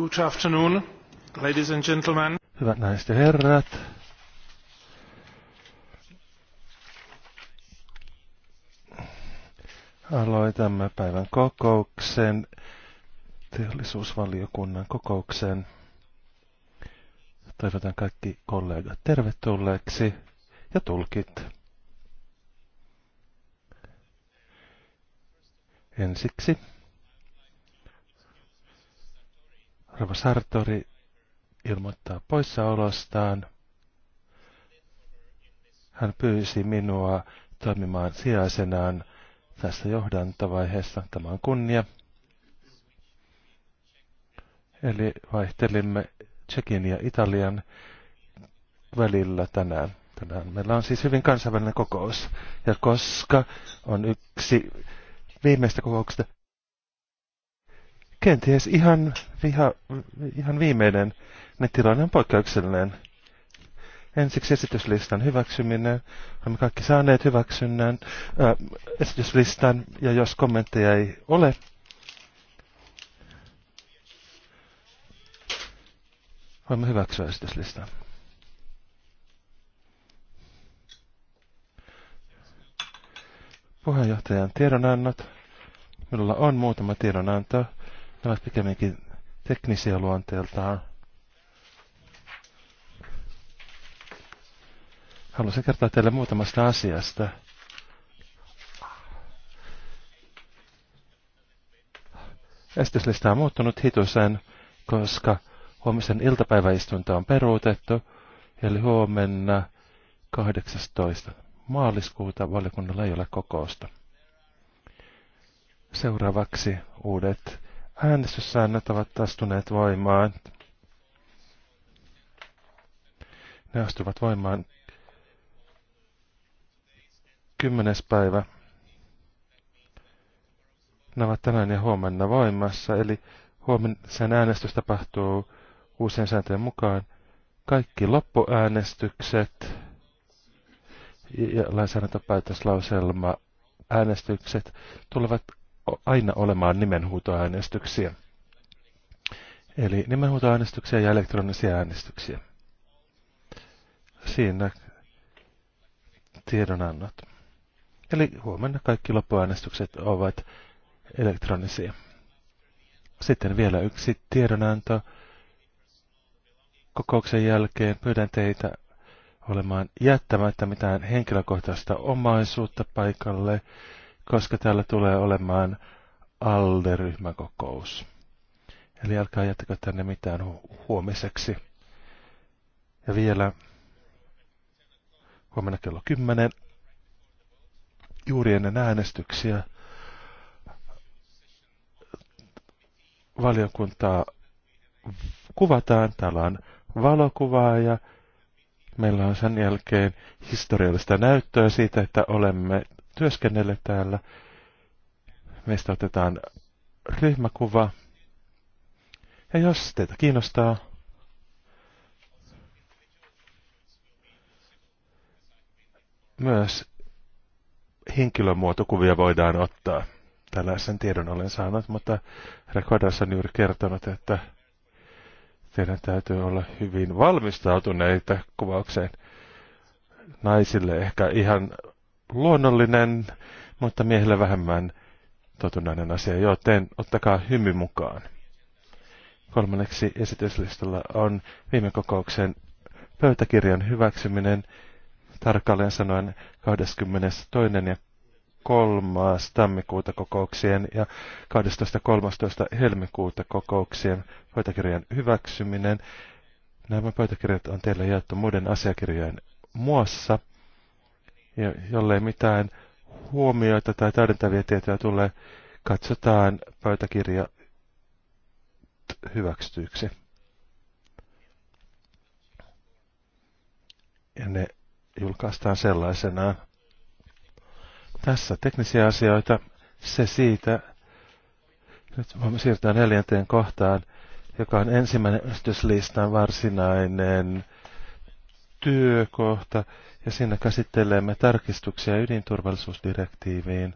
Good afternoon, ladies and gentlemen. Hyvät naiset ja herrat. Aloitamme päivän kokouksen, teollisuusvaliokunnan kokouksen. Toivotan kaikki kollegat tervetulleeksi ja tulkit. Ensiksi Rava Sartori ilmoittaa poissaolostaan. Hän pyysi minua toimimaan sijaisenaan tässä johdantavaiheessa. Tämä on kunnia. Eli vaihtelimme Tsekin ja Italian välillä tänään. tänään. Meillä on siis hyvin kansainvälinen kokous. Ja koska on yksi viimeistä kokouksesta kenties ihan, viha, ihan viimeinen nettilainen on poikkeuksellinen. Ensiksi esityslistan hyväksyminen. Olemme kaikki saaneet hyväksynnän ää, äh, esityslistan, ja jos kommentteja ei ole, voimme hyväksyä esityslistan. Puheenjohtajan tiedonannot. Minulla on muutama tiedonanto. Ne ovat pikemminkin teknisiä luonteeltaan. Haluaisin kertoa teille muutamasta asiasta. Esityslista on muuttunut hitusen, koska huomisen iltapäiväistunta on peruutettu, eli huomenna 18. maaliskuuta valiokunnalla ei ole kokousta. Seuraavaksi uudet äänestyssäännöt ovat astuneet voimaan. Ne astuvat voimaan kymmenes päivä. Ne ovat tänään ja huomenna voimassa, eli huomisen äänestys tapahtuu uusien sääntöjen mukaan. Kaikki loppuäänestykset ja lainsäädäntöpäätöslauselma äänestykset tulevat aina olemaan nimenhuutoäänestyksiä. Eli nimenhuutoäänestyksiä ja elektronisia äänestyksiä. Siinä tiedonannot. Eli huomenna kaikki loppuäänestykset ovat elektronisia. Sitten vielä yksi tiedonanto. Kokouksen jälkeen pyydän teitä olemaan jättämättä mitään henkilökohtaista omaisuutta paikalle koska täällä tulee olemaan alderyhmäkokous. Eli älkää jättäkö tänne mitään hu- huomiseksi. Ja vielä huomenna kello 10, juuri ennen äänestyksiä, valiokuntaa kuvataan. Täällä on valokuvaaja. Meillä on sen jälkeen historiallista näyttöä siitä, että olemme työskennelle täällä. Meistä otetaan ryhmäkuva. Ja jos teitä kiinnostaa, myös henkilömuotokuvia voidaan ottaa. Tällaisen tiedon olen saanut, mutta Rekodas on juuri kertonut, että teidän täytyy olla hyvin valmistautuneita kuvaukseen. Naisille ehkä ihan luonnollinen, mutta miehelle vähemmän totunainen asia, joten ottakaa hymy mukaan. Kolmanneksi esityslistalla on viime kokouksen pöytäkirjan hyväksyminen tarkalleen sanoen 22. ja 3. tammikuuta kokouksien ja 12.13. helmikuuta kokouksien pöytäkirjan hyväksyminen. Nämä pöytäkirjat on teille jaettu muiden asiakirjojen muassa. Ja jollei mitään huomioita tai täydentäviä tietoja tulee, katsotaan pöytäkirja hyväksytyksi. Ja ne julkaistaan sellaisenaan. Tässä teknisiä asioita. Se siitä. Nyt voimme siirtää neljänteen kohtaan, joka on ensimmäinen yhdyslistan varsinainen työkohta ja siinä käsittelemme tarkistuksia ydinturvallisuusdirektiiviin.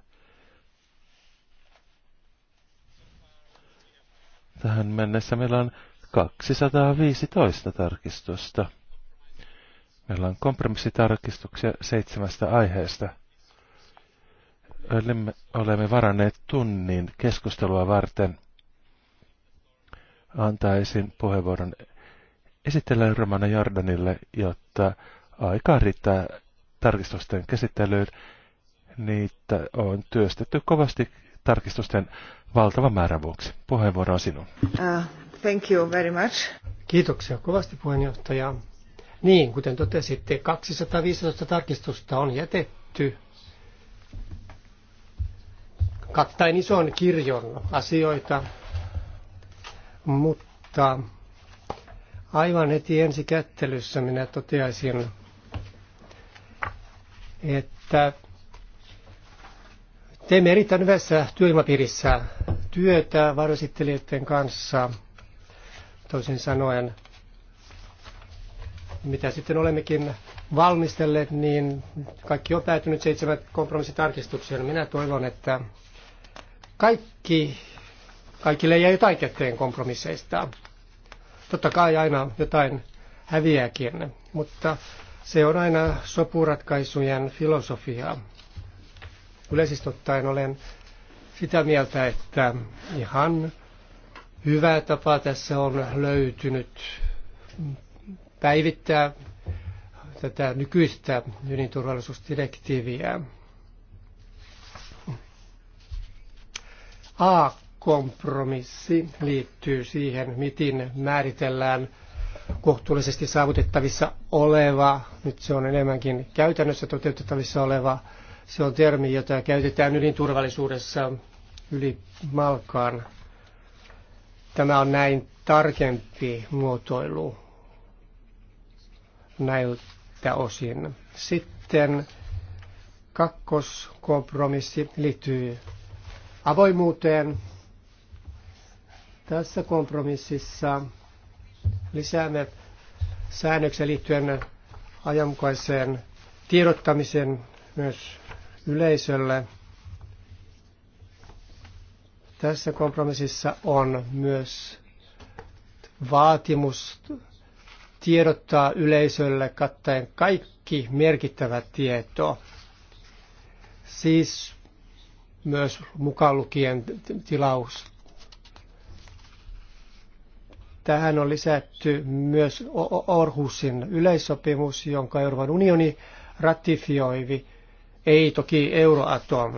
Tähän mennessä meillä on 215 tarkistusta. Meillä on kompromissitarkistuksia seitsemästä aiheesta. Olemme, olemme varanneet tunnin keskustelua varten. Antaisin puheenvuoron esittelen Romana Jordanille, jotta että aikaa riittää tarkistusten käsittelyyn. Niitä on työstetty kovasti tarkistusten valtavan määrä vuoksi. Puheenvuoro on sinun. Uh, thank you very much. Kiitoksia kovasti puheenjohtaja. Niin, kuten totesitte, 215 tarkistusta on jätetty kattain ison kirjon asioita, mutta Aivan heti ensi kättelyssä minä toteaisin, että teemme erittäin hyvässä työilmapiirissä työtä varjosittelijöiden kanssa, toisin sanoen, mitä sitten olemmekin valmistelleet, niin kaikki on päätynyt seitsemän kompromissitarkistukseen. Minä toivon, että kaikki, kaikille jää jotain käteen kompromisseista. Totta kai aina jotain häviääkin, mutta se on aina sopuratkaisujen filosofiaa. Yleisesti ottaen olen sitä mieltä, että ihan hyvä tapa tässä on löytynyt päivittää tätä nykyistä ydinturvallisuusdirektiiviä. A kompromissi liittyy siihen, miten määritellään kohtuullisesti saavutettavissa oleva, nyt se on enemmänkin käytännössä toteutettavissa oleva, se on termi, jota käytetään ydinturvallisuudessa yli malkaan. Tämä on näin tarkempi muotoilu näiltä osin. Sitten kakkoskompromissi liittyy avoimuuteen, tässä kompromississa lisäämme säännöksiä liittyen ajanmukaiseen tiedottamisen myös yleisölle. Tässä kompromississa on myös vaatimus tiedottaa yleisölle kattaen kaikki merkittävä tieto. Siis myös mukaan lukien tilaus Tähän on lisätty myös Orhusin yleissopimus, jonka Euroopan unioni ratifioivi, ei toki Euroatom,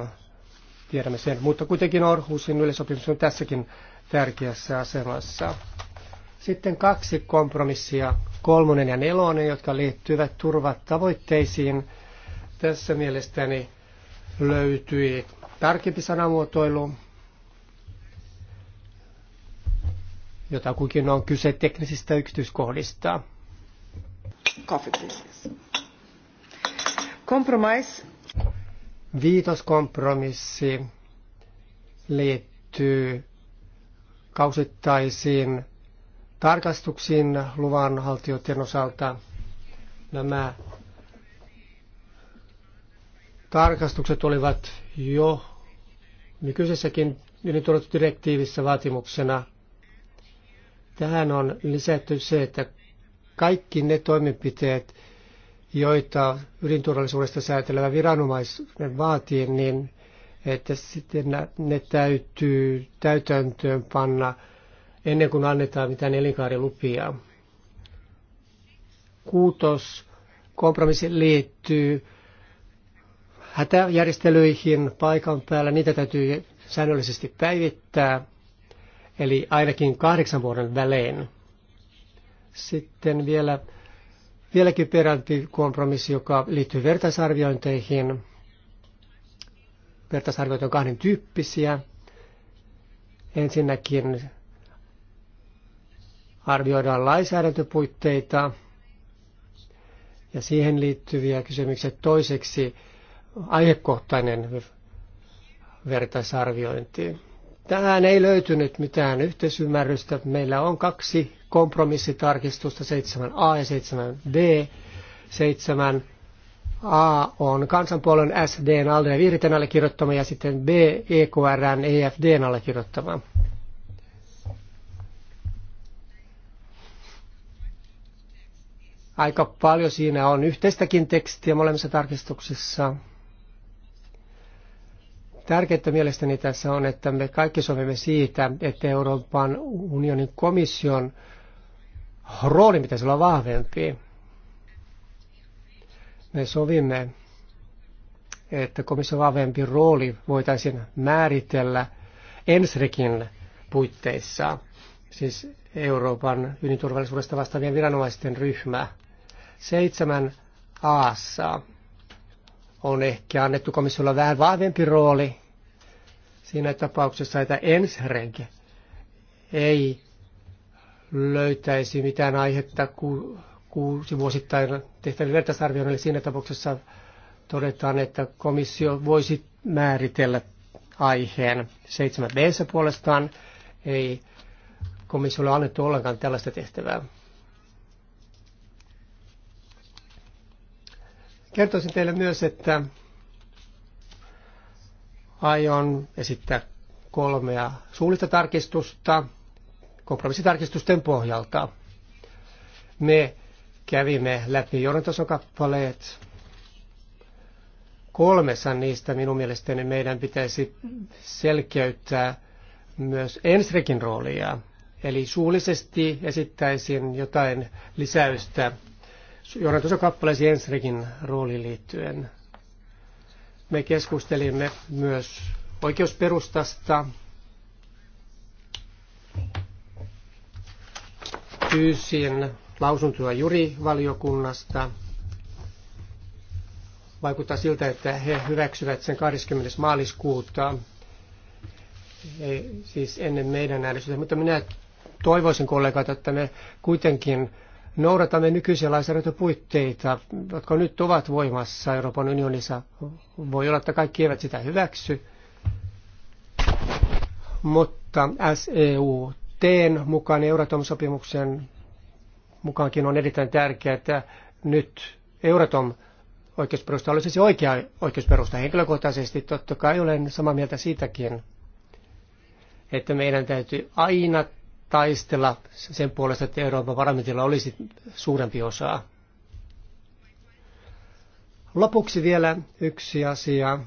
tiedämme sen, mutta kuitenkin Orhusin yleissopimus on tässäkin tärkeässä asemassa. Sitten kaksi kompromissia, kolmonen ja nelonen, jotka liittyvät turvatavoitteisiin. Tässä mielestäni löytyi tarkempi sanamuotoilu jotakuinkin on kyse teknisistä yksityiskohdista. Coffee, please. Compromise. Viitos kompromissi liittyy kausittaisiin tarkastuksiin luvanhaltijoiden osalta. Nämä tarkastukset olivat jo nykyisessäkin direktiivissä vaatimuksena – Tähän on lisätty se, että kaikki ne toimenpiteet, joita ydinturvallisuudesta säätelevä viranomainen vaatii, niin että sitten ne täytyy täytäntöön panna ennen kuin annetaan mitään elinkaarilupia. Kuutos kompromissi liittyy hätäjärjestelyihin paikan päällä. Niitä täytyy säännöllisesti päivittää eli ainakin kahdeksan vuoden välein. Sitten vielä, vieläkin peräti kompromissi, joka liittyy vertaisarviointeihin. Vertaisarvioit on kahden tyyppisiä. Ensinnäkin arvioidaan lainsäädäntöpuitteita ja siihen liittyviä kysymyksiä. Toiseksi aihekohtainen vertaisarviointi. Tähän ei löytynyt mitään yhteisymmärrystä. Meillä on kaksi kompromissitarkistusta, 7a ja 7b. 7a on kansanpuolen SDn alle ja Virten allekirjoittama ja sitten b EKRn EFDn allekirjoittama. Aika paljon siinä on yhteistäkin tekstiä molemmissa tarkistuksissa. Tärkeintä mielestäni tässä on, että me kaikki sovimme siitä, että Euroopan unionin komission rooli pitäisi olla vahvempi. Me sovimme, että komission vahvempi rooli voitaisiin määritellä ensrekin puitteissa, siis Euroopan ydinturvallisuudesta vastaavien viranomaisten ryhmä. Seitsemän aassa on ehkä annettu komissiolla vähän vahvempi rooli siinä tapauksessa, että ensrenke ei löytäisi mitään aihetta ku, kuusi vuosittain tehtäville vertaisarvioinnille. Siinä tapauksessa todetaan, että komissio voisi määritellä aiheen. 7b puolestaan ei komissiolle annettu ollenkaan tällaista tehtävää. Kertoisin teille myös, että aion esittää kolmea suullista tarkistusta kompromissitarkistusten pohjalta. Me kävimme läpi johdantason kappaleet. Kolmessa niistä minun mielestäni meidän pitäisi selkeyttää myös Ensrekin roolia. Eli suullisesti esittäisin jotain lisäystä tuossa kappaleesi Ensrikin rooliin liittyen. Me keskustelimme myös oikeusperustasta, pyysin lausuntoa jurivaliokunnasta. Vaikuttaa siltä, että he hyväksyvät sen 20. maaliskuuta, ei, siis ennen meidän äänestystä. Mutta minä toivoisin kollegat, että me kuitenkin noudatamme nykyisiä lainsäädäntöpuitteita, jotka nyt ovat voimassa Euroopan unionissa. Voi olla, että kaikki eivät sitä hyväksy, mutta SEUTn mukaan Euratom-sopimuksen mukaankin on erittäin tärkeää, että nyt Euratom oikeusperusta olisi se oikea oikeusperusta henkilökohtaisesti. Totta kai olen samaa mieltä siitäkin, että meidän täytyy aina taistella sen puolesta, että Euroopan parlamentilla olisi suurempi osa. Lopuksi vielä yksi asia.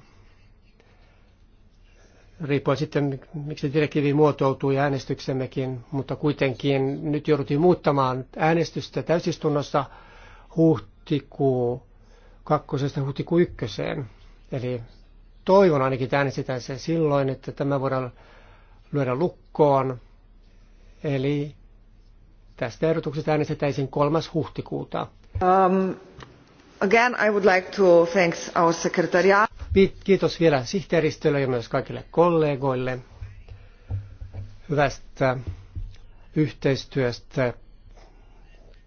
Riippuen sitten, miksi direktiivi muotoutui äänestyksemmekin, mutta kuitenkin nyt jouduttiin muuttamaan äänestystä täysistunnossa huhtikuu kakkosesta huhtikuu ykköseen. Eli toivon ainakin, että äänestetään se silloin, että tämä voidaan lyödä lukkoon Eli tästä ehdotuksesta äänestettäisiin 3. huhtikuuta. Um, again I would like to thank our secretariat. Kiitos vielä sihteeristölle ja myös kaikille kollegoille hyvästä yhteistyöstä,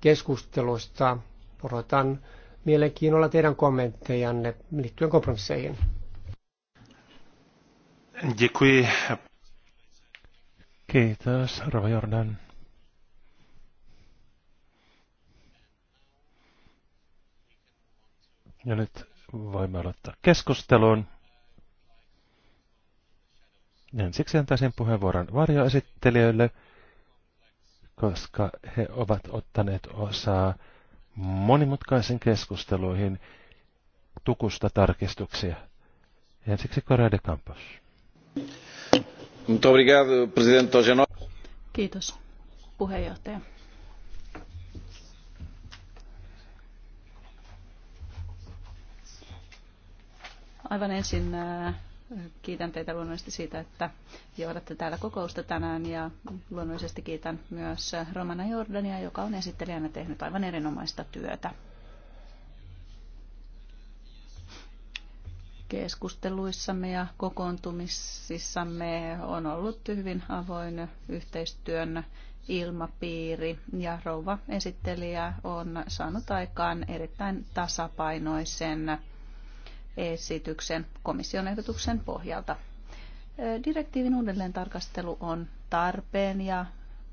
keskustelusta. Odotan mielenkiinnolla teidän kommenttejanne liittyen kompromisseihin. Děkuji Kiitos, Rova Jordan. Ja nyt voimme aloittaa keskustelun. Ensiksi antaisin puheenvuoron varjoesittelijöille, koska he ovat ottaneet osaa monimutkaisiin keskusteluihin tukusta tarkistuksia. Ensiksi Korea de Campos. Kiitos, puheenjohtaja. Aivan ensin äh, kiitän teitä luonnollisesti siitä, että johdatte täällä kokousta tänään ja luonnollisesti kiitän myös Romana Jordania, joka on esittelijänä tehnyt aivan erinomaista työtä. keskusteluissamme ja kokoontumisissamme on ollut hyvin avoin yhteistyön ilmapiiri ja rouva esittelijä on saanut aikaan erittäin tasapainoisen esityksen komission ehdotuksen pohjalta. Direktiivin uudelleen tarkastelu on tarpeen ja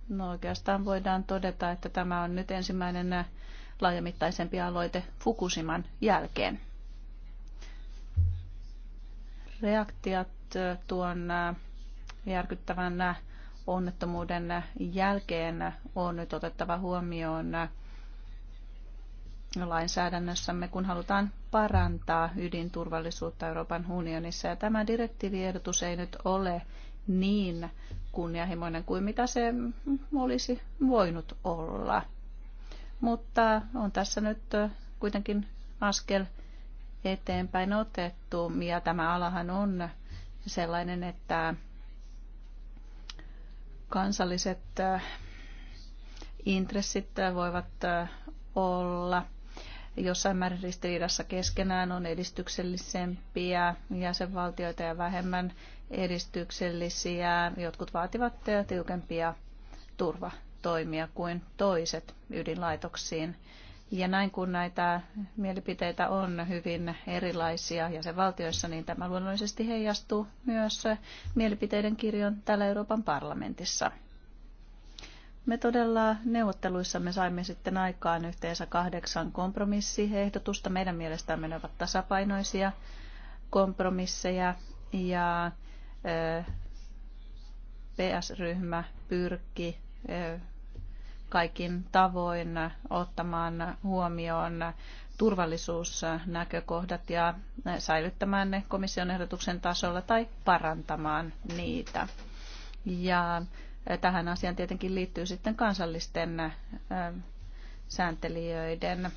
no oikeastaan voidaan todeta, että tämä on nyt ensimmäinen laajamittaisempi aloite Fukushiman jälkeen reaktiot tuon järkyttävän onnettomuuden jälkeen on nyt otettava huomioon lainsäädännössämme, kun halutaan parantaa ydinturvallisuutta Euroopan unionissa. Ja tämä direktiiviehdotus ei nyt ole niin kunnianhimoinen kuin mitä se olisi voinut olla. Mutta on tässä nyt kuitenkin askel eteenpäin otettu. Ja tämä alahan on sellainen, että kansalliset äh, intressit äh, voivat äh, olla jossain määrin ristiriidassa keskenään, on edistyksellisempiä jäsenvaltioita ja vähemmän edistyksellisiä. Jotkut vaativat tiukempia turvatoimia kuin toiset ydinlaitoksiin ja näin kun näitä mielipiteitä on hyvin erilaisia jäsenvaltioissa, niin tämä luonnollisesti heijastuu myös mielipiteiden kirjon täällä Euroopan parlamentissa. Me todella neuvotteluissa me saimme sitten aikaan yhteensä kahdeksan kompromissiehdotusta. Meidän mielestämme ne ovat tasapainoisia kompromisseja ja PS-ryhmä pyrki kaikin tavoin ottamaan huomioon turvallisuusnäkökohdat ja säilyttämään ne komission ehdotuksen tasolla tai parantamaan niitä. Ja tähän asiaan tietenkin liittyy sitten kansallisten sääntelijöiden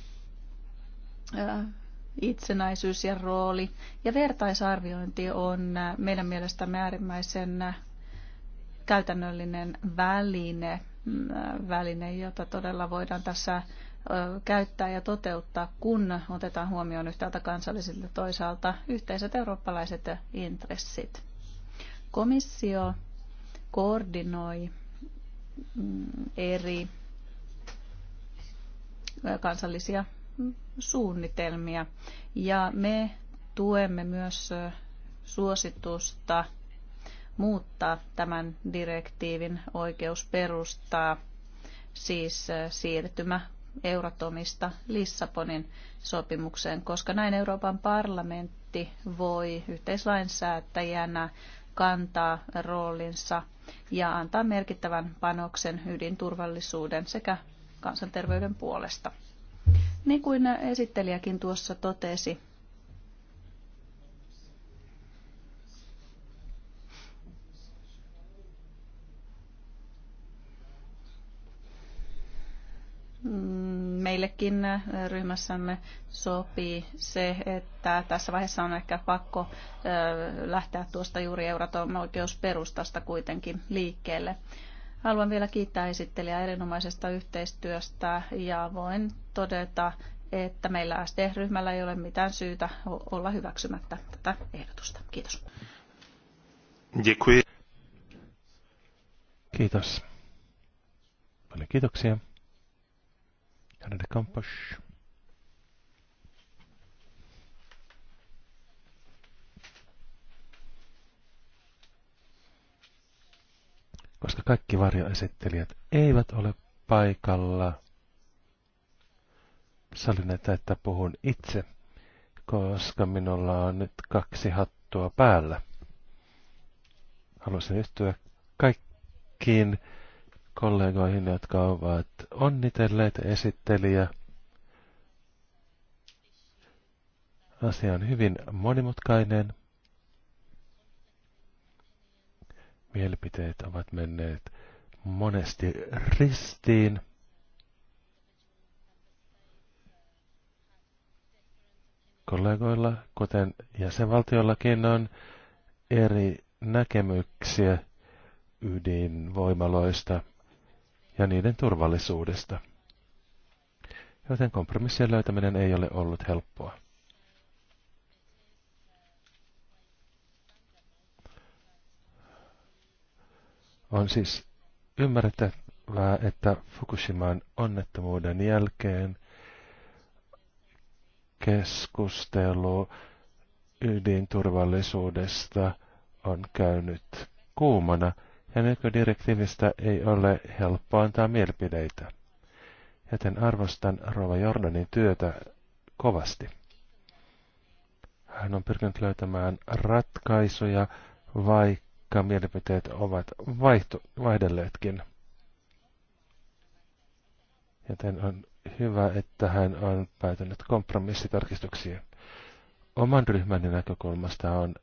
itsenäisyys ja rooli. Ja vertaisarviointi on meidän mielestämme äärimmäisen käytännöllinen väline Mm, väline, jota todella voidaan tässä käyttää ja toteuttaa, kun otetaan huomioon yhtäältä kansallisilta toisaalta yhteiset eurooppalaiset intressit. Komissio koordinoi mm, eri kansallisia mm, suunnitelmia ja me tuemme myös suositusta muuttaa tämän direktiivin oikeusperustaa, siis äh, siirtymä Euratomista Lissabonin sopimukseen, koska näin Euroopan parlamentti voi yhteislainsäätäjänä kantaa roolinsa ja antaa merkittävän panoksen ydinturvallisuuden sekä kansanterveyden puolesta. Niin kuin esittelijäkin tuossa totesi, Mm, meillekin äh, ryhmässämme sopii se, että tässä vaiheessa on ehkä pakko äh, lähteä tuosta juuri Euratom oikeusperustasta kuitenkin liikkeelle. Haluan vielä kiittää esittelijää erinomaisesta yhteistyöstä ja voin todeta, että meillä SD-ryhmällä ei ole mitään syytä olla hyväksymättä tätä ehdotusta. Kiitos. Kiitos. Paljon kiitoksia. Hänelle kampas. Koska kaikki varjoesittelijät eivät ole paikalla, sallin, että puhun itse, koska minulla on nyt kaksi hattua päällä. Haluaisin yhtyä kaikkiin kollegoihin, jotka ovat onnitelleet esittelijä. Asia on hyvin monimutkainen. Mielipiteet ovat menneet monesti ristiin. Kollegoilla, kuten jäsenvaltiollakin, on eri näkemyksiä ydinvoimaloista – ja niiden turvallisuudesta. Joten kompromissien löytäminen ei ole ollut helppoa. On siis ymmärrettävää, että Fukushimaan onnettomuuden jälkeen keskustelu ydinturvallisuudesta on käynyt kuumana ja nykydirektiivistä ei ole helppo antaa mielipideitä, joten arvostan Rova Jordanin työtä kovasti. Hän on pyrkinyt löytämään ratkaisuja, vaikka mielipiteet ovat vaihtu, vaihdelleetkin. Joten on hyvä, että hän on päätynyt kompromissitarkistuksiin. Oman ryhmäni näkökulmasta on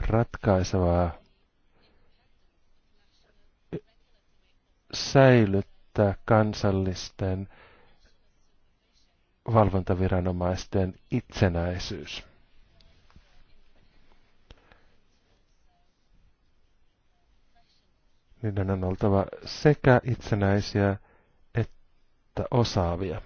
ratkaisevaa säilyttää kansallisten valvontaviranomaisten itsenäisyys. Niiden on oltava sekä itsenäisiä että osaavia.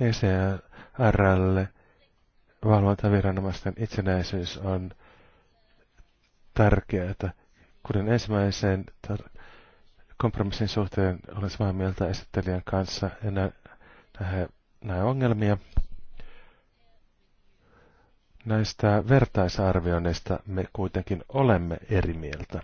ECRlle valvontaviranomaisten itsenäisyys on tärkeää. Kuten ensimmäiseen kompromissin suhteen olen samaa mieltä esittelijän kanssa, en nähdä näe ongelmia. Näistä vertaisarvioinneista me kuitenkin olemme eri mieltä.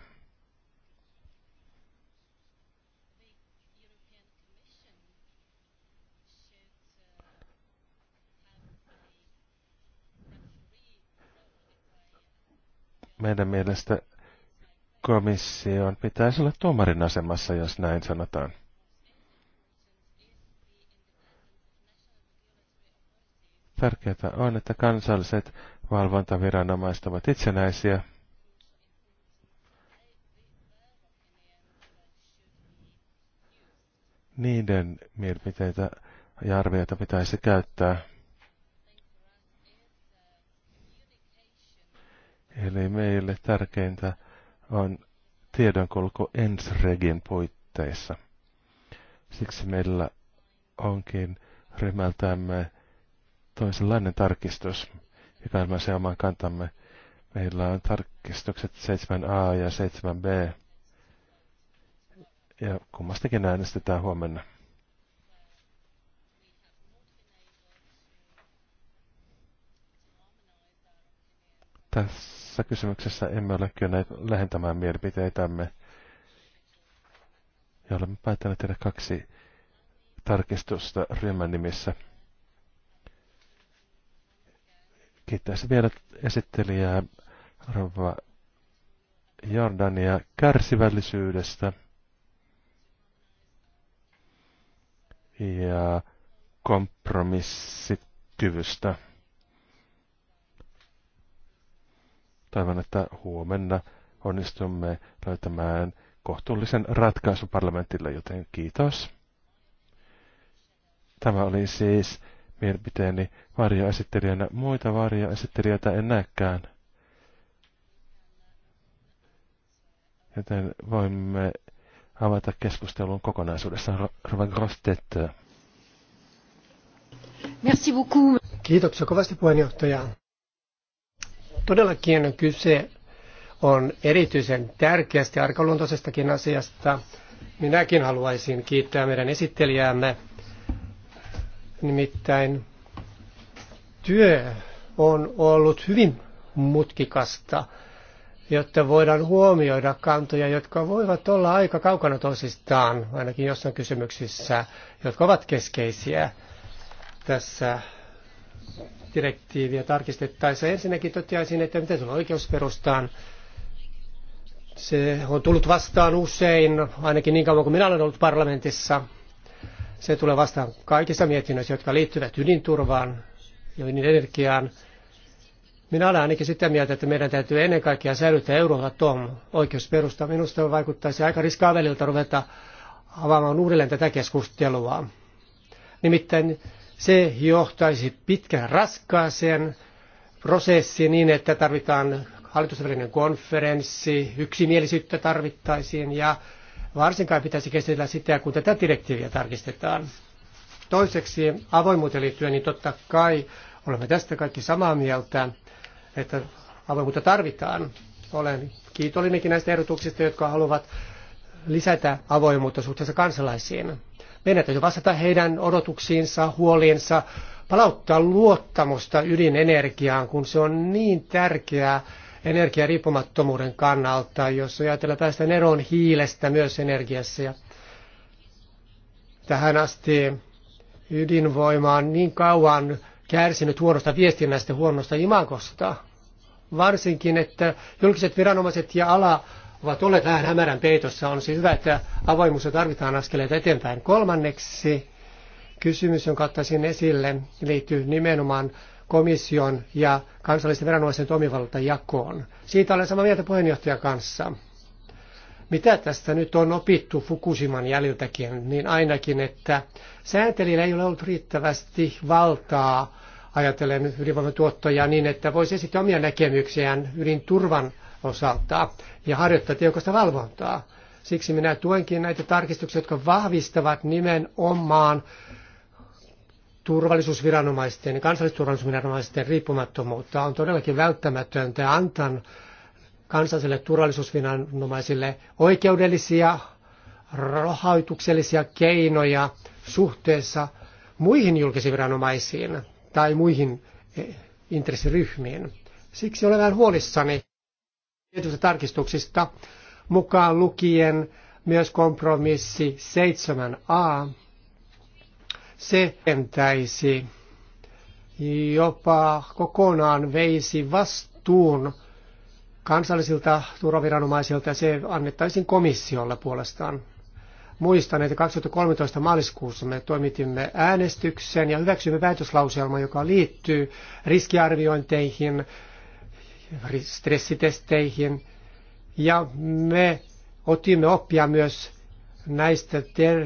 meidän mielestä komission pitäisi olla tuomarin asemassa, jos näin sanotaan. Tärkeää on, että kansalliset valvontaviranomaiset ovat itsenäisiä. Niiden mielipiteitä ja arvioita pitäisi käyttää Eli meille tärkeintä on tiedonkulku Ensregin puitteissa. Siksi meillä onkin ryhmältämme toisenlainen tarkistus, joka se oman kantamme. Meillä on tarkistukset 7a ja 7b. Ja kummastakin äänestetään huomenna. Tässä tässä kysymyksessä emme ole kyenneet lähentämään mielipiteitämme. Ja olemme päättäneet tehdä kaksi tarkistusta ryhmän nimissä. Kiittäisin vielä esittelijää Rova Jordania kärsivällisyydestä ja kompromissikyvystä. Toivon, että huomenna onnistumme löytämään kohtuullisen ratkaisun parlamentille, joten kiitos. Tämä oli siis mielipiteeni varjoesittelijänä. Muita varjoesittelijöitä en näkään. Joten voimme avata keskustelun kokonaisuudessaan. Rova Grostet. Merci beaucoup. Kiitoksia kovasti puheenjohtaja. Todellakin kyse on erityisen tärkeästä arkaluontoisestakin asiasta. Minäkin haluaisin kiittää meidän esittelijäämme. Nimittäin työ on ollut hyvin mutkikasta, jotta voidaan huomioida kantoja, jotka voivat olla aika kaukana toisistaan, ainakin jossain kysymyksissä, jotka ovat keskeisiä tässä direktiiviä tarkistettaessa. Ensinnäkin toteaisin, että miten se on oikeusperustaan. Se on tullut vastaan usein, ainakin niin kauan kuin minä olen ollut parlamentissa. Se tulee vastaan kaikissa mietinnöissä, jotka liittyvät ydinturvaan ja ydinenergiaan. Minä olen ainakin sitä mieltä, että meidän täytyy ennen kaikkea säilyttää Euratom oikeusperusta. Minusta vaikuttaisi aika riskaavelilta ruveta avaamaan uudelleen tätä keskustelua. Nimittäin se johtaisi pitkään raskaaseen prosessiin niin, että tarvitaan hallitusvälinen konferenssi, yksimielisyyttä tarvittaisiin ja varsinkaan pitäisi käsitellä sitä, kun tätä direktiiviä tarkistetaan. Toiseksi avoimuuteen liittyen, niin totta kai olemme tästä kaikki samaa mieltä, että avoimuutta tarvitaan. Olen kiitollinenkin näistä ehdotuksista, jotka haluavat lisätä avoimuutta suhteessa kansalaisiin. Meidän täytyy vastata heidän odotuksiinsa, huoliinsa, palauttaa luottamusta ydinenergiaan, kun se on niin tärkeää energiariippumattomuuden kannalta, jos ajatellaan päästään eroon hiilestä myös energiassa. Ja tähän asti ydinvoima on niin kauan kärsinyt huonosta viestinnästä, huonosta imagosta. Varsinkin, että julkiset viranomaiset ja ala ovat olleet vähän hämärän peitossa. On siis hyvä, että avoimuus tarvitaan askeleet eteenpäin. Kolmanneksi kysymys, jonka ottaisin esille, liittyy nimenomaan komission ja kansallisten viranomaisten toimivallan jakoon. Siitä olen samaa mieltä puheenjohtajan kanssa. Mitä tästä nyt on opittu Fukushiman jäljiltäkin, niin ainakin, että sääntelijällä ei ole ollut riittävästi valtaa ajatellen ydinvoimatuottoja niin, että voisi esittää omia näkemyksiään ydinturvan osalta ja harjoittaa tiukasta valvontaa. Siksi minä tuenkin näitä tarkistuksia, jotka vahvistavat nimenomaan turvallisuusviranomaisten ja kansallisturvallisuusviranomaisten riippumattomuutta. On todellakin välttämätöntä antaa kansalliselle turvallisuusviranomaisille oikeudellisia, rahoituksellisia keinoja suhteessa muihin julkisiin viranomaisiin tai muihin eh, intressiryhmiin. Siksi olen vähän huolissani tietyistä tarkistuksista, mukaan lukien myös kompromissi 7a. Se entäisi jopa kokonaan veisi vastuun kansallisilta turvaviranomaisilta ja se annettaisiin komissiolle puolestaan. Muistan, että 2013 maaliskuussa me toimitimme äänestyksen ja hyväksyimme päätöslauselman, joka liittyy riskiarviointeihin stressitesteihin. Ja me otimme oppia myös näistä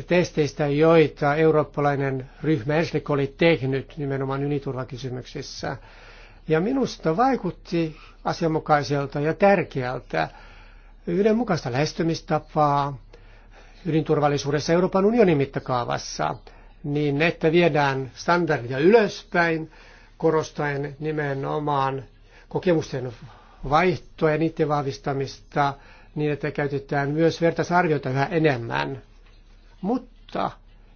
testeistä, joita eurooppalainen ryhmä Enslek oli tehnyt nimenomaan yliturvakysymyksissä. Ja minusta vaikutti asianmukaiselta ja tärkeältä yhdenmukaista lähestymistapaa ydinturvallisuudessa Euroopan unionin mittakaavassa, niin että viedään standardia ylöspäin, korostaen nimenomaan kokemusten vaihtoa ja niiden vahvistamista niin, että käytetään myös vertaisarvioita yhä enemmän. Mutta,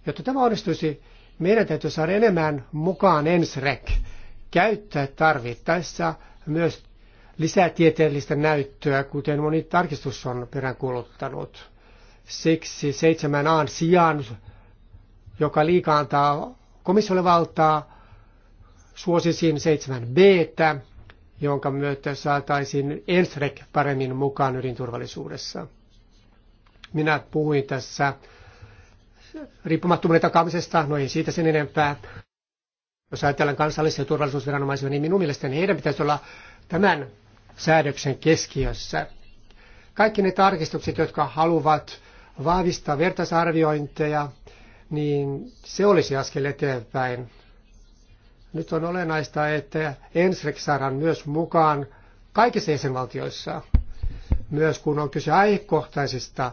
jotta tämä onnistuisi, meidän täytyy saada enemmän mukaan ensrek, käyttää tarvittaessa myös lisätieteellistä näyttöä, kuten moni tarkistus on peräänkuuluttanut. Siksi 7a sijaan, joka liikaantaa komissiolle valtaa, suosisin 7b, jonka myötä saataisiin ENSREC paremmin mukaan ydinturvallisuudessa. Minä puhuin tässä riippumattomuuden takaamisesta, no ei siitä sen enempää. Jos ajatellaan kansallisia turvallisuusviranomaisia, niin minun mielestäni heidän pitäisi olla tämän säädöksen keskiössä. Kaikki ne tarkistukset, jotka haluavat vahvistaa vertaisarviointeja, niin se olisi askel eteenpäin. Nyt on olennaista, että Ensrek saadaan myös mukaan kaikissa jäsenvaltioissa, myös kun on kyse aihekohtaisista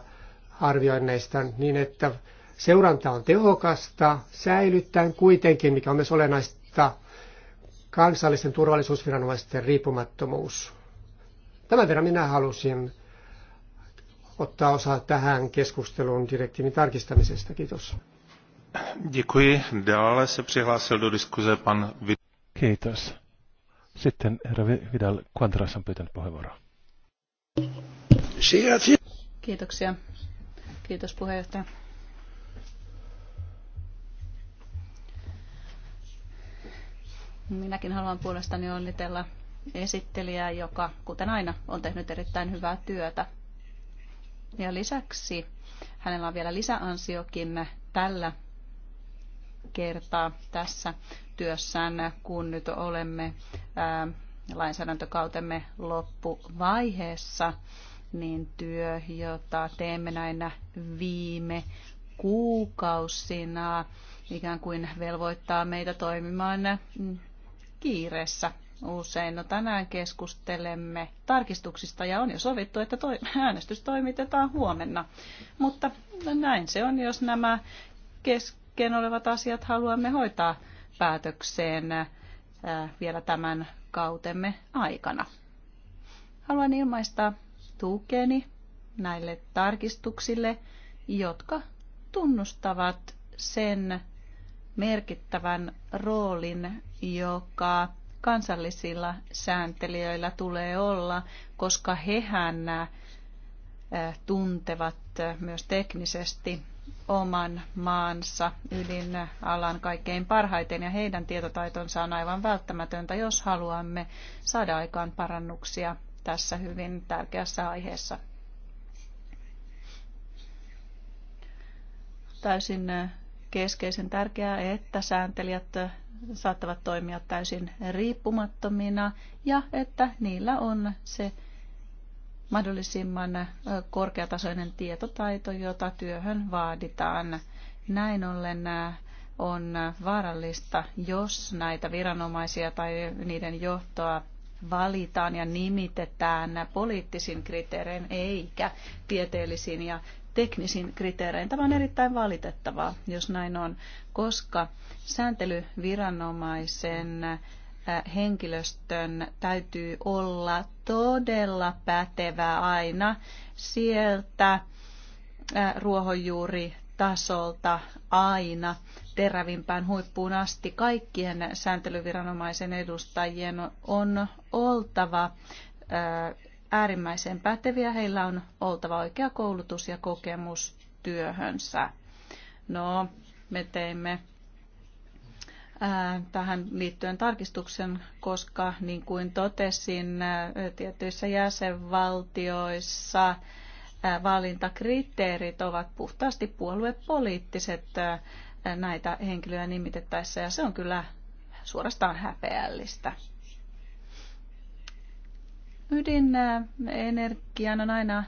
arvioinneista, niin että seuranta on tehokasta, säilyttäen kuitenkin, mikä on myös olennaista, kansallisten turvallisuusviranomaisten riippumattomuus. Tämän verran minä halusin ottaa osaa tähän keskusteluun direktiivin tarkistamisesta. Kiitos. Děkuji. Dále se přihlásil do diskuze pan Kiitos. Sitten herra Vidal Quantras on pyytänyt puheenvuoroa. Kiitoksia. Kiitos puheenjohtaja. Minäkin haluan puolestani onnitella esittelijää, joka kuten aina on tehnyt erittäin hyvää työtä. Ja lisäksi hänellä on vielä lisäansiokin tällä kertaa tässä työssään, kun nyt olemme lainsäädäntökautemme loppuvaiheessa, niin työ, jota teemme näinä viime kuukausina, ikään kuin velvoittaa meitä toimimaan kiireessä usein. No tänään keskustelemme tarkistuksista ja on jo sovittu, että toi, äänestys toimitetaan huomenna. Mutta näin se on, jos nämä kes, liikkeen olevat asiat haluamme hoitaa päätökseen äh, vielä tämän kautemme aikana. Haluan ilmaista tukeni näille tarkistuksille, jotka tunnustavat sen merkittävän roolin, joka kansallisilla sääntelijöillä tulee olla, koska hehän äh, tuntevat myös teknisesti oman maansa ydinalan kaikkein parhaiten ja heidän tietotaitonsa on aivan välttämätöntä, jos haluamme saada aikaan parannuksia tässä hyvin tärkeässä aiheessa. Täysin keskeisen tärkeää, että sääntelijät saattavat toimia täysin riippumattomina ja että niillä on se mahdollisimman korkeatasoinen tietotaito, jota työhön vaaditaan. Näin ollen on vaarallista, jos näitä viranomaisia tai niiden johtoa valitaan ja nimitetään poliittisin kriteerein eikä tieteellisin ja teknisin kriteerein. Tämä on erittäin valitettavaa, jos näin on, koska sääntelyviranomaisen henkilöstön täytyy olla todella pätevää aina sieltä ruohonjuuritasolta aina terävimpään huippuun asti. Kaikkien sääntelyviranomaisen edustajien on oltava äärimmäisen päteviä. Heillä on oltava oikea koulutus ja kokemus työhönsä. No, me teimme tähän liittyen tarkistuksen, koska niin kuin totesin, tietyissä jäsenvaltioissa valintakriteerit ovat puhtaasti puoluepoliittiset näitä henkilöä nimitettäessä, ja se on kyllä suorastaan häpeällistä. Ydinenergian on aina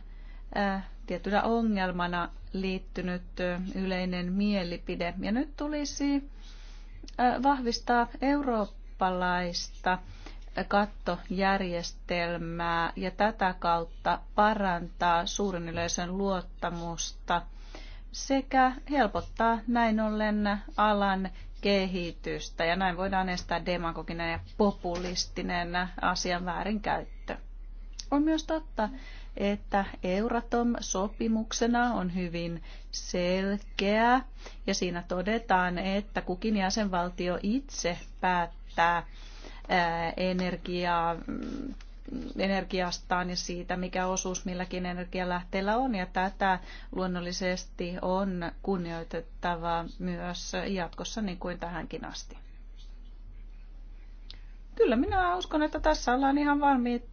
tietynä ongelmana liittynyt yleinen mielipide, ja nyt tulisi vahvistaa eurooppalaista kattojärjestelmää ja tätä kautta parantaa suuren yleisön luottamusta sekä helpottaa näin ollen alan kehitystä ja näin voidaan estää demagoginen ja populistinen asian väärinkäyttö. On myös totta, että Euratom-sopimuksena on hyvin selkeä ja siinä todetaan, että kukin jäsenvaltio itse päättää energiaa energiastaan ja siitä, mikä osuus milläkin energialähteellä on. Ja tätä luonnollisesti on kunnioitettava myös jatkossa niin kuin tähänkin asti. Kyllä minä uskon, että tässä ollaan ihan valmiit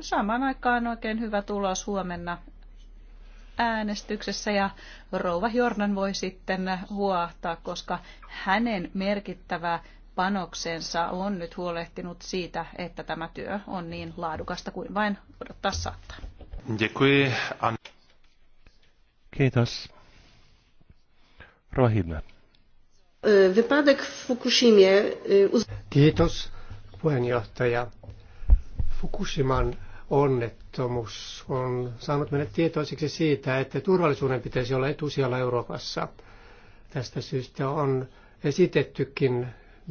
samaan aikaan oikein hyvä tulos huomenna äänestyksessä ja rouva Jornan voi sitten huohtaa, koska hänen merkittävä panoksensa on nyt huolehtinut siitä, että tämä työ on niin laadukasta kuin vain odottaa saattaa. Kiitos. Rouva Kiitos puheenjohtaja. Fukushiman onnettomuus on saanut meidät tietoisiksi siitä, että turvallisuuden pitäisi olla etusijalla Euroopassa. Tästä syystä on esitettykin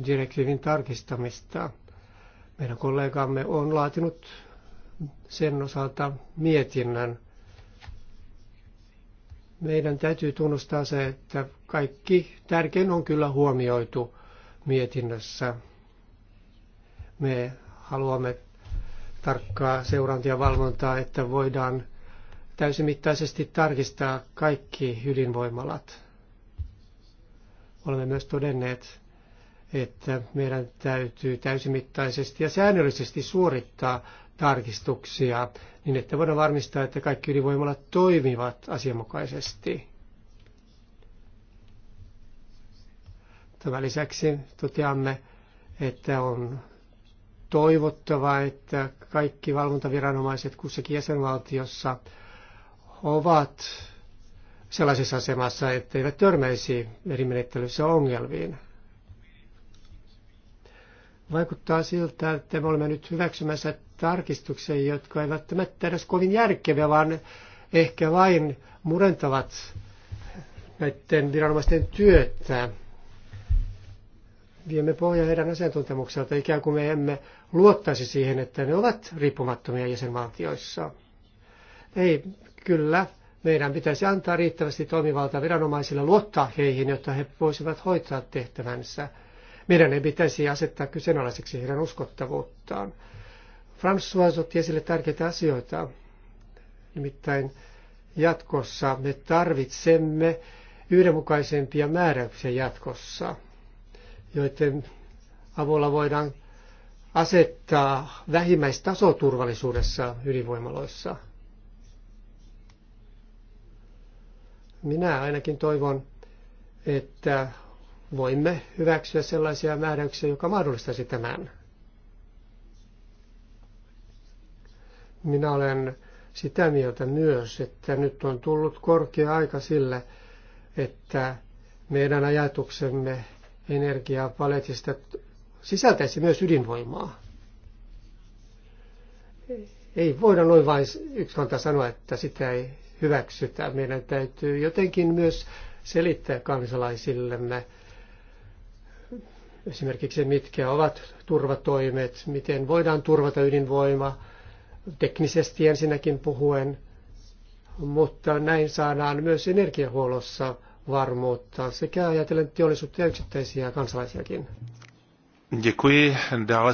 direktiivin tarkistamista. Meidän kollegamme on laatinut sen osalta mietinnän. Meidän täytyy tunnustaa se, että kaikki tärkein on kyllä huomioitu mietinnössä. Me haluamme tarkkaa seurantia ja valvontaa, että voidaan täysimittaisesti tarkistaa kaikki ydinvoimalat. Olemme myös todenneet, että meidän täytyy täysimittaisesti ja säännöllisesti suorittaa tarkistuksia niin, että voidaan varmistaa, että kaikki ydinvoimalat toimivat asianmukaisesti. Tämän lisäksi toteamme, että on toivottava, että kaikki valvontaviranomaiset kussakin jäsenvaltiossa ovat sellaisessa asemassa, eivät törmäisi eri menettelyissä ongelmiin. Vaikuttaa siltä, että me olemme nyt hyväksymässä tarkistuksia, jotka eivät välttämättä edes kovin järkeviä, vaan ehkä vain murentavat näiden viranomaisten työtä viemme pohjaa heidän asiantuntemukselta, ikään kuin me emme luottaisi siihen, että ne ovat riippumattomia jäsenvaltioissa. Ei, kyllä, meidän pitäisi antaa riittävästi toimivalta viranomaisille luottaa heihin, jotta he voisivat hoitaa tehtävänsä. Meidän ei pitäisi asettaa kyseenalaiseksi heidän uskottavuuttaan. François otti esille tärkeitä asioita. Nimittäin jatkossa me tarvitsemme yhdenmukaisempia määräyksiä jatkossa joiden avulla voidaan asettaa vähimmäistaso turvallisuudessa ydinvoimaloissa. Minä ainakin toivon, että voimme hyväksyä sellaisia määräyksiä, joka mahdollistaisi tämän. Minä olen sitä mieltä myös, että nyt on tullut korkea aika sille, että meidän ajatuksemme energiapaletista sisältäisi myös ydinvoimaa. Ei voida noin vain yksikantaa sanoa, että sitä ei hyväksytä. Meidän täytyy jotenkin myös selittää kansalaisillemme esimerkiksi mitkä ovat turvatoimet, miten voidaan turvata ydinvoima, teknisesti ensinnäkin puhuen, mutta näin saadaan myös energiahuollossa varmuutta sekä ajatellen teollisuutta ja yksittäisiä kansalaisiakin. Děkuji. Dále...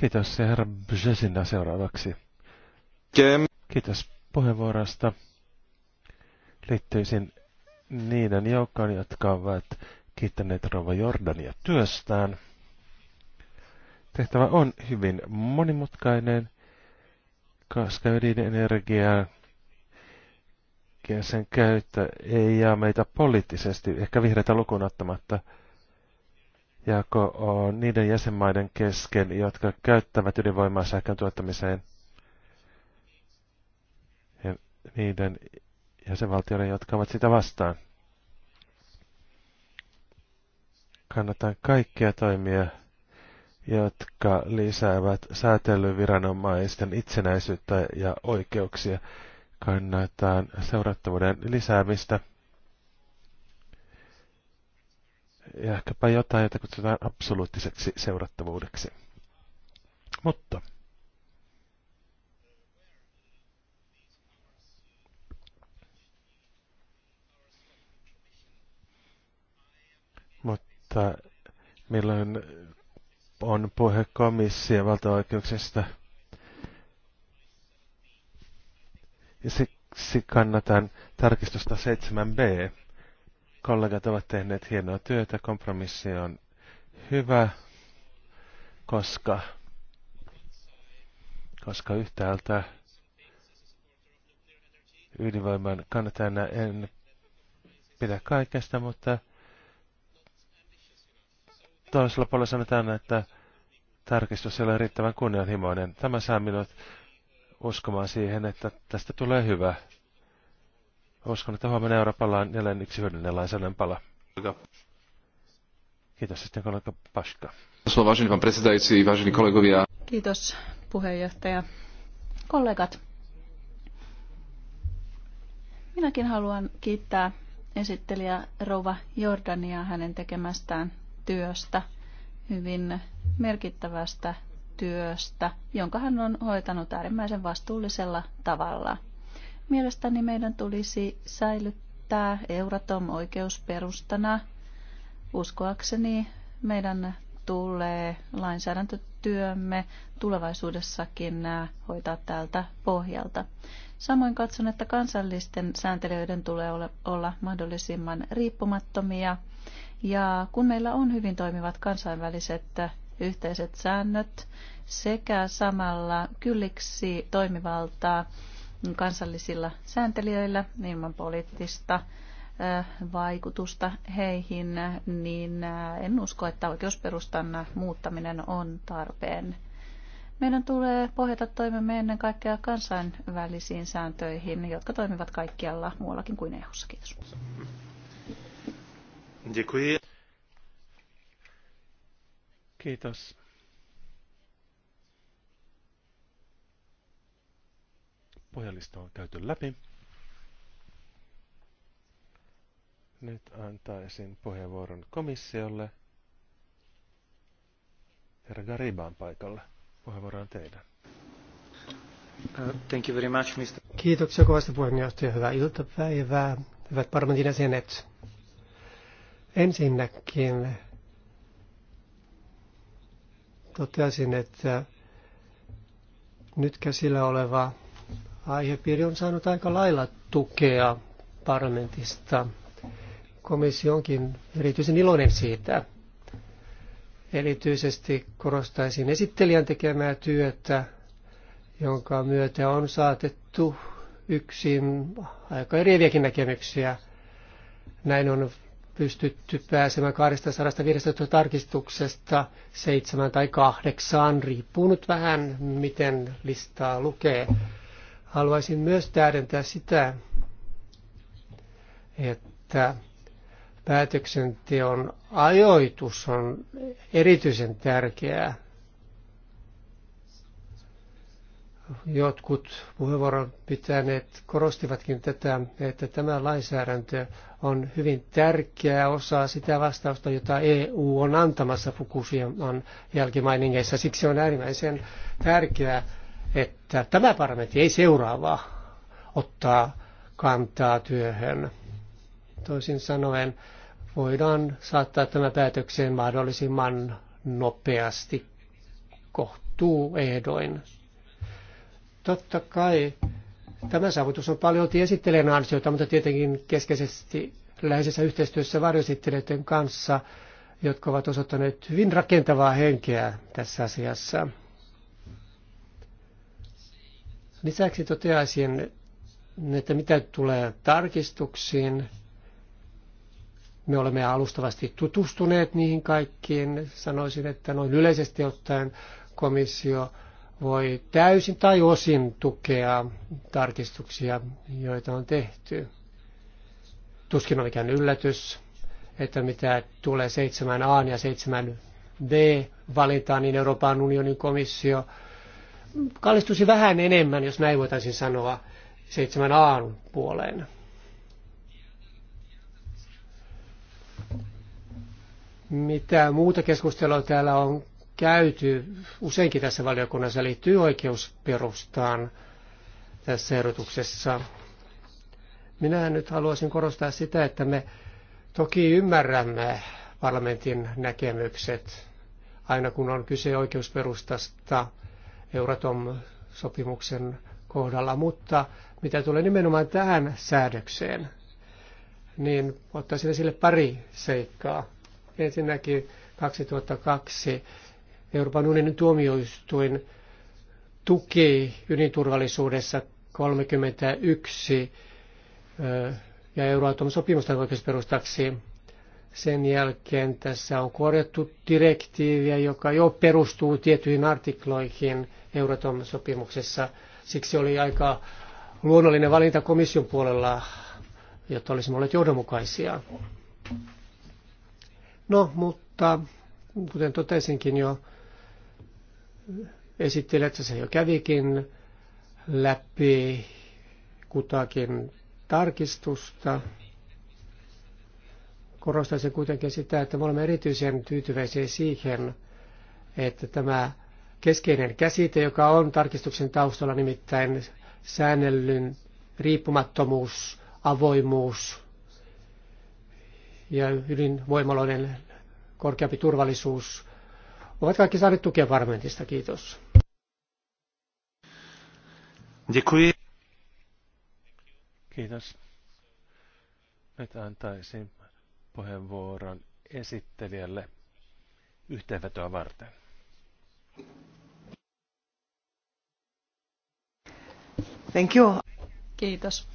Kiitos herra Bzesina seuraavaksi. Kiitos puheenvuorosta. Liittyisin niiden joukkoon, jotka ovat kiittäneet Rova Jordania työstään. Tehtävä on hyvin monimutkainen, koska energiaa teknologian sen käyttö ei jää meitä poliittisesti, ehkä vihreitä lukuun ottamatta. Jako on niiden jäsenmaiden kesken, jotka käyttävät ydinvoimaa sähkön tuottamiseen. Ja niiden jäsenvaltioiden, jotka ovat sitä vastaan. Kannatan kaikkia toimia, jotka lisäävät säätelyviranomaisten itsenäisyyttä ja oikeuksia kannataan seurattavuuden lisäämistä. Ja ehkäpä jotain, jota kutsutaan absoluuttiseksi seurattavuudeksi. Mutta Mutta milloin on puhe komission valtaoikeuksista – Ja siksi kannatan tarkistusta 7b. Kollegat ovat tehneet hienoa työtä, kompromissi on hyvä, koska, koska yhtäältä ydinvoiman kannattajana en pidä kaikesta, mutta toisella puolella sanotaan, että tarkistus ei ole riittävän kunnianhimoinen. Tämä saa minut uskomaan siihen, että tästä tulee hyvä. Uskon, että huomenna Euroopalla on jälleen yksi hyödyllinen lainsäädännön pala. Kiitos sitten kollega Paska. Kiitos puheenjohtaja. Kollegat, minäkin haluan kiittää esittelijä Rova Jordania hänen tekemästään työstä, hyvin merkittävästä työstä, jonka hän on hoitanut äärimmäisen vastuullisella tavalla. Mielestäni meidän tulisi säilyttää Euratom oikeusperustana. Uskoakseni meidän tulee lainsäädäntötyömme tulevaisuudessakin hoitaa tältä pohjalta. Samoin katson, että kansallisten sääntelijöiden tulee olla mahdollisimman riippumattomia. Ja kun meillä on hyvin toimivat kansainväliset yhteiset säännöt sekä samalla kylliksi toimivaltaa kansallisilla sääntelijöillä ilman poliittista vaikutusta heihin, niin en usko, että oikeusperustan muuttaminen on tarpeen. Meidän tulee pohjata toimemme ennen kaikkea kansainvälisiin sääntöihin, jotka toimivat kaikkialla muuallakin kuin EU-ssa. Kiitos. Kiitos. Pohjallista on käyty läpi. Nyt antaisin puheenvuoron komissiolle. Herra Garibaan paikalle. Puheenvuoro on teidän. Uh, thank you very much, Mr. Kiitoksia kovasti puheenjohtaja. Hyvää iltapäivää. Hyvät parlamentin jäsenet. Ensinnäkin toteaisin, että nyt käsillä oleva aihepiiri on saanut aika lailla tukea parlamentista. Komissio onkin erityisen iloinen siitä. Erityisesti korostaisin esittelijän tekemää työtä, jonka myötä on saatettu yksin aika eriäviäkin näkemyksiä. Näin on pystytty pääsemään 215 tarkistuksesta seitsemän tai kahdeksaan, riippuu nyt vähän miten listaa lukee. Haluaisin myös täydentää sitä, että päätöksenteon ajoitus on erityisen tärkeää. jotkut puheenvuoron pitäneet korostivatkin tätä, että tämä lainsäädäntö on hyvin tärkeä osa sitä vastausta, jota EU on antamassa Fukushiman jälkimainingeissa. Siksi on äärimmäisen tärkeää, että tämä parlamentti ei seuraavaa ottaa kantaa työhön. Toisin sanoen voidaan saattaa tämä päätökseen mahdollisimman nopeasti kohtuu ehdoin Totta kai tämä saavutus on paljon esittelijän ansiota, mutta tietenkin keskeisesti läheisessä yhteistyössä varjoesittelijöiden kanssa, jotka ovat osoittaneet hyvin rakentavaa henkeä tässä asiassa. Lisäksi toteaisin, että mitä tulee tarkistuksiin, me olemme alustavasti tutustuneet niihin kaikkiin. Sanoisin, että noin yleisesti ottaen komissio voi täysin tai osin tukea tarkistuksia, joita on tehty. Tuskin on mikään yllätys, että mitä tulee 7a ja 7b valintaan, niin Euroopan unionin komissio kallistuisi vähän enemmän, jos näin voitaisiin sanoa, 7a puoleen. Mitä muuta keskustelua täällä on käyty useinkin tässä valiokunnassa liittyy oikeusperustaan tässä erotuksessa. Minä nyt haluaisin korostaa sitä, että me toki ymmärrämme parlamentin näkemykset aina kun on kyse oikeusperustasta Euratom-sopimuksen kohdalla, mutta mitä tulee nimenomaan tähän säädökseen, niin ottaisin esille pari seikkaa. Ensinnäkin 2002 Euroopan unionin tuomioistuin tuki ydinturvallisuudessa 31 ja Euroopan sopimusta oikeusperustaksi. Sen jälkeen tässä on korjattu direktiiviä, joka jo perustuu tiettyihin artikloihin Euroopan sopimuksessa Siksi oli aika luonnollinen valinta komission puolella, jotta olisimme olleet johdonmukaisia. No, mutta kuten totesinkin jo, esittelijät, se jo kävikin läpi kutakin tarkistusta. Korostaisin kuitenkin sitä, että me olemme erityisen tyytyväisiä siihen, että tämä keskeinen käsite, joka on tarkistuksen taustalla nimittäin säännellyn riippumattomuus, avoimuus ja ydinvoimaloiden korkeampi turvallisuus ovat kaikki saaneet tukea parlamentista. Kiitos. Děkuji. Kiitos. Nyt antaisin puheenvuoron esittelijälle yhteenvetoa varten. Thank you. Kiitos.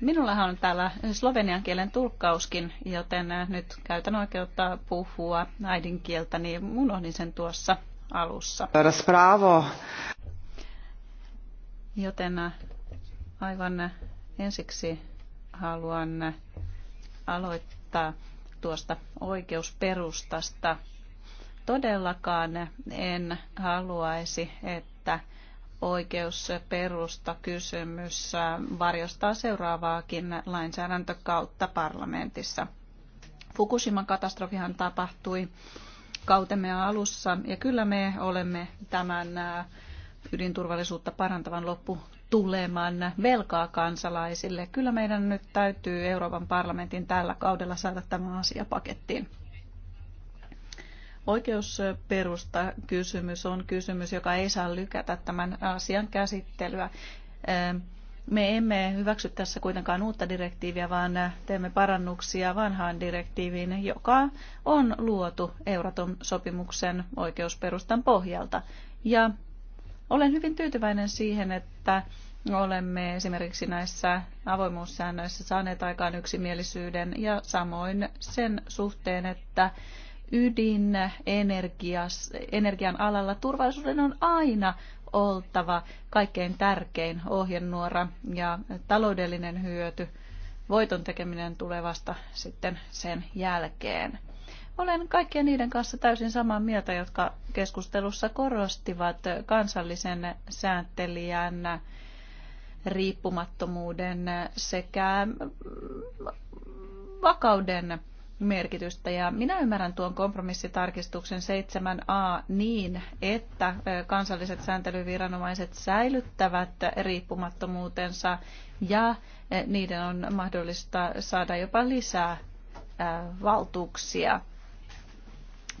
Minullahan on täällä slovenian kielen tulkkauskin, joten nyt käytän oikeutta puhua äidinkieltä, niin unohdin sen tuossa alussa. Raspravo. Joten aivan ensiksi haluan aloittaa tuosta oikeusperustasta. Todellakaan en haluaisi, että oikeusperusta kysymys varjostaa seuraavaakin lainsäädäntökautta parlamentissa. Fukushiman katastrofihan tapahtui kautemme alussa ja kyllä me olemme tämän ydinturvallisuutta parantavan loppu tuleman velkaa kansalaisille. Kyllä meidän nyt täytyy Euroopan parlamentin tällä kaudella saada tämä asia pakettiin. Oikeusperusta kysymys on kysymys, joka ei saa lykätä tämän asian käsittelyä. Ehm, me emme hyväksy tässä kuitenkaan uutta direktiiviä, vaan teemme parannuksia vanhaan direktiiviin, joka on luotu Euratom-sopimuksen oikeusperustan pohjalta. Ja olen hyvin tyytyväinen siihen, että olemme esimerkiksi näissä avoimuussäännöissä saaneet aikaan yksimielisyyden ja samoin sen suhteen, että Ydin-energian alalla turvallisuuden on aina oltava kaikkein tärkein ohjenuora ja taloudellinen hyöty. Voiton tekeminen tulee vasta sitten sen jälkeen. Olen kaikkien niiden kanssa täysin samaa mieltä, jotka keskustelussa korostivat kansallisen sääntelijän riippumattomuuden sekä vakauden merkitystä. Ja minä ymmärrän tuon kompromissitarkistuksen 7a niin, että kansalliset sääntelyviranomaiset säilyttävät riippumattomuutensa ja niiden on mahdollista saada jopa lisää valtuuksia.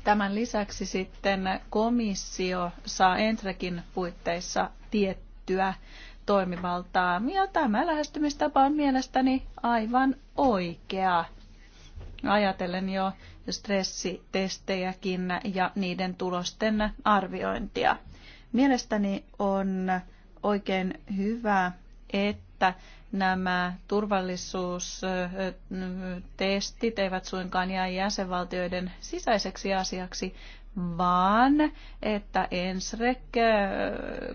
Tämän lisäksi sitten komissio saa Entrekin puitteissa tiettyä toimivaltaa. Ja tämä lähestymistapa on mielestäni aivan oikea ajatellen jo stressitestejäkin ja niiden tulosten arviointia. Mielestäni on oikein hyvä, että nämä turvallisuustestit eivät suinkaan jää jäsenvaltioiden sisäiseksi asiaksi, vaan että ENSREC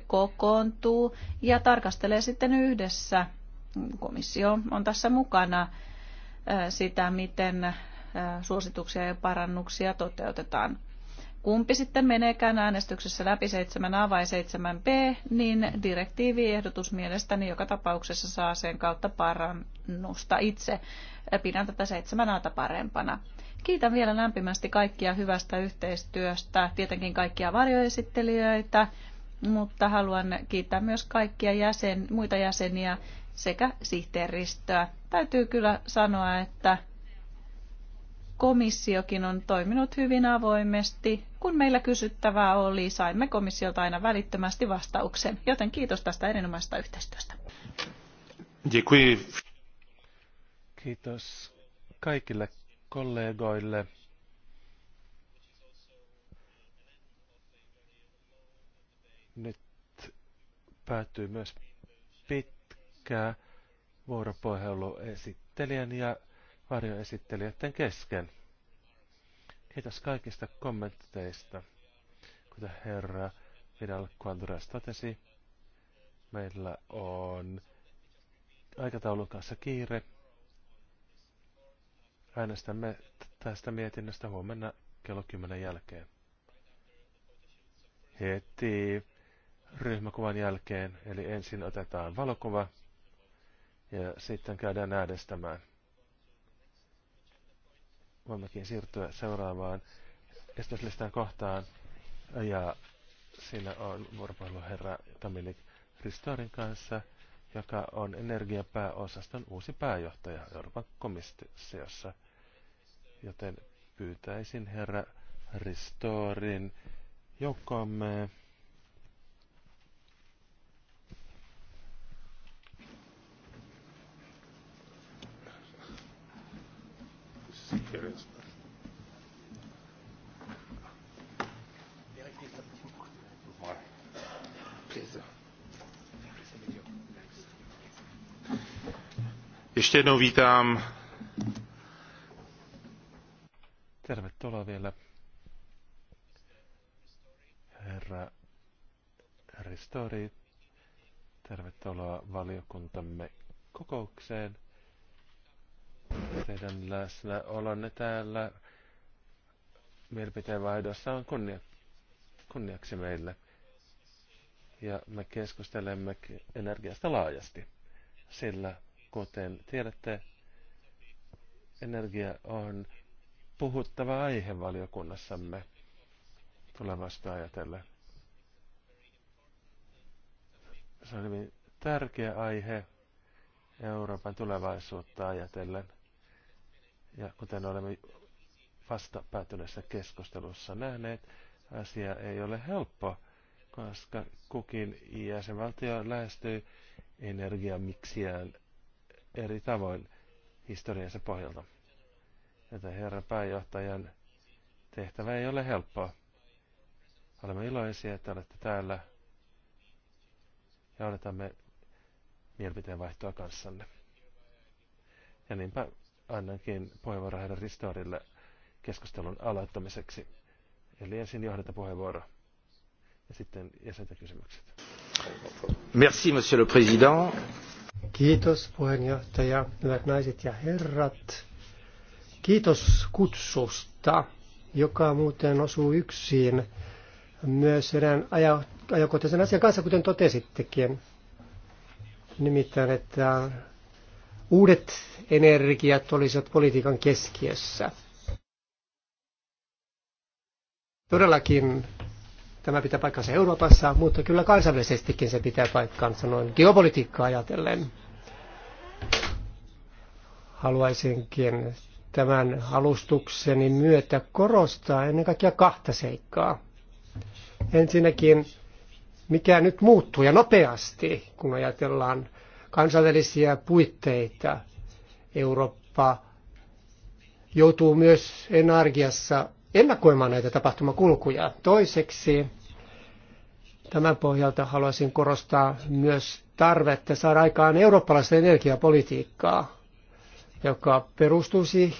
kokoontuu ja tarkastelee sitten yhdessä, komissio on tässä mukana, sitä, miten suosituksia ja parannuksia toteutetaan. Kumpi sitten meneekään äänestyksessä läpi 7a vai 7b, niin direktiiviehdotus mielestäni joka tapauksessa saa sen kautta parannusta. Itse pidän tätä 7a parempana. Kiitän vielä lämpimästi kaikkia hyvästä yhteistyöstä, tietenkin kaikkia varjoesittelijöitä, mutta haluan kiittää myös kaikkia jäsen, muita jäseniä sekä sihteeristöä Täytyy kyllä sanoa, että komissiokin on toiminut hyvin avoimesti. Kun meillä kysyttävää oli, saimme komissiolta aina välittömästi vastauksen. Joten kiitos tästä erinomaisesta yhteistyöstä. Kiitos kaikille kollegoille. Nyt päättyy myös pitkä vuoropuhelu esittelijän ja varjoesittelijöiden kesken. Kiitos kaikista kommentteista, Kuten herra Vidal Quandras totesi, meillä on aikataulun kanssa kiire. Äänestämme tästä mietinnöstä huomenna kello 10 jälkeen. Heti ryhmäkuvan jälkeen, eli ensin otetaan valokuva ja sitten käydään äänestämään. Voimmekin siirtyä seuraavaan esityslistan kohtaan. Ja siinä on Herra Tamilik Ristorin kanssa, joka on energiapääosaston uusi pääjohtaja Euroopan komissiossa. Joten pyytäisin herra Ristorin joukkoomme. Ještě jednou vítám. Tervetuloa vielä herra Ristori. Tervetuloa valiokuntamme kokoukseen. Teidän läsnäolonne täällä vaihdossa on kunnia, kunniaksi meille. Ja me keskustelemme energiasta laajasti, sillä kuten tiedätte, energia on puhuttava aihe valiokunnassamme tulevasta ajatellen. Se on hyvin tärkeä aihe Euroopan tulevaisuutta ajatellen. Ja kuten olemme vasta päätyneessä keskustelussa nähneet, asia ei ole helppo, koska kukin jäsenvaltio lähestyy energiamiksiään eri tavoin historiansa pohjalta. Joten herra pääjohtajan tehtävä ei ole helppoa. Olemme iloisia, että olette täällä ja odotamme mielipiteen vaihtoa kanssanne. Ja niinpä annankin puheenvuoro herra Ristorille keskustelun aloittamiseksi. Eli ensin johdata puheenvuoro ja sitten jäsenten kysymykset. Merci, monsieur le président. Kiitos puheenjohtaja, hyvät naiset ja herrat. Kiitos kutsusta, joka muuten osuu yksin myös erään ajankohtaisen asian kanssa, kuten totesittekin. Nimittäin, että uudet energiat olisivat politiikan keskiössä. Todellakin tämä pitää paikkansa Euroopassa, mutta kyllä kansainvälisestikin se pitää paikkansa noin geopolitiikkaa ajatellen. Haluaisinkin tämän alustukseni myötä korostaa ennen kaikkea kahta seikkaa. Ensinnäkin, mikä nyt muuttuu ja nopeasti, kun ajatellaan kansainvälisiä puitteita. Eurooppa joutuu myös energiassa ennakoimaan näitä tapahtumakulkuja. Toiseksi tämän pohjalta haluaisin korostaa myös tarvetta saada aikaan eurooppalaista energiapolitiikkaa, joka perustuisi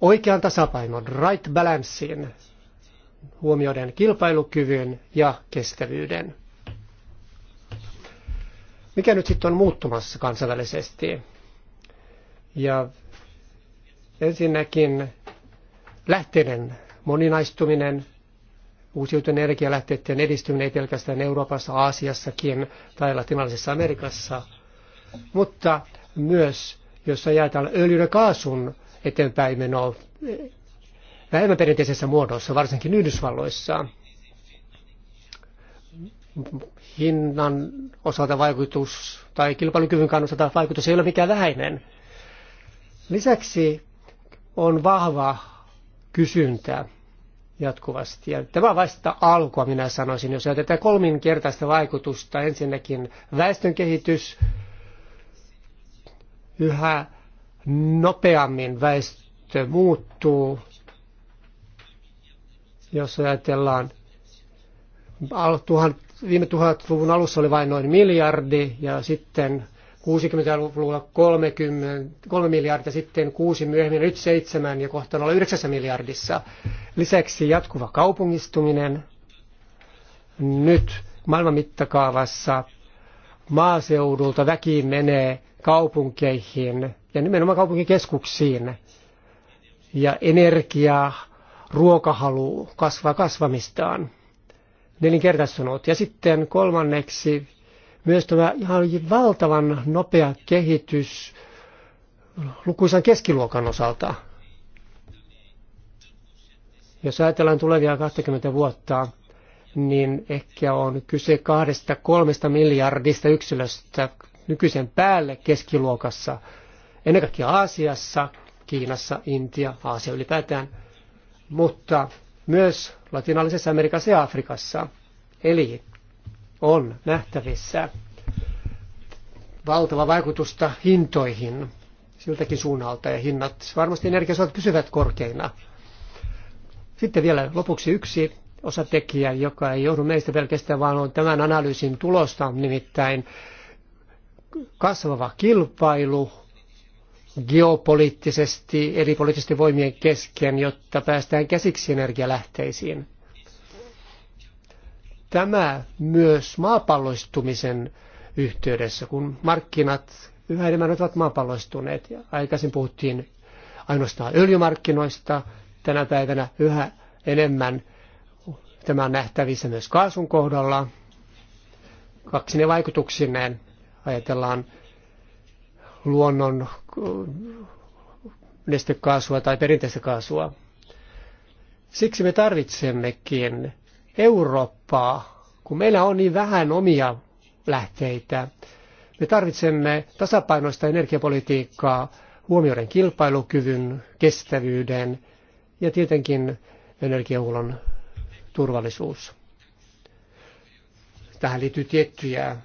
oikean tasapainon, right balancein huomioiden kilpailukyvyn ja kestävyyden. Mikä nyt sitten on muuttumassa kansainvälisesti? Ja ensinnäkin lähteiden moninaistuminen, uusiutuvien energialähteiden edistyminen ei pelkästään Euroopassa, Aasiassakin tai Latinalaisessa Amerikassa, mutta myös jos ajatellaan öljyn ja kaasun eteenpäin menoa vähemmän perinteisessä muodossa, varsinkin Yhdysvalloissa, hinnan osalta vaikutus tai kilpailukyvyn kannalta vaikutus ei ole mikään vähäinen. Lisäksi on vahva kysyntää jatkuvasti. Ja tämä on vasta alkua, minä sanoisin, jos ajatellaan kolminkertaista vaikutusta. Ensinnäkin väestönkehitys yhä nopeammin väestö muuttuu. Jos ajatellaan viime tuhatluvun alussa oli vain noin miljardi ja sitten 60-luvulla 30, 3 miljardia, sitten 6 myöhemmin, nyt 7 ja kohta 9 miljardissa. Lisäksi jatkuva kaupungistuminen. Nyt maailman mittakaavassa maaseudulta väki menee kaupunkeihin ja nimenomaan kaupunkikeskuksiin. Ja energia, ruokahalu kasvaa kasvamistaan nelinkertaistunut. Ja sitten kolmanneksi myös tämä ihan valtavan nopea kehitys lukuisan keskiluokan osalta. Jos ajatellaan tulevia 20 vuotta, niin ehkä on kyse kahdesta kolmesta miljardista yksilöstä nykyisen päälle keskiluokassa, ennen kaikkea Aasiassa, Kiinassa, Intia, Aasia ylipäätään. Mutta myös latinalaisessa Amerikassa ja Afrikassa. Eli on nähtävissä valtava vaikutusta hintoihin siltäkin suunnalta ja hinnat varmasti energiasuot pysyvät korkeina. Sitten vielä lopuksi yksi osatekijä, joka ei johdu meistä pelkästään, vaan on tämän analyysin tulosta, nimittäin kasvava kilpailu geopoliittisesti eri poliittisten voimien kesken, jotta päästään käsiksi energialähteisiin. Tämä myös maapalloistumisen yhteydessä, kun markkinat yhä enemmän ovat maapalloistuneet. Aikaisin puhuttiin ainoastaan öljymarkkinoista, tänä päivänä yhä enemmän tämä on nähtävissä myös kaasun kohdalla. Kaksine vaikutuksineen ajatellaan luonnon äh, nestekaasua tai perinteistä kaasua. Siksi me tarvitsemmekin Eurooppaa, kun meillä on niin vähän omia lähteitä. Me tarvitsemme tasapainoista energiapolitiikkaa huomioiden kilpailukyvyn, kestävyyden ja tietenkin energiahuollon turvallisuus. Tähän liittyy tiettyjä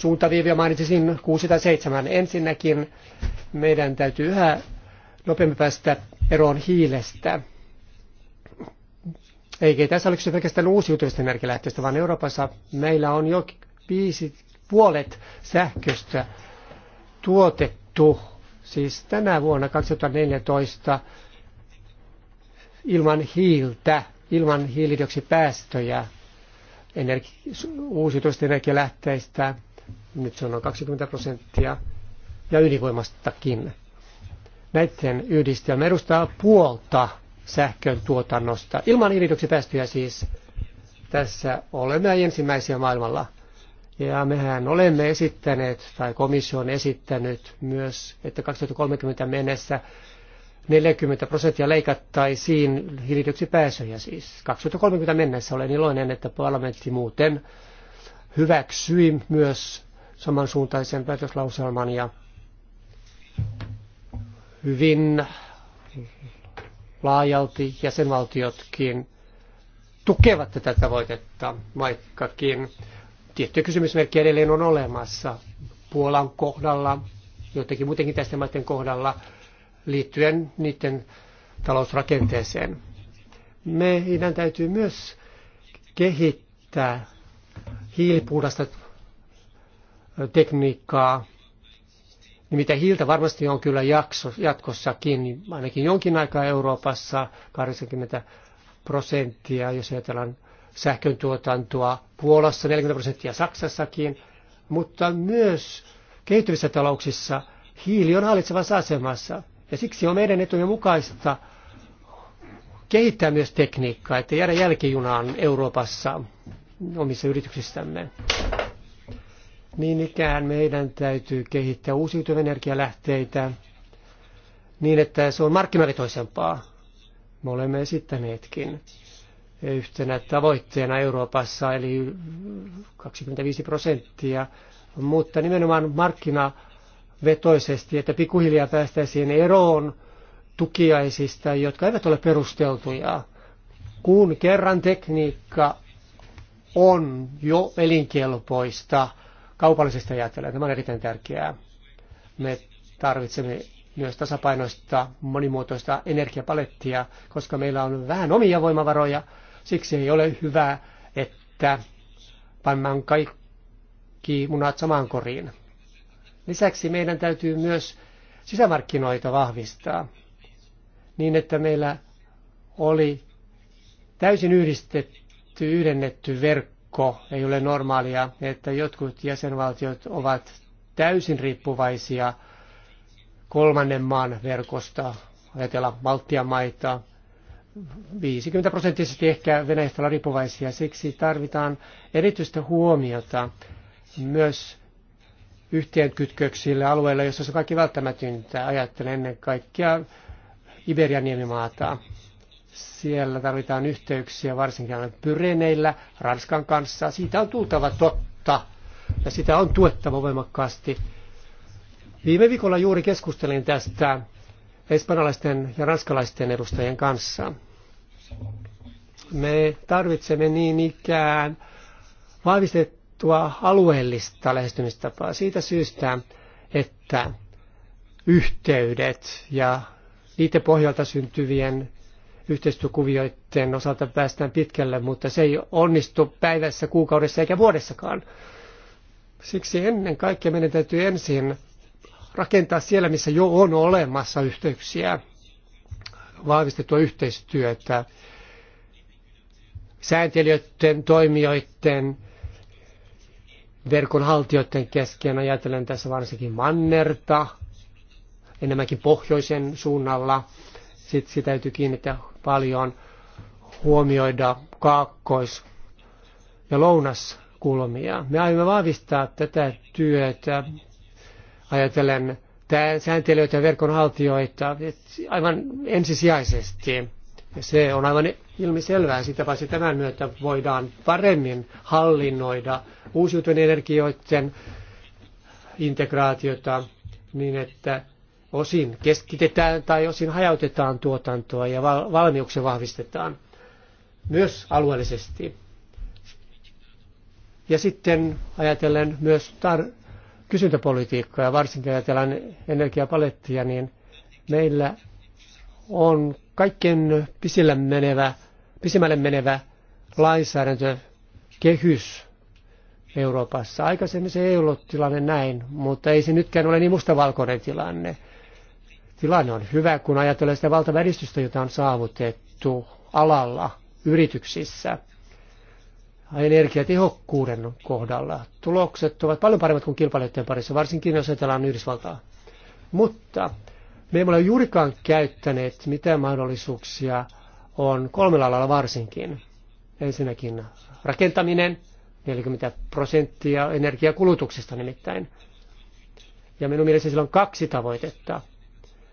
suuntaviiviä mainitsisin 6 tai 7. Ensinnäkin meidän täytyy yhä nopeammin päästä eroon hiilestä. Eikä tässä ole kyse pelkästään uusiutuvista energialähteistä, vaan Euroopassa meillä on jo viisi puolet sähköstä tuotettu, siis tänä vuonna 2014 ilman hiiltä, ilman hiilidioksipäästöjä energi- uusiutuvista energialähteistä nyt se on noin 20 prosenttia, ja ydinvoimastakin. Näiden yhdistelmä edustaa puolta sähkön tuotannosta. Ilman päästöjä siis tässä olemme ensimmäisiä maailmalla. Ja mehän olemme esittäneet, tai komissio on esittänyt myös, että 2030 mennessä 40 prosenttia leikattaisiin hiilidioksidipäästöjä siis. 2030 mennessä olen iloinen, että parlamentti muuten hyväksyi myös samansuuntaisen päätöslauselman ja hyvin laajalti jäsenvaltiotkin tukevat tätä tavoitetta, vaikkakin Tietty kysymysmerkki edelleen on olemassa. Puolan kohdalla, joidenkin muutenkin tästä maiden kohdalla, liittyen niiden talousrakenteeseen. Meidän täytyy myös kehittää hiilipuhdasta tekniikkaa. Nimittäin hiiltä varmasti on kyllä jakso, jatkossakin, ainakin jonkin aikaa Euroopassa 80 prosenttia, jos ajatellaan sähkön tuotantoa Puolassa 40 prosenttia Saksassakin, mutta myös kehittyvissä talouksissa hiili on hallitsevassa asemassa. Ja siksi on meidän etujen mukaista kehittää myös tekniikkaa, että jäädä jälkijunaan Euroopassa omissa yrityksistämme. Niin ikään meidän täytyy kehittää uusiutuvia energialähteitä niin, että se on markkinavetoisempaa. Me olemme esittäneetkin yhtenä tavoitteena Euroopassa, eli 25 prosenttia, mutta nimenomaan markkinavetoisesti, että pikkuhiljaa päästäisiin eroon tukiaisista, jotka eivät ole perusteltuja. Kun kerran tekniikka on jo elinkelpoista kaupallisesti ajatellen. Tämä on erittäin tärkeää. Me tarvitsemme myös tasapainoista monimuotoista energiapalettia, koska meillä on vähän omia voimavaroja. Siksi ei ole hyvä, että pannaan kaikki munat samaan koriin. Lisäksi meidän täytyy myös sisämarkkinoita vahvistaa niin, että meillä oli täysin yhdistetty kehitetty yhdennetty verkko. Ei ole normaalia, että jotkut jäsenvaltiot ovat täysin riippuvaisia kolmannen maan verkosta. Ajatellaan Baltian maita, 50 prosenttisesti ehkä Venäjästä ollaan riippuvaisia. Siksi tarvitaan erityistä huomiota myös yhteenkytköksille alueilla, jossa se on kaikki välttämätöntä. Ajattelen ennen kaikkea Iberian niemimaata. Siellä tarvitaan yhteyksiä varsinkin Pyreneillä, Ranskan kanssa. Siitä on tultava totta ja sitä on tuettava voimakkaasti. Viime viikolla juuri keskustelin tästä espanjalaisten ja ranskalaisten edustajien kanssa. Me tarvitsemme niin ikään vahvistettua alueellista lähestymistapaa siitä syystä, että yhteydet ja niiden pohjalta syntyvien yhteistyökuvioiden osalta päästään pitkälle, mutta se ei onnistu päivässä, kuukaudessa eikä vuodessakaan. Siksi ennen kaikkea meidän täytyy ensin rakentaa siellä, missä jo on olemassa yhteyksiä, vahvistettua yhteistyötä, sääntelijöiden, toimijoiden, verkonhaltijoiden kesken, ajatellen tässä varsinkin Mannerta, enemmänkin pohjoisen suunnalla – sitä täytyy kiinnittää paljon huomioida kaakkois- ja lounaskulmia. Me aiomme vahvistaa tätä työtä ajatellen sääntelijöitä ja verkonhaltijoita aivan ensisijaisesti. Ja se on aivan ilmiselvää, sitä paitsi tämän myötä voidaan paremmin hallinnoida uusiutuvien energioiden integraatiota niin, että Osin keskitetään tai osin hajautetaan tuotantoa ja valmiuksia vahvistetaan myös alueellisesti. Ja sitten ajatellen myös tar- kysyntäpolitiikkaa ja varsinkin ajatellaan energiapalettia, niin meillä on kaikkein pisille menevä, pisimmälle menevä lainsäädäntökehys Euroopassa. Aikaisemmin se ei ollut tilanne näin, mutta ei se nytkään ole niin mustavalkoinen tilanne. Tilanne on hyvä, kun ajatellaan sitä valtaväristystä, jota on saavutettu alalla yrityksissä energiatehokkuuden kohdalla. Tulokset ovat paljon paremmat kuin kilpailijoiden parissa, varsinkin jos ajatellaan Yhdysvaltaa. Mutta me emme ole juurikaan käyttäneet mitään mahdollisuuksia on kolmella alalla varsinkin. Ensinnäkin rakentaminen, 40 prosenttia energiakulutuksesta nimittäin. Ja minun mielestäni sillä on kaksi tavoitetta.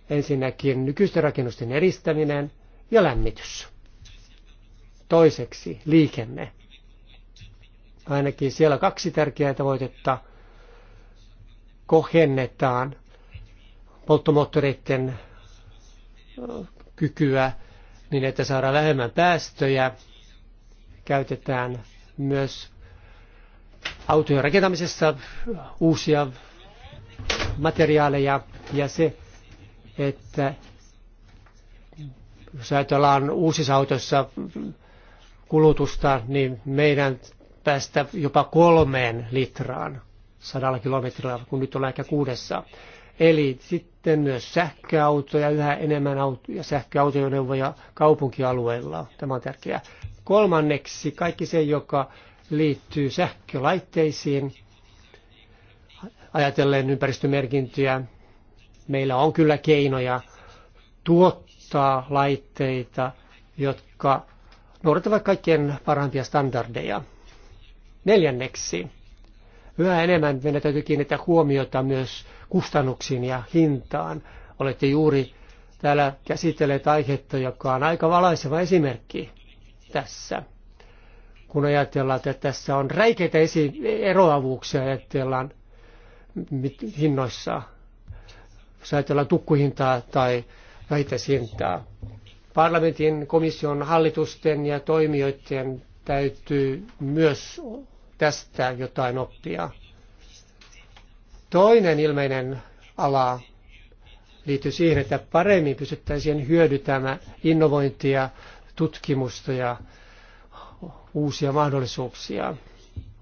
Ensinnäkin nykyisten rakennusten eristäminen ja lämmitys. Toiseksi liikenne. Ainakin siellä kaksi tärkeää tavoitetta kohennetaan polttomoottoreiden kykyä niin, että saadaan vähemmän päästöjä. Käytetään myös autojen rakentamisessa uusia materiaaleja ja se että jos ajatellaan uusissa autoissa kulutusta, niin meidän päästä jopa kolmeen litraan sadalla kilometrillä, kun nyt ollaan ehkä kuudessa. Eli sitten myös sähköautoja, yhä enemmän autoja, sähköautojoneuvoja kaupunkialueilla. Tämä on tärkeää. Kolmanneksi kaikki se, joka liittyy sähkölaitteisiin, ajatellen ympäristömerkintöjä, Meillä on kyllä keinoja tuottaa laitteita, jotka noudattavat kaikkien parhaimpia standardeja. Neljänneksi, yhä enemmän meidän täytyy kiinnittää huomiota myös kustannuksiin ja hintaan. Olette juuri täällä käsitelleet aihetta, joka on aika valaiseva esimerkki tässä. Kun ajatellaan, että tässä on räikeitä eroavuuksia, ajatellaan hinnoissa jos ajatellaan tukkuhintaa tai vähittäishintaa. Parlamentin, komission, hallitusten ja toimijoiden täytyy myös tästä jotain oppia. Toinen ilmeinen ala liittyy siihen, että paremmin pystyttäisiin hyödytämään innovointia, tutkimusta ja uusia mahdollisuuksia.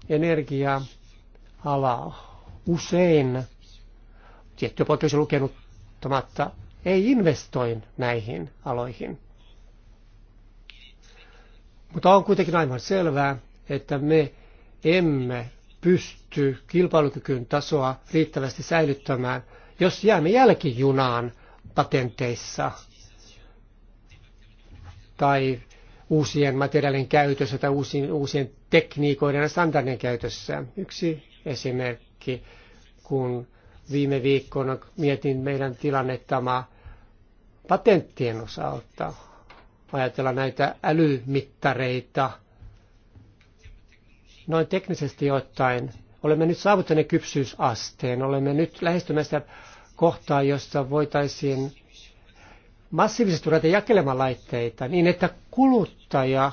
Energia-ala usein tietty poikkeus lukenuttamatta, ei investoin näihin aloihin. Mutta on kuitenkin aivan selvää, että me emme pysty kilpailukykyyn tasoa riittävästi säilyttämään, jos jäämme jälkijunaan patenteissa tai uusien materiaalien käytössä tai uusien, uusien tekniikoiden ja standardien käytössä. Yksi esimerkki, kun Viime viikkoina mietin meidän tilannettamme patenttien osalta. Ajatella näitä älymittareita. Noin teknisesti ottaen olemme nyt saavuttaneet kypsyysasteen. Olemme nyt lähestymässä kohtaa, jossa voitaisiin massiivisesti ruveta jakelemaan laitteita niin, että kuluttaja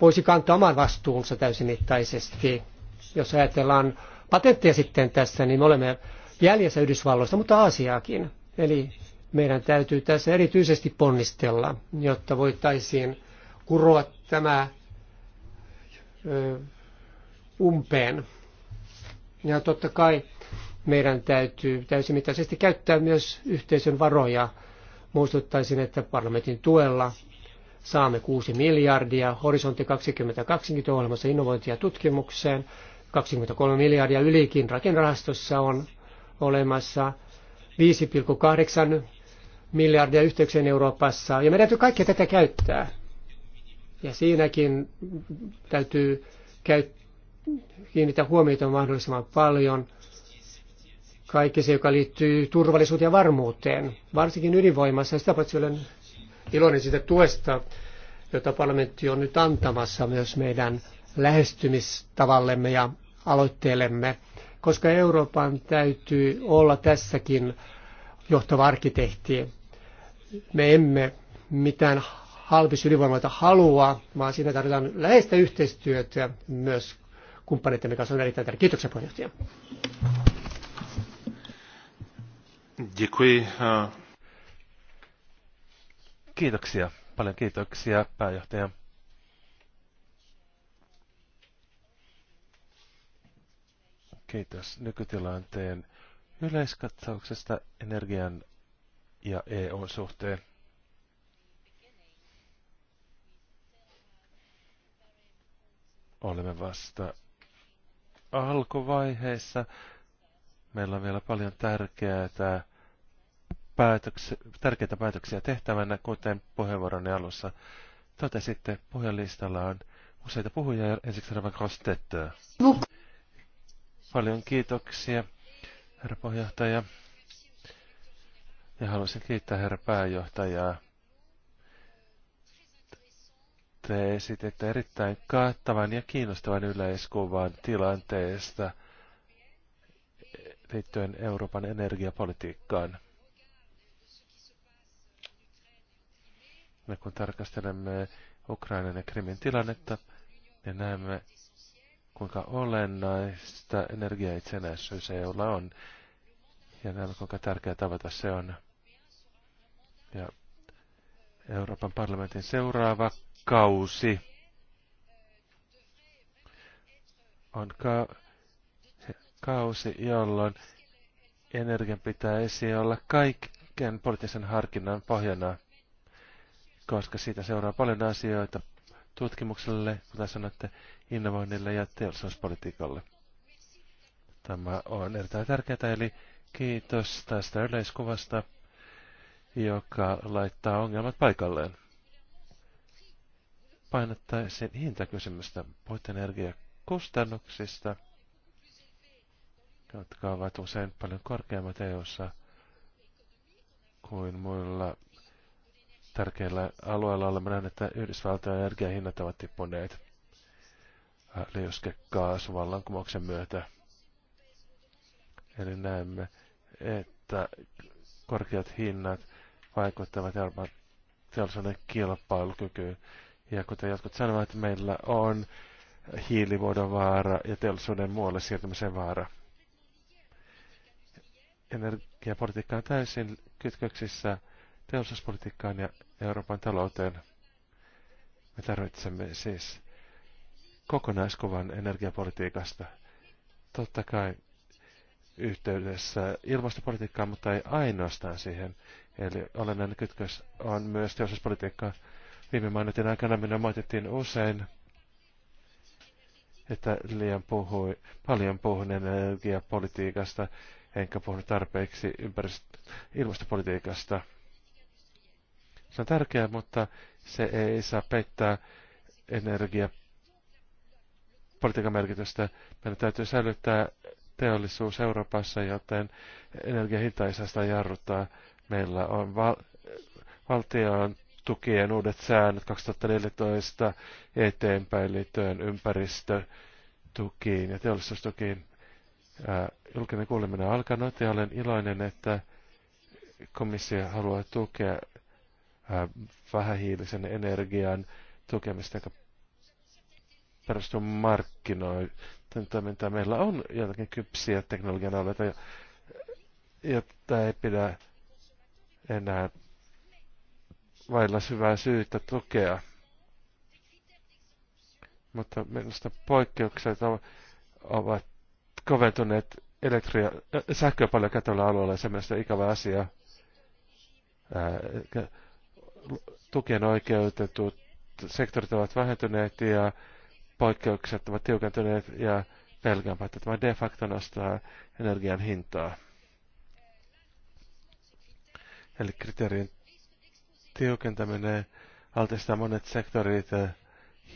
voisi kantaa oman vastuunsa täysimittaisesti. Jos ajatellaan patentteja sitten tässä, niin me olemme jäljessä Yhdysvalloista, mutta Aasiaakin. Eli meidän täytyy tässä erityisesti ponnistella, jotta voitaisiin kuroa tämä umpeen. Ja totta kai meidän täytyy täysimittaisesti käyttää myös yhteisön varoja. Muistuttaisin, että parlamentin tuella saamme 6 miljardia, horisontti 2020 ohjelmassa innovointia tutkimukseen, 23 miljardia ylikin rakennerahastossa on olemassa, 5,8 miljardia yhteyksien Euroopassa, ja meidän täytyy kaikkea tätä käyttää. Ja siinäkin täytyy käy, kiinnittää huomiota mahdollisimman paljon kaikki se, joka liittyy turvallisuuteen ja varmuuteen, varsinkin ydinvoimassa. Sitä paitsi olen iloinen siitä tuesta, jota parlamentti on nyt antamassa myös meidän lähestymistavallemme ja aloitteellemme, koska Euroopan täytyy olla tässäkin johtava arkkitehti. Me emme mitään halvisydinvoimaloita halua, vaan siinä tarvitaan läheistä yhteistyötä myös kumppaneiden kanssa. On erittäin tärkeää. Kiitoksia puheenjohtaja. Eh. Kiitoksia. Paljon kiitoksia pääjohtaja. Kiitos nykytilanteen yleiskatsauksesta energian ja EUn suhteen. Olemme vasta alkuvaiheessa. Meillä on vielä paljon tärkeää päätöksiä, tärkeitä päätöksiä tehtävänä, kuten puheenvuoroni alussa totesitte. Puheenlistalla on useita puhujia ja ensiksi Rava Kostettöä. Paljon kiitoksia, herra puheenjohtaja. Ja haluaisin kiittää herra pääjohtajaa. Te esititte erittäin kattavan ja kiinnostavan yleiskuvan tilanteesta liittyen Euroopan energiapolitiikkaan. Me kun tarkastelemme Ukrainan ja Krimin tilannetta, niin näemme, kuinka olennaista itsenäisyys EUlla on ja näemme, kuinka tärkeä tavata se on. Ja Euroopan parlamentin seuraava kausi on ka- kausi, jolloin energian pitäisi olla kaiken poliittisen harkinnan pohjana, koska siitä seuraa paljon asioita, tutkimukselle, kuten sanotte, innovoinnille ja teollisuuspolitiikalle. Tämä on erittäin tärkeää, eli kiitos tästä yleiskuvasta, joka laittaa ongelmat paikalleen. Painottaisin hintakysymystä. puhutenergiakustannuksista, jotka ovat usein paljon korkeammat EU-ssa kuin muilla tärkeillä alueilla olemme nähneet, että Yhdysvaltojen energiahinnat ovat tippuneet liuskekaasuvallankumouksen myötä. Eli näemme, että korkeat hinnat vaikuttavat Euroopan teollisuuden kilpailukykyyn. Ja kuten jotkut sanovat, että meillä on hiilivuodon vaara ja teollisuuden muualle siirtymisen vaara. Energiapolitiikka on täysin kytköksissä teollisuuspolitiikkaan ja Euroopan talouteen. Me tarvitsemme siis kokonaiskuvan energiapolitiikasta. Totta kai yhteydessä ilmastopolitiikkaan, mutta ei ainoastaan siihen. Eli olennainen kytkös on myös teollisuuspolitiikkaan. Viime mainitun aikana minä moitettiin usein, että liian puhui, paljon puhun energiapolitiikasta, enkä puhunut tarpeeksi ympäristö- ilmastopolitiikasta. Se on tärkeää, mutta se ei saa peittää energia politiikan merkitystä. Meidän täytyy säilyttää teollisuus Euroopassa, joten energiahinta ei saa sitä jarruttaa. Meillä on val- valtion tukien uudet säännöt 2014 eteenpäin liittyen ympäristötukiin ja teollisuustukiin. Ää, julkinen kuuleminen on alkanut ja olen iloinen, että komissio haluaa tukea vähähiilisen energian tukemista, joka perustuu markkinoihin. Meillä on jotakin kypsiä teknologian alueita, jotta ei pidä enää vailla syvää syytä tukea. Mutta minusta poikkeukset ovat koventuneet elektri- sähköä paljon käyttävällä alueella ja se on ikävä asia. Ää, tukien oikeutetut sektorit ovat vähentyneet ja poikkeukset ovat tiukentuneet ja pelkäänpä, että tämä de facto nostaa energian hintaa. Eli kriteerin tiukentaminen altistaa monet sektorit eh,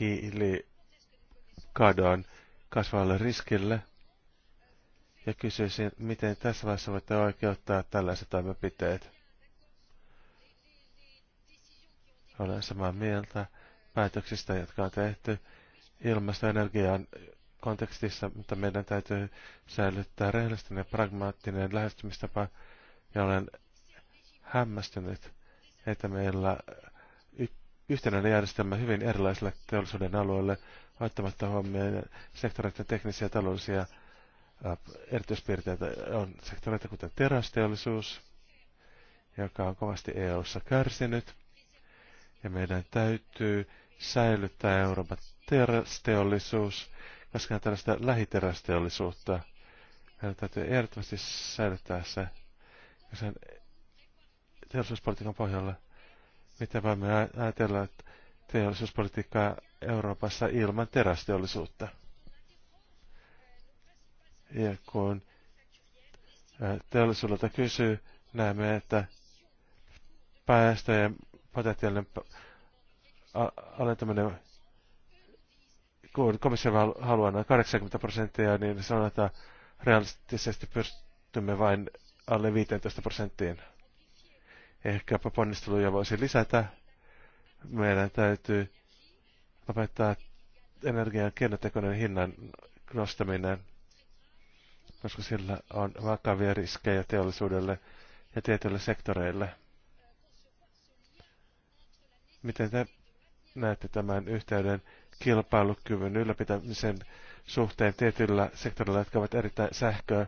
hiilikadon kasvavalle riskille. Ja kysyisin, miten tässä vaiheessa voitte oikeuttaa tällaiset toimenpiteet? Olen samaa mieltä päätöksistä, jotka on tehty ilmastoenergian kontekstissa, mutta meidän täytyy säilyttää rehellisten ja pragmaattinen lähestymistapa. Ja olen hämmästynyt, että meillä yhtenäinen järjestelmä hyvin erilaisille teollisuuden alueille, ottamatta huomioon sektoreiden teknisiä ja taloudellisia erityispiirteitä on sektoreita kuten terästeollisuus, joka on kovasti EU-ssa kärsinyt – ja meidän täytyy säilyttää Euroopan terästeollisuus, koska tällaista lähiterästeollisuutta. Meidän täytyy ehdottomasti säilyttää se ja sen teollisuuspolitiikan pohjalla. Mitä voimme ajatella teollisuuspolitiikkaa Euroopassa ilman terästeollisuutta? Ja kun teollisuudelta kysyy, näemme, että päästöjen potentiaalinen alentaminen, kun komissio haluaa noin 80 prosenttia, niin sanotaan, että realistisesti pystymme vain alle 15 prosenttiin. Ehkä ponnisteluja voisi lisätä. Meidän täytyy lopettaa energian keinotekoinen hinnan nostaminen, koska sillä on vakavia riskejä teollisuudelle ja tietyille sektoreille. Miten te näette tämän yhteyden kilpailukyvyn ylläpitämisen suhteen tietyillä sektorilla, jotka ovat erittäin sähköä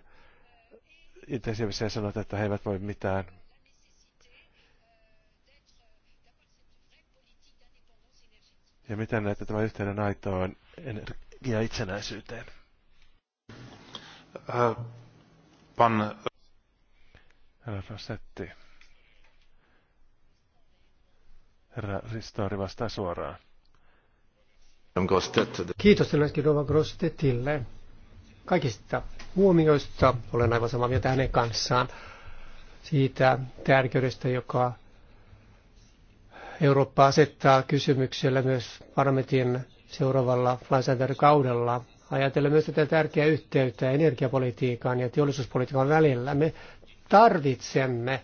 intensiivisiä ja sanovat, että he eivät voi mitään? Ja miten näette tämän yhteyden aitoon itsenäisyyteen? Uh, pan... Herra Herra Ristori vastaa suoraan. Kiitos myöskin Rova Grostetille kaikista huomioista. Olen aivan samaa mieltä hänen kanssaan siitä tärkeydestä, joka Eurooppa asettaa kysymyksellä myös parlamentin seuraavalla lainsäädäntökaudella. Ajatellen myös tätä tärkeää yhteyttä energiapolitiikan ja teollisuuspolitiikan välillä. Me tarvitsemme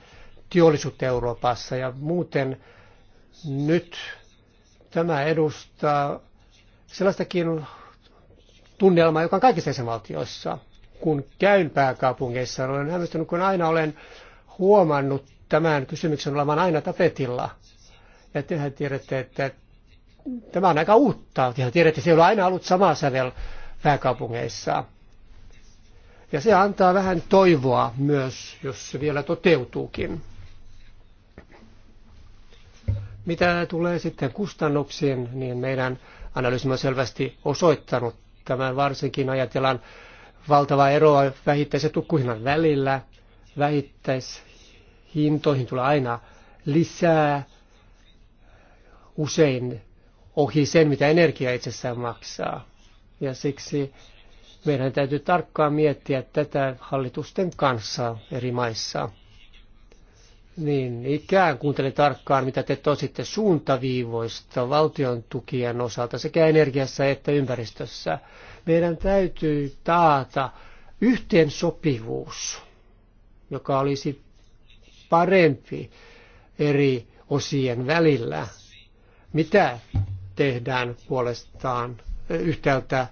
teollisuutta Euroopassa ja muuten nyt tämä edustaa sellaistakin tunnelmaa, joka on kaikissa jäsenvaltioissa. Kun käyn pääkaupungeissa, olen hämmästynyt, kun aina olen huomannut tämän kysymyksen olevan aina tapetilla. Ja tehän tiedätte, että tämä on aika uutta. Tehän tiedätte, se ei ole aina ollut sama sävel pääkaupungeissa. Ja se antaa vähän toivoa myös, jos se vielä toteutuukin. Mitä tulee sitten kustannuksiin, niin meidän analyysimme on selvästi osoittanut tämän varsinkin ajatellaan valtavaa eroa vähittäisen tukkuhinnan välillä. Vähittäishintoihin tulee aina lisää, usein ohi sen, mitä energia itsessään maksaa. Ja siksi meidän täytyy tarkkaan miettiä tätä hallitusten kanssa eri maissa niin ikään kuuntele tarkkaan, mitä te tositte suuntaviivoista valtion tukien osalta sekä energiassa että ympäristössä. Meidän täytyy taata yhteensopivuus, joka olisi parempi eri osien välillä. Mitä tehdään puolestaan eh, yhtäältä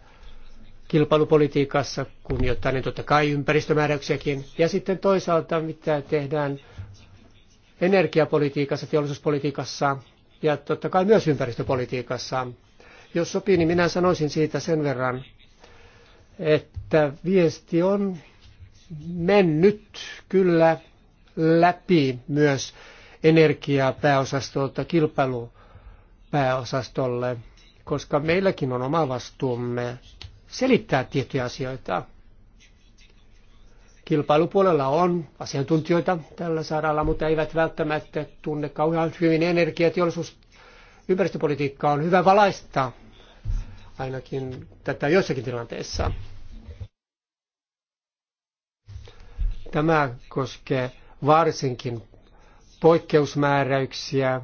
kilpailupolitiikassa, kun niin totta kai ympäristömääräyksiäkin, ja sitten toisaalta mitä tehdään energiapolitiikassa, teollisuuspolitiikassa ja totta kai myös ympäristöpolitiikassa. Jos sopii, niin minä sanoisin siitä sen verran, että viesti on mennyt kyllä läpi myös energiapääosastolta kilpailupääosastolle, koska meilläkin on oma vastuumme selittää tiettyjä asioita. Kilpailupuolella on asiantuntijoita tällä saralla, mutta eivät välttämättä tunne kauhean hyvin energiateollisuus. Ympäristöpolitiikka on hyvä valaista ainakin tätä joissakin tilanteissa. Tämä koskee varsinkin poikkeusmääräyksiä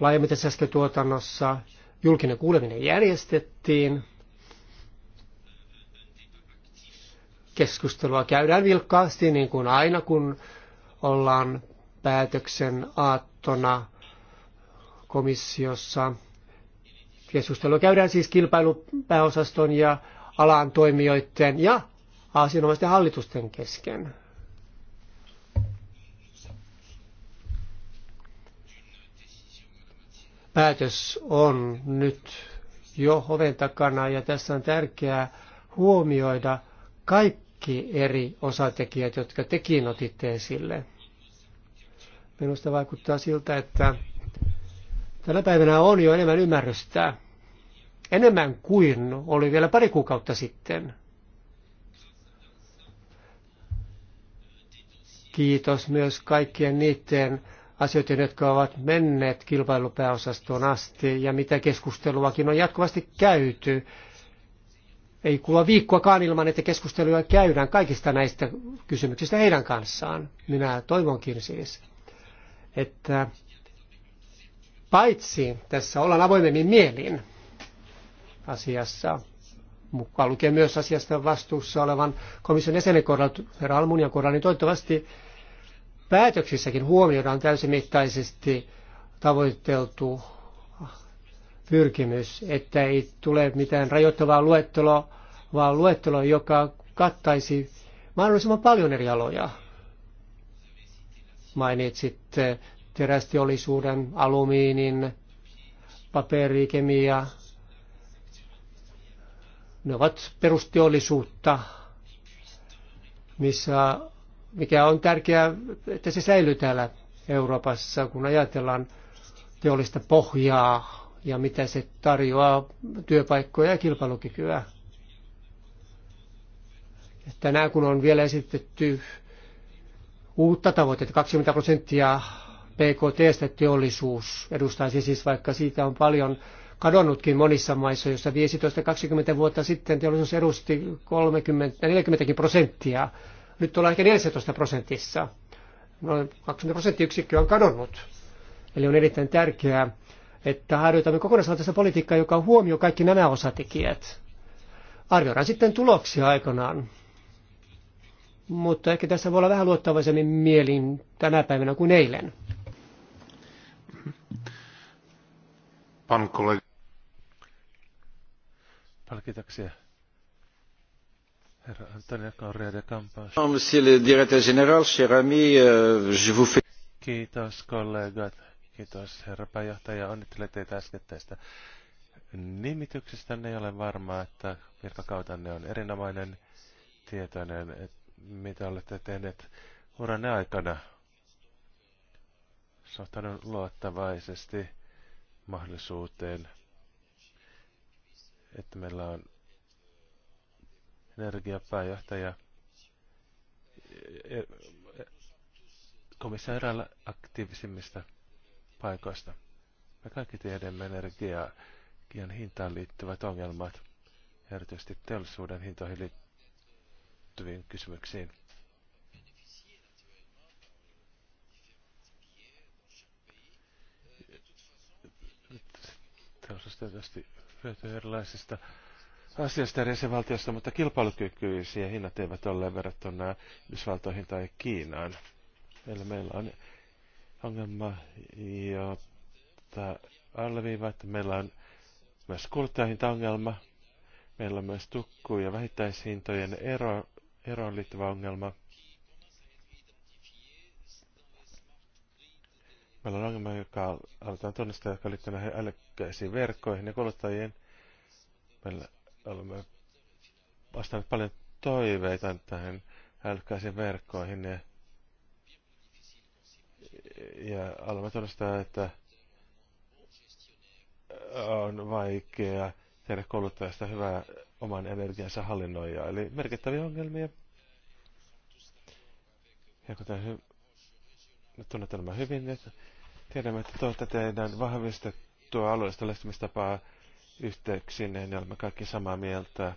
laajemmitasäästötuotannossa. Julkinen kuuleminen järjestettiin keskustelua käydään vilkkaasti, niin kuin aina kun ollaan päätöksen aattona komissiossa. Keskustelua käydään siis kilpailupääosaston ja alan toimijoiden ja asianomaisten hallitusten kesken. Päätös on nyt jo oven takana ja tässä on tärkeää huomioida kaikki kaikki eri osatekijät, jotka tekin otitte esille. Minusta vaikuttaa siltä, että tänä päivänä on jo enemmän ymmärrystä, enemmän kuin oli vielä pari kuukautta sitten. Kiitos myös kaikkien niiden asioiden, jotka ovat menneet kilpailupääosastoon asti ja mitä keskusteluakin on jatkuvasti käyty ei kulua viikkoakaan ilman, että keskusteluja käydään kaikista näistä kysymyksistä heidän kanssaan. Minä toivonkin siis, että paitsi tässä ollaan avoimemmin mielin asiassa, mukaan lukee myös asiasta vastuussa olevan komission jäsenen kohdalla, herra Almunian kohdalla, niin toivottavasti päätöksissäkin huomioidaan täysimittaisesti tavoiteltu pyrkimys, että ei tule mitään rajoittavaa luetteloa, vaan luettelo, joka kattaisi mahdollisimman paljon eri aloja. Mainitsit eh, terästiollisuuden, alumiinin, paperikemia. Ne ovat perusteollisuutta, missä, mikä on tärkeää, että se säilyy täällä Euroopassa, kun ajatellaan teollista pohjaa ja mitä se tarjoaa työpaikkoja ja kilpailukykyä. Tänään kun on vielä esitetty uutta tavoitetta, 20 prosenttia PKT teollisuus edustaisi siis, vaikka siitä on paljon kadonnutkin monissa maissa, jossa 15-20 vuotta sitten teollisuus edusti 30-40 prosenttia. Nyt ollaan ehkä 14 prosentissa. Noin 20 prosenttiyksikköä on kadonnut. Eli on erittäin tärkeää, että harjoitamme kokonaisvaltaista politiikkaa, joka huomioi kaikki nämä osatekijät. Arvioidaan sitten tuloksia aikanaan. Mutta ehkä tässä voi olla vähän luottavaisemmin mielin tänä päivänä kuin eilen. Pan kollega. Herra Antonia Correa de Campos. Monsieur le directeur général, cher ami, euh, je vous fais... Kiitos kollegat. Kiitos herra pääjohtaja. Onnittelen teitä äskettäistä ei ole varma, että virkakautanne on erinomainen tietoinen, että mitä olette tehneet uranne aikana. Suhtaudun luottavaisesti mahdollisuuteen, että meillä on energiapääjohtaja e, e, e, Komissaira aktiivisimmista paikoista. Me kaikki tiedämme energian hintaan liittyvät ongelmat, erityisesti teollisuuden hintoihin liittyviin kysymyksiin. Teollisuus tietysti hyötyy erilaisista asiasta eri valtiosta, mutta kilpailukykyisiä hinnat eivät ole verrattuna Yhdysvaltoihin tai Kiinaan. Eli meillä on ongelma, jota alleviivaa, että meillä on myös ongelma. meillä on myös tukku- ja vähittäishintojen ero, eroon liittyvä ongelma. Meillä on ongelma, joka aletaan tunnistaa, joka liittyy näihin älykkäisiin verkkoihin ja kuluttajien. Meillä olemme vastanneet paljon toiveita tähän älykkäisiin verkkoihin ja ja alamme todistaa, että on vaikea tehdä kouluttajasta hyvää oman energiansa hallinnoijaa, eli merkittäviä ongelmia. Ja kuten hy- tunnette nämä hyvin, että niin tiedämme, että tuolta teidän vahvistettua alueellista lähtemistapaa yhteyksiin, niin olemme kaikki samaa mieltä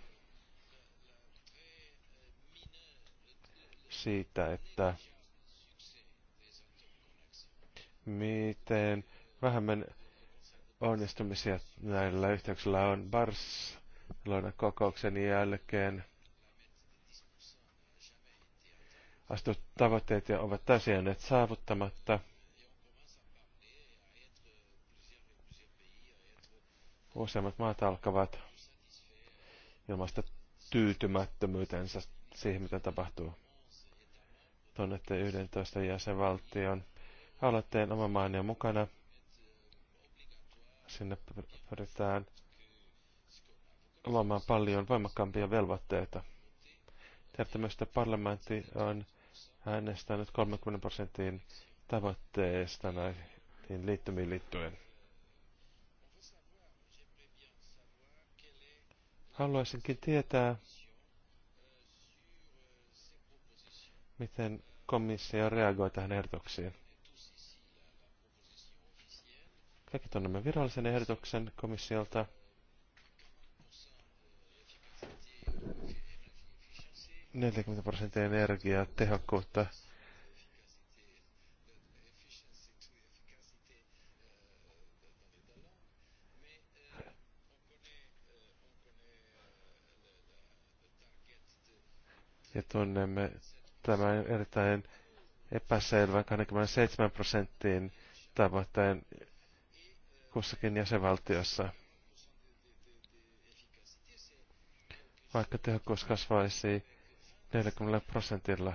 siitä, että miten vähemmän onnistumisia näillä yhteyksillä on Barcelona kokouksen jälkeen. Astut tavoitteet ja ovat täysin saavuttamatta. Useimmat maat alkavat ilmaista tyytymättömyytensä siihen, mitä tapahtuu. Tunnette 11 jäsenvaltion aloitteen oma maani on mukana. Sinne pyritään luomaan paljon voimakkaampia velvoitteita. Tiedätte myös, että parlamentti on äänestänyt 30 prosentin tavoitteesta näihin liittymiin liittyen. Haluaisinkin tietää, miten komissio reagoi tähän ehdotuksiin. Kaikki tunnemme virallisen ehdotuksen komissiolta. Neljäkymmentä prosenttia energiaa, tehokkuutta. ja tunnemme tämän erittäin epäselvän 27 prosenttiin tavoitteen, kussakin jäsenvaltiossa. Vaikka tehokkuus kasvaisi 40 prosentilla.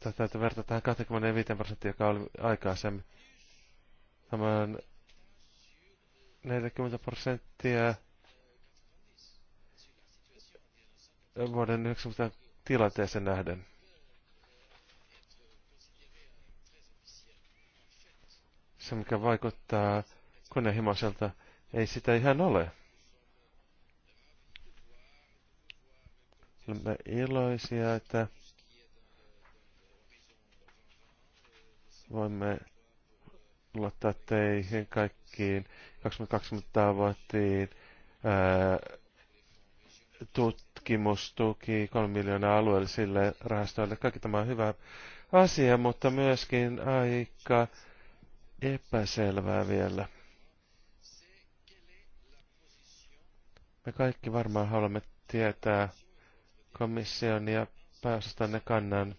Tätä täytyy verta tähän 25 prosenttia, joka oli aikaisemmin. Tämä on 40 prosenttia vuoden 90 tilanteeseen nähden. Se, mikä vaikuttaa konehimoiselta, ei sitä ihan ole. Olemme iloisia, että voimme luottaa teihin kaikkiin 22 tavoittiin. Ää, tutkimustuki, 3 miljoonaa alueellisille rahastoille. Kaikki tämä on hyvä asia, mutta myöskin aika epäselvää vielä. Me kaikki varmaan haluamme tietää komission ja pääosastanne kannan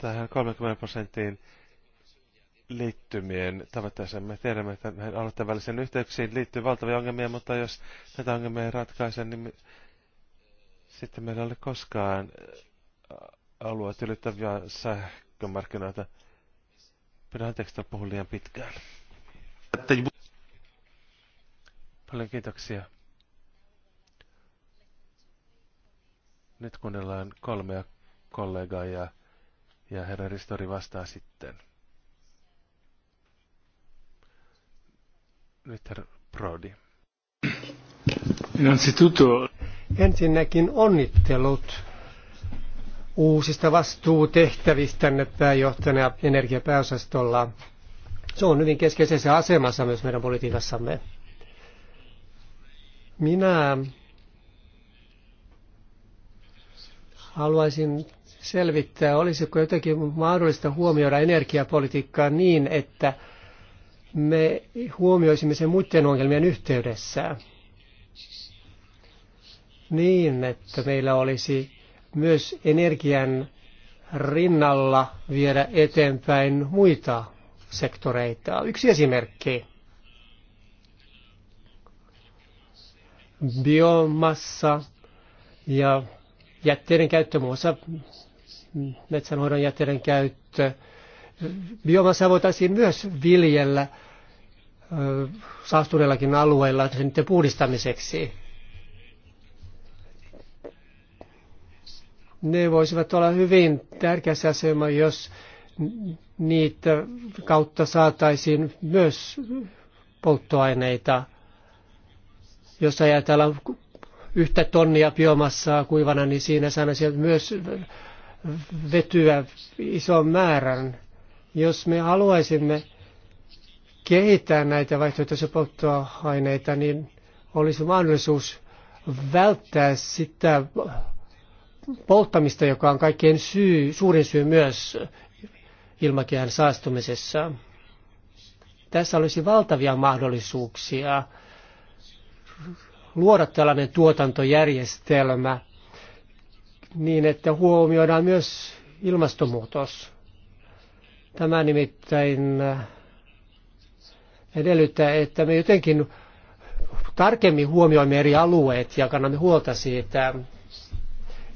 tähän 30 prosenttiin liittymien tavoitteeseen. Me tiedämme, että näihin alueiden yhteyksiin liittyy valtavia ongelmia, mutta jos näitä ongelmia ei ratkaise, niin sitten meillä ei koskaan alueet ylittäviä sähkömarkkinoita. Pidä anteeksi, että puhun liian pitkään. Paljon kiitoksia. Nyt kuunnellaan kolmea kollegaa ja, ja herra Ristori vastaa sitten. Nyt herra Prodi. Innanzitutto Ensinnäkin onnittelut uusista vastuutehtävistänne pääjohtajana energiapääosastolla. Se on hyvin keskeisessä asemassa myös meidän politiikassamme. Minä haluaisin selvittää, olisiko jotenkin mahdollista huomioida energiapolitiikkaa niin, että me huomioisimme sen muiden ongelmien yhteydessä niin, että meillä olisi myös energian rinnalla viedä eteenpäin muita sektoreita. Yksi esimerkki. Biomassa ja jätteiden käyttö, muun muassa metsänhoidon jätteiden käyttö. Biomassa voitaisiin myös viljellä saastuneellakin alueella sen puhdistamiseksi. ne voisivat olla hyvin tärkeässä asema, jos niitä kautta saataisiin myös polttoaineita. Jos ajatellaan yhtä tonnia biomassaa kuivana, niin siinä saisi myös vetyä ison määrän. Jos me haluaisimme kehittää näitä vaihtoehtoisia polttoaineita, niin olisi mahdollisuus välttää sitä polttamista, joka on kaikkein syy, suurin syy myös ilmakehän saastumisessa. Tässä olisi valtavia mahdollisuuksia luoda tällainen tuotantojärjestelmä niin, että huomioidaan myös ilmastonmuutos. Tämä nimittäin edellyttää, että me jotenkin tarkemmin huomioimme eri alueet ja kannamme huolta siitä.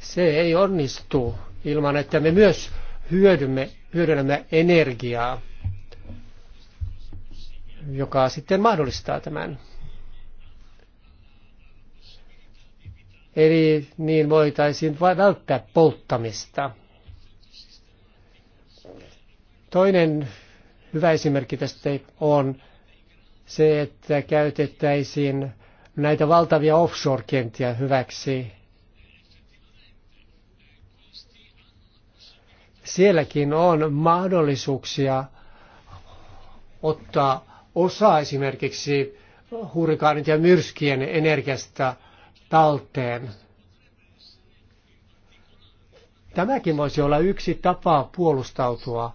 Se ei onnistu ilman, että me myös hyödymme, hyödynnämme energiaa, joka sitten mahdollistaa tämän. Eli niin voitaisiin välttää polttamista. Toinen hyvä esimerkki tästä on se, että käytettäisiin näitä valtavia offshore-kenttiä hyväksi sielläkin on mahdollisuuksia ottaa osa esimerkiksi hurrikaanit ja myrskien energiasta talteen. Tämäkin voisi olla yksi tapa puolustautua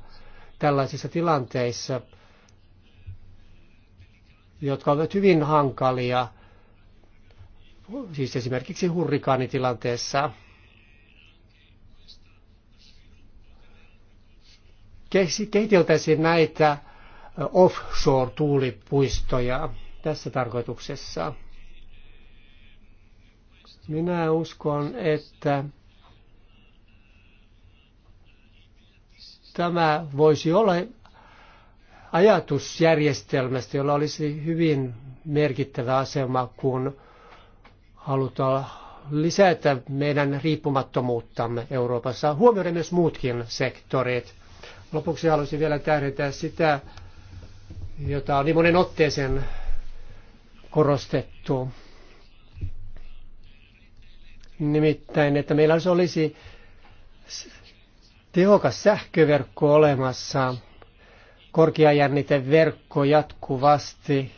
tällaisissa tilanteissa, jotka ovat hyvin hankalia, siis esimerkiksi hurrikaanitilanteessa. kehiteltäisiin näitä offshore-tuulipuistoja tässä tarkoituksessa. Minä uskon, että tämä voisi olla ajatusjärjestelmästä, jolla olisi hyvin merkittävä asema, kun halutaan lisätä meidän riippumattomuuttamme Euroopassa. Huomioida myös muutkin sektorit. Lopuksi haluaisin vielä tähdentää sitä, jota on niin monen otteeseen korostettu. Nimittäin, että meillä olisi tehokas sähköverkko olemassa, korkeajänniteverkko jatkuvasti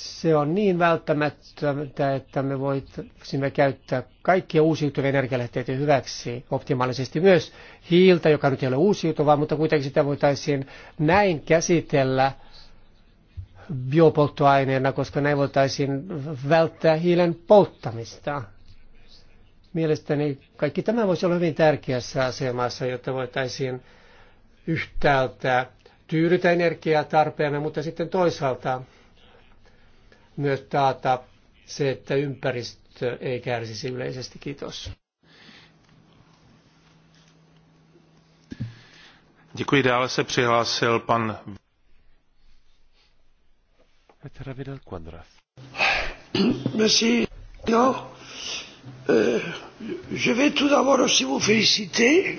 se on niin välttämätöntä, että me voisimme käyttää kaikkia uusiutuvia energialähteitä hyväksi optimaalisesti. Myös hiiltä, joka nyt ei ole uusiutuvaa, mutta kuitenkin sitä voitaisiin näin käsitellä biopolttoaineena, koska näin voitaisiin välttää hiilen polttamista. Mielestäni kaikki tämä voisi olla hyvin tärkeässä asemassa, jotta voitaisiin yhtäältä tyydytä energiatarpeemme, mutta sitten toisaalta myös taata se, että ympäristö ei kärsisi yleisesti. Kiitos. Děkuji, dále se přihlásil pan... Herra Vidal Quadras. Merci. No, euh, je vais tout d'abord aussi vous féliciter.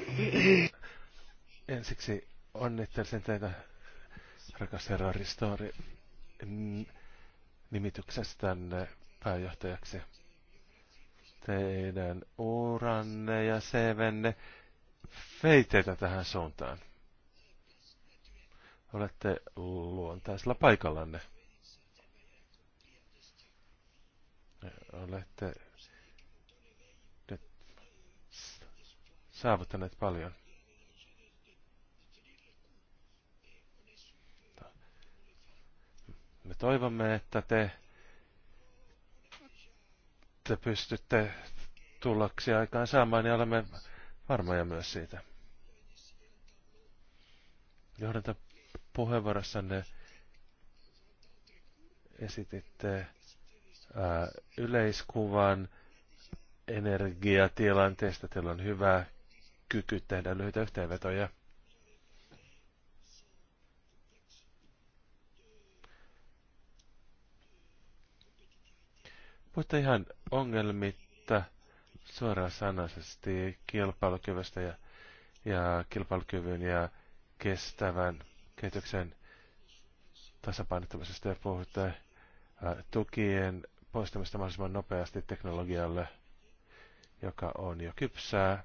Ensiksi onnittelen teitä, rakas herra Ristori, mm, nimityksestänne pääjohtajaksi. Teidän uranne ja CVnne feiteitä tähän suuntaan. Olette luontaisella paikallanne. Olette nyt saavuttaneet paljon. Me toivomme, että te, te pystytte tullaksi aikaan saamaan, niin olemme varmoja myös siitä. Johdanta puheenvuorossanne esititte ää, yleiskuvan energiatilanteesta. Teillä on hyvä kyky tehdä lyhyitä yhteenvetoja. mutta ihan ongelmitta suoraan sanaisesti kilpailukyvystä ja, ja kilpailukyvyn ja kestävän kehityksen tasapainottamisesta ja puhutte ä, äh, tukien poistamista mahdollisimman nopeasti teknologialle, joka on jo kypsää.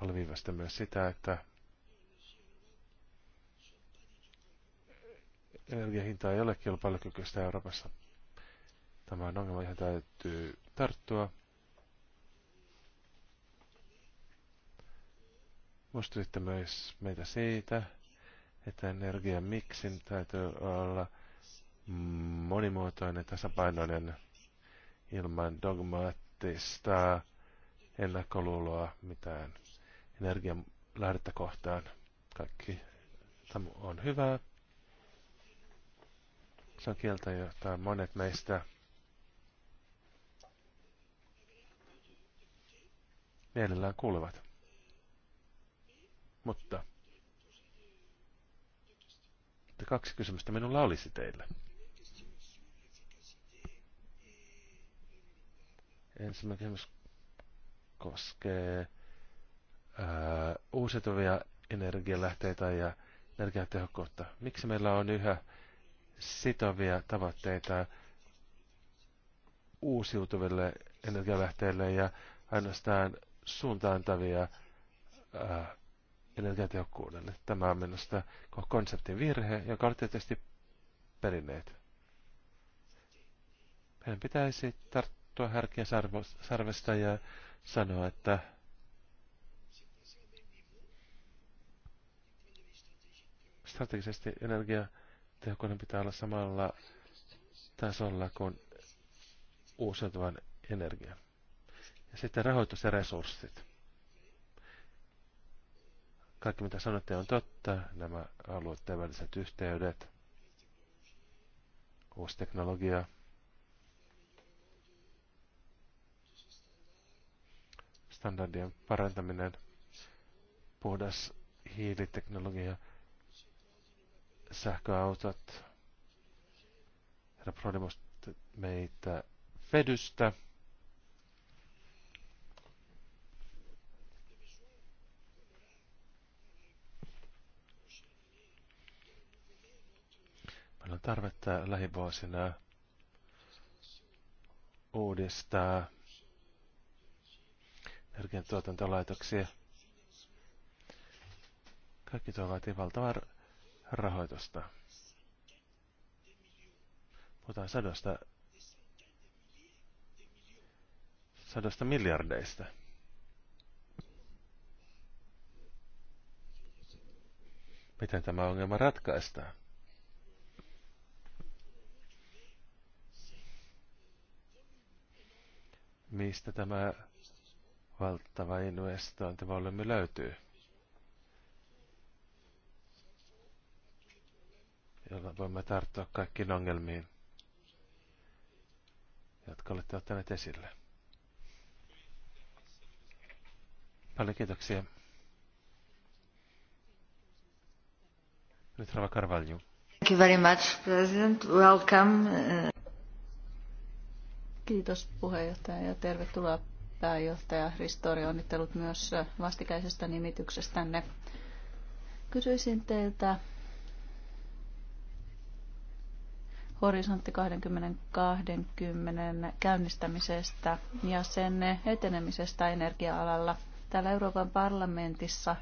Alviivasta myös sitä, että energiahinta ei ole kilpailukykyistä Euroopassa. Tämä on ongelma, johon täytyy tarttua. Muistutitte myös meitä siitä, että energian miksin täytyy olla monimuotoinen, tasapainoinen, ilman dogmaattista ennakkoluuloa mitään energian lähdettä kohtaan. Kaikki tämä on hyvää. Se on kieltä, jota monet meistä mielellään kuulevat. Mutta kaksi kysymystä minulla olisi teille. Ensimmäinen kysymys koskee ää, uusiutuvia energialähteitä ja energiatehokkuutta. Miksi meillä on yhä sitovia tavoitteita uusiutuville energialähteille ja ainoastaan suuntaantavia äh, energiatehokkuudelle. Tämä on minusta konseptin virhe, joka on tietysti perinneet. Meidän pitäisi tarttua härkiä sarvesta ja sanoa, että strategisesti energia energiatehokkuuden pitää olla samalla tasolla kuin uusiutuvan energian. Ja sitten rahoitus ja resurssit. Kaikki mitä sanotte on totta, nämä alueiden väliset yhteydet, uusi teknologia, standardien parantaminen, puhdas hiiliteknologia, sähköautot. Herra Prodemus meitä vedystä. Meillä on tarvetta lähivuosina uudistaa energiantuotantolaitoksia. Kaikki tuo vaatii valtavaa rahoitusta. Puhutaan sadosta, sadosta miljardeista. Miten tämä ongelma ratkaistaan? Mistä tämä valtava investointivolyymi löytyy? jolla voimme tarttua kaikkiin ongelmiin, jotka olette ottaneet esille. Paljon kiitoksia. Nyt Rava Carvalho. Thank you very much, President. Welcome. Uh, Kiitos puheenjohtaja ja tervetuloa pääjohtaja Ristori. Onnittelut myös uh, vastikäisestä nimityksestänne. Kysyisin teiltä horisontti 2020 käynnistämisestä ja sen etenemisestä energia-alalla. Täällä Euroopan parlamentissa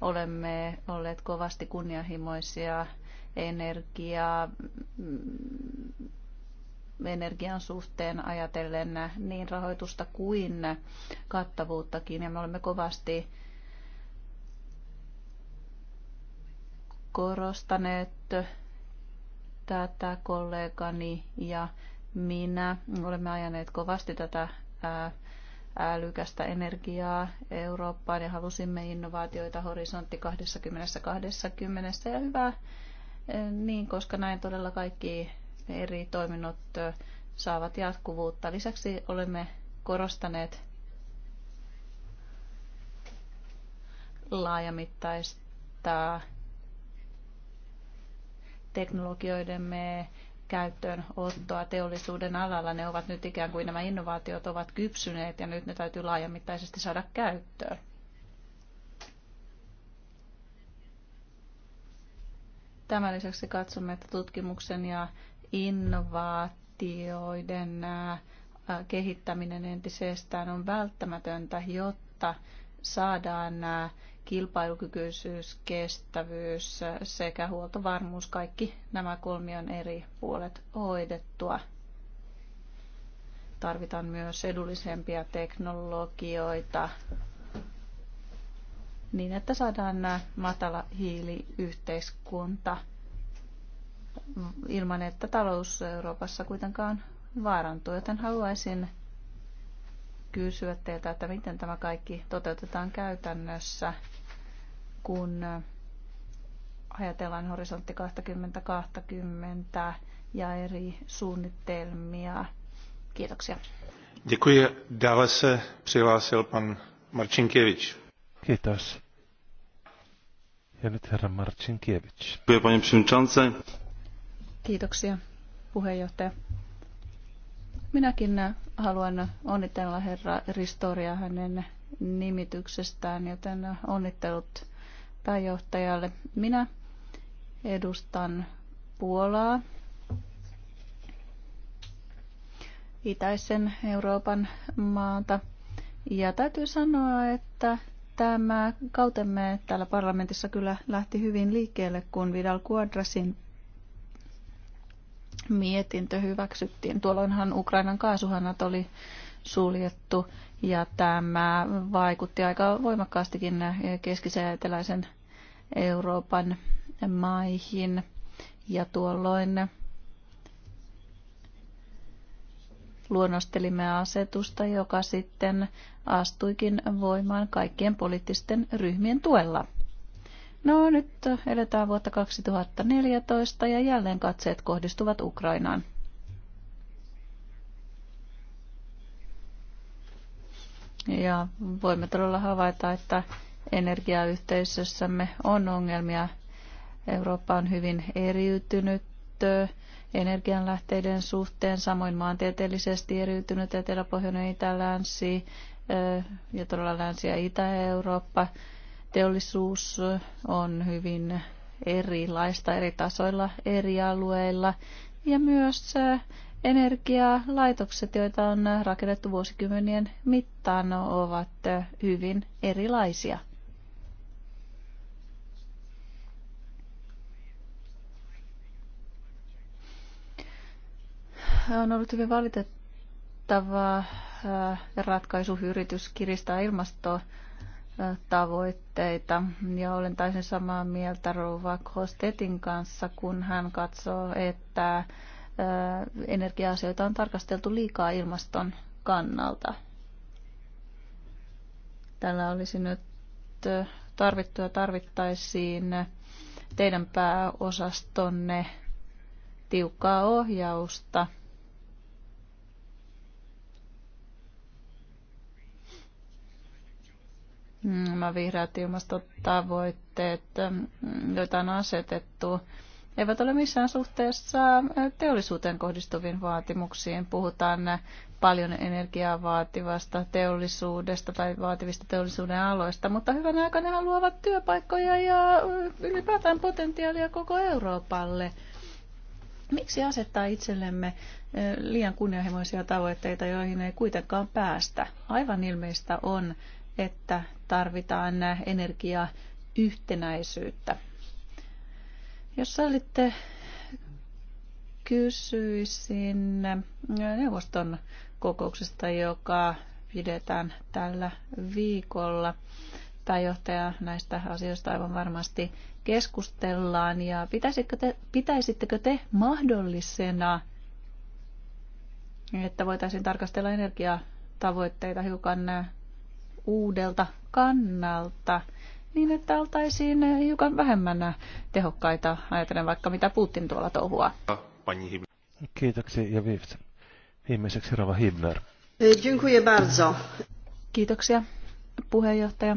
olemme olleet kovasti kunnianhimoisia energia energian suhteen ajatellen niin rahoitusta kuin kattavuuttakin. Ja me olemme kovasti korostaneet tätä kollegani ja minä. Olemme ajaneet kovasti tätä älykästä energiaa Eurooppaan ja halusimme innovaatioita horisontti 20-20 ja hyvä niin, koska näin todella kaikki eri toiminnot saavat jatkuvuutta. Lisäksi olemme korostaneet laajamittaista teknologioidemme käyttöönottoa teollisuuden alalla. Ne ovat nyt ikään kuin nämä innovaatiot ovat kypsyneet ja nyt ne täytyy laajamittaisesti saada käyttöön. Tämän lisäksi katsomme, että tutkimuksen ja innovaatioiden kehittäminen entisestään on välttämätöntä, jotta saadaan kilpailukykyisyys, kestävyys sekä huoltovarmuus, kaikki nämä kolmion eri puolet hoidettua. Tarvitaan myös edullisempia teknologioita niin, että saadaan nämä matala hiiliyhteiskunta ilman, että talous Euroopassa kuitenkaan vaarantuu. Joten haluaisin kysyä teiltä, että miten tämä kaikki toteutetaan käytännössä kun ajatellaan horisontti 2020 ja eri suunnitelmia. Kiitoksia. Děkuji. Dále se přihlásil pan Marcinkiewicz. Kiitos. Ja nyt herra Marcinkiewicz. Panie przewodniczący. Kiitoksia, puheenjohtaja. Minäkin haluan onnitella herra Ristoria hänen nimityksestään, joten onnittelut pääjohtajalle. Minä edustan Puolaa, itäisen Euroopan maata. Ja täytyy sanoa, että tämä kautemme täällä parlamentissa kyllä lähti hyvin liikkeelle, kun Vidal Quadrasin mietintö hyväksyttiin. Tuolloinhan Ukrainan kaasuhanat oli suljettu ja tämä vaikutti aika voimakkaastikin keskisen ja eteläisen Euroopan maihin. Ja tuolloin luonnostelimme asetusta, joka sitten astuikin voimaan kaikkien poliittisten ryhmien tuella. No nyt eletään vuotta 2014 ja jälleen katseet kohdistuvat Ukrainaan. Ja voimme todella havaita, että energiayhteisössämme on ongelmia. Eurooppa on hyvin eriytynyt energianlähteiden suhteen, samoin maantieteellisesti eriytynyt etelä pohjoinen Itä-Länsi ja todella Länsi- ja Itä-Eurooppa. Teollisuus on hyvin erilaista eri tasoilla, eri alueilla ja myös energialaitokset, joita on rakennettu vuosikymmenien mittaan, ovat hyvin erilaisia. on ollut hyvin valitettava äh, ratkaisu yritys kiristää ilmastotavoitteita. Ja olen täysin samaa mieltä Rouva Kostetin kanssa, kun hän katsoo, että äh, energia-asioita on tarkasteltu liikaa ilmaston kannalta. Tällä olisi nyt äh, tarvittu ja tarvittaisiin teidän pääosastonne tiukkaa ohjausta – nämä vihreät ilmastotavoitteet, mm, joita on asetettu, eivät ole missään suhteessa teollisuuteen kohdistuviin vaatimuksiin. Puhutaan paljon energiaa vaativasta teollisuudesta tai vaativista teollisuuden aloista, mutta hyvän aikana ne luovat työpaikkoja ja ylipäätään potentiaalia koko Euroopalle. Miksi asettaa itsellemme eh, liian kunnianhimoisia tavoitteita, joihin ei kuitenkaan päästä? Aivan ilmeistä on, että tarvitaan energiaa yhtenäisyyttä. Jos sallitte, kysyisin neuvoston kokouksesta, joka pidetään tällä viikolla. Pääjohtaja näistä asioista aivan varmasti keskustellaan. Ja pitäisittekö te, pitäisittekö te mahdollisena, että voitaisiin tarkastella energiatavoitteita hiukan uudelta kannalta niin, että oltaisiin hiukan vähemmän tehokkaita ajatellen vaikka mitä Putin tuolla touhua. Kiitoksia ja viimeiseksi Rava Hibner. bardzo. Kiitoksia puheenjohtaja.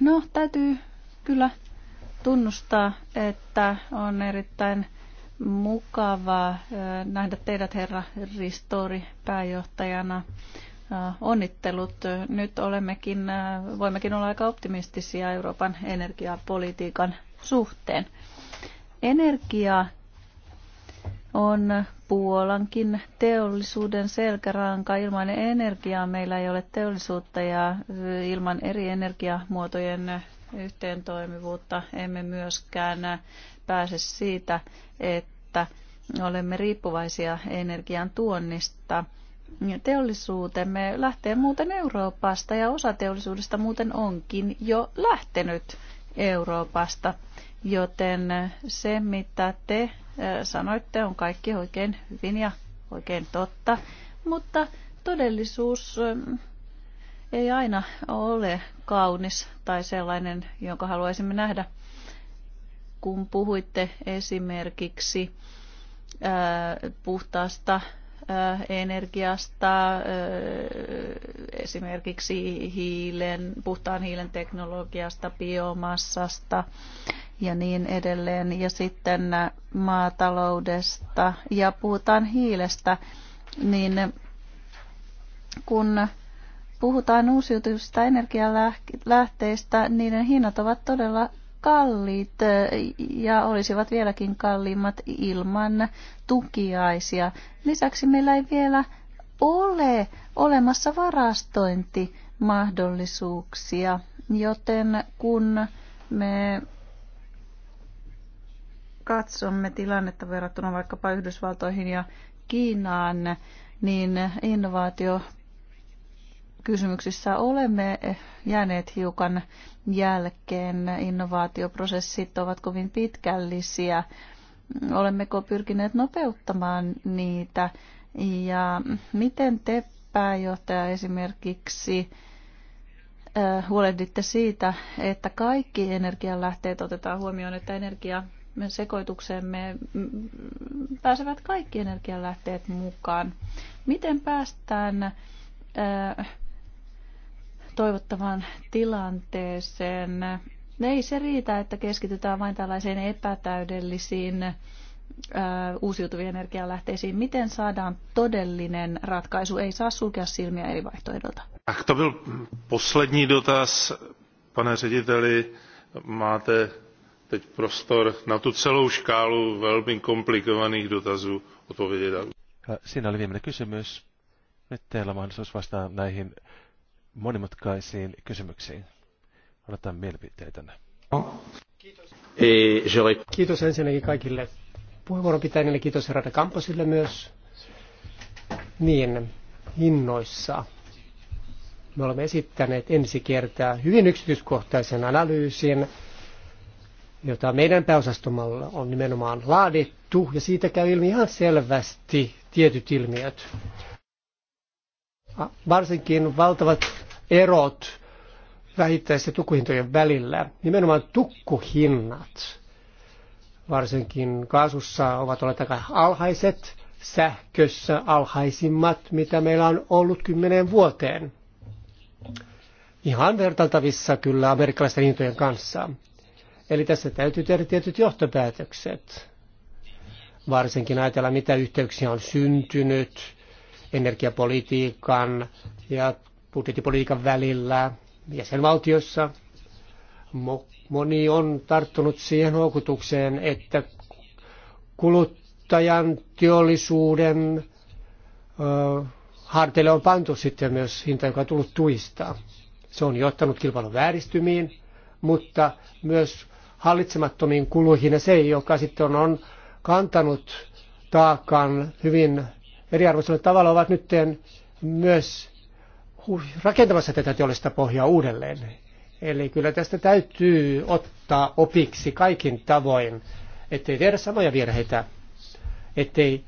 No, täytyy kyllä tunnustaa, että on erittäin mukavaa eh, nähdä teidät, herra Ristori, pääjohtajana onnittelut. Nyt olemmekin, voimmekin olla aika optimistisia Euroopan energiapolitiikan suhteen. Energia on Puolankin teollisuuden selkäranka. Ilman energiaa meillä ei ole teollisuutta ja ilman eri energiamuotojen yhteentoimivuutta emme myöskään pääse siitä, että olemme riippuvaisia energian tuonnista teollisuutemme lähtee muuten Euroopasta ja osa teollisuudesta muuten onkin jo lähtenyt Euroopasta. Joten se, mitä te eh, sanoitte, on kaikki oikein hyvin ja oikein totta, mutta todellisuus eh, ei aina ole kaunis tai sellainen, jonka haluaisimme nähdä. Kun puhuitte esimerkiksi eh, puhtaasta energiasta, esimerkiksi hiilen, puhtaan hiilen teknologiasta, biomassasta ja niin edelleen. Ja sitten maataloudesta ja puhutaan hiilestä, niin kun puhutaan uusiutuvista energialähteistä, niiden hinnat ovat todella kalliit eh, ja olisivat vieläkin kalliimmat ilman tukiaisia. Lisäksi meillä ei vielä ole olemassa varastointimahdollisuuksia, joten kun me katsomme tilannetta verrattuna vaikkapa Yhdysvaltoihin ja Kiinaan, niin innovaatio kysymyksissä olemme jääneet hiukan jälkeen. Innovaatioprosessit ovat kovin pitkällisiä. Olemmeko pyrkineet nopeuttamaan niitä? Ja miten te pääjohtaja esimerkiksi huolehditte siitä, että kaikki energianlähteet otetaan huomioon, että energia sekoitukseemme pääsevät kaikki energianlähteet mukaan. Miten päästään toivottavaan tilanteeseen. Ei se riitä, että keskitytään vain tällaiseen epätäydellisiin uusiutuvien energialähteisiin. Miten saadaan todellinen ratkaisu? Ei saa sulkea silmiä eri vaihtoehdolta. Tak to byl poslední dotaz, pane řediteli. Máte teď prostor na tu celou škálu velmi komplikovaných dotazů odpovědět. Siinä oli viimeinen kysymys. Nyt teillä on mahdollisuus vastata näihin monimutkaisiin kysymyksiin. Odotan mielipiteitänne. Kiitos. Eh, Kiitos ensinnäkin kaikille puheenvuoron pitäjille. Kiitos herra Kamposille myös. Niin, hinnoissa. Me olemme esittäneet ensi kertaa hyvin yksityiskohtaisen analyysin, jota meidän pääosastomalla on nimenomaan laadittu, ja siitä käy ilmi ihan selvästi tietyt ilmiöt. Varsinkin valtavat erot vähittäisten tukkuhintojen välillä. Nimenomaan tukkuhinnat, varsinkin kaasussa, ovat olleet aika alhaiset, sähkössä alhaisimmat, mitä meillä on ollut kymmeneen vuoteen. Ihan vertailtavissa kyllä amerikkalaisten hintojen kanssa. Eli tässä täytyy tehdä tietyt johtopäätökset. Varsinkin ajatella, mitä yhteyksiä on syntynyt energiapolitiikan ja budjettipolitiikan välillä jäsenvaltiossa. Moni on tarttunut siihen houkutukseen, että kuluttajan teollisuuden harteille on pantu sitten myös hinta, joka on tullut tuista. Se on johtanut kilpailun vääristymiin, mutta myös hallitsemattomiin kuluihin ja se, joka sitten on kantanut taakan hyvin eriarvoisella tavalla, ovat nyt myös rakentamassa tätä teollista pohjaa uudelleen. Eli kyllä tästä täytyy ottaa opiksi kaikin tavoin, ettei tehdä samoja virheitä, ettei,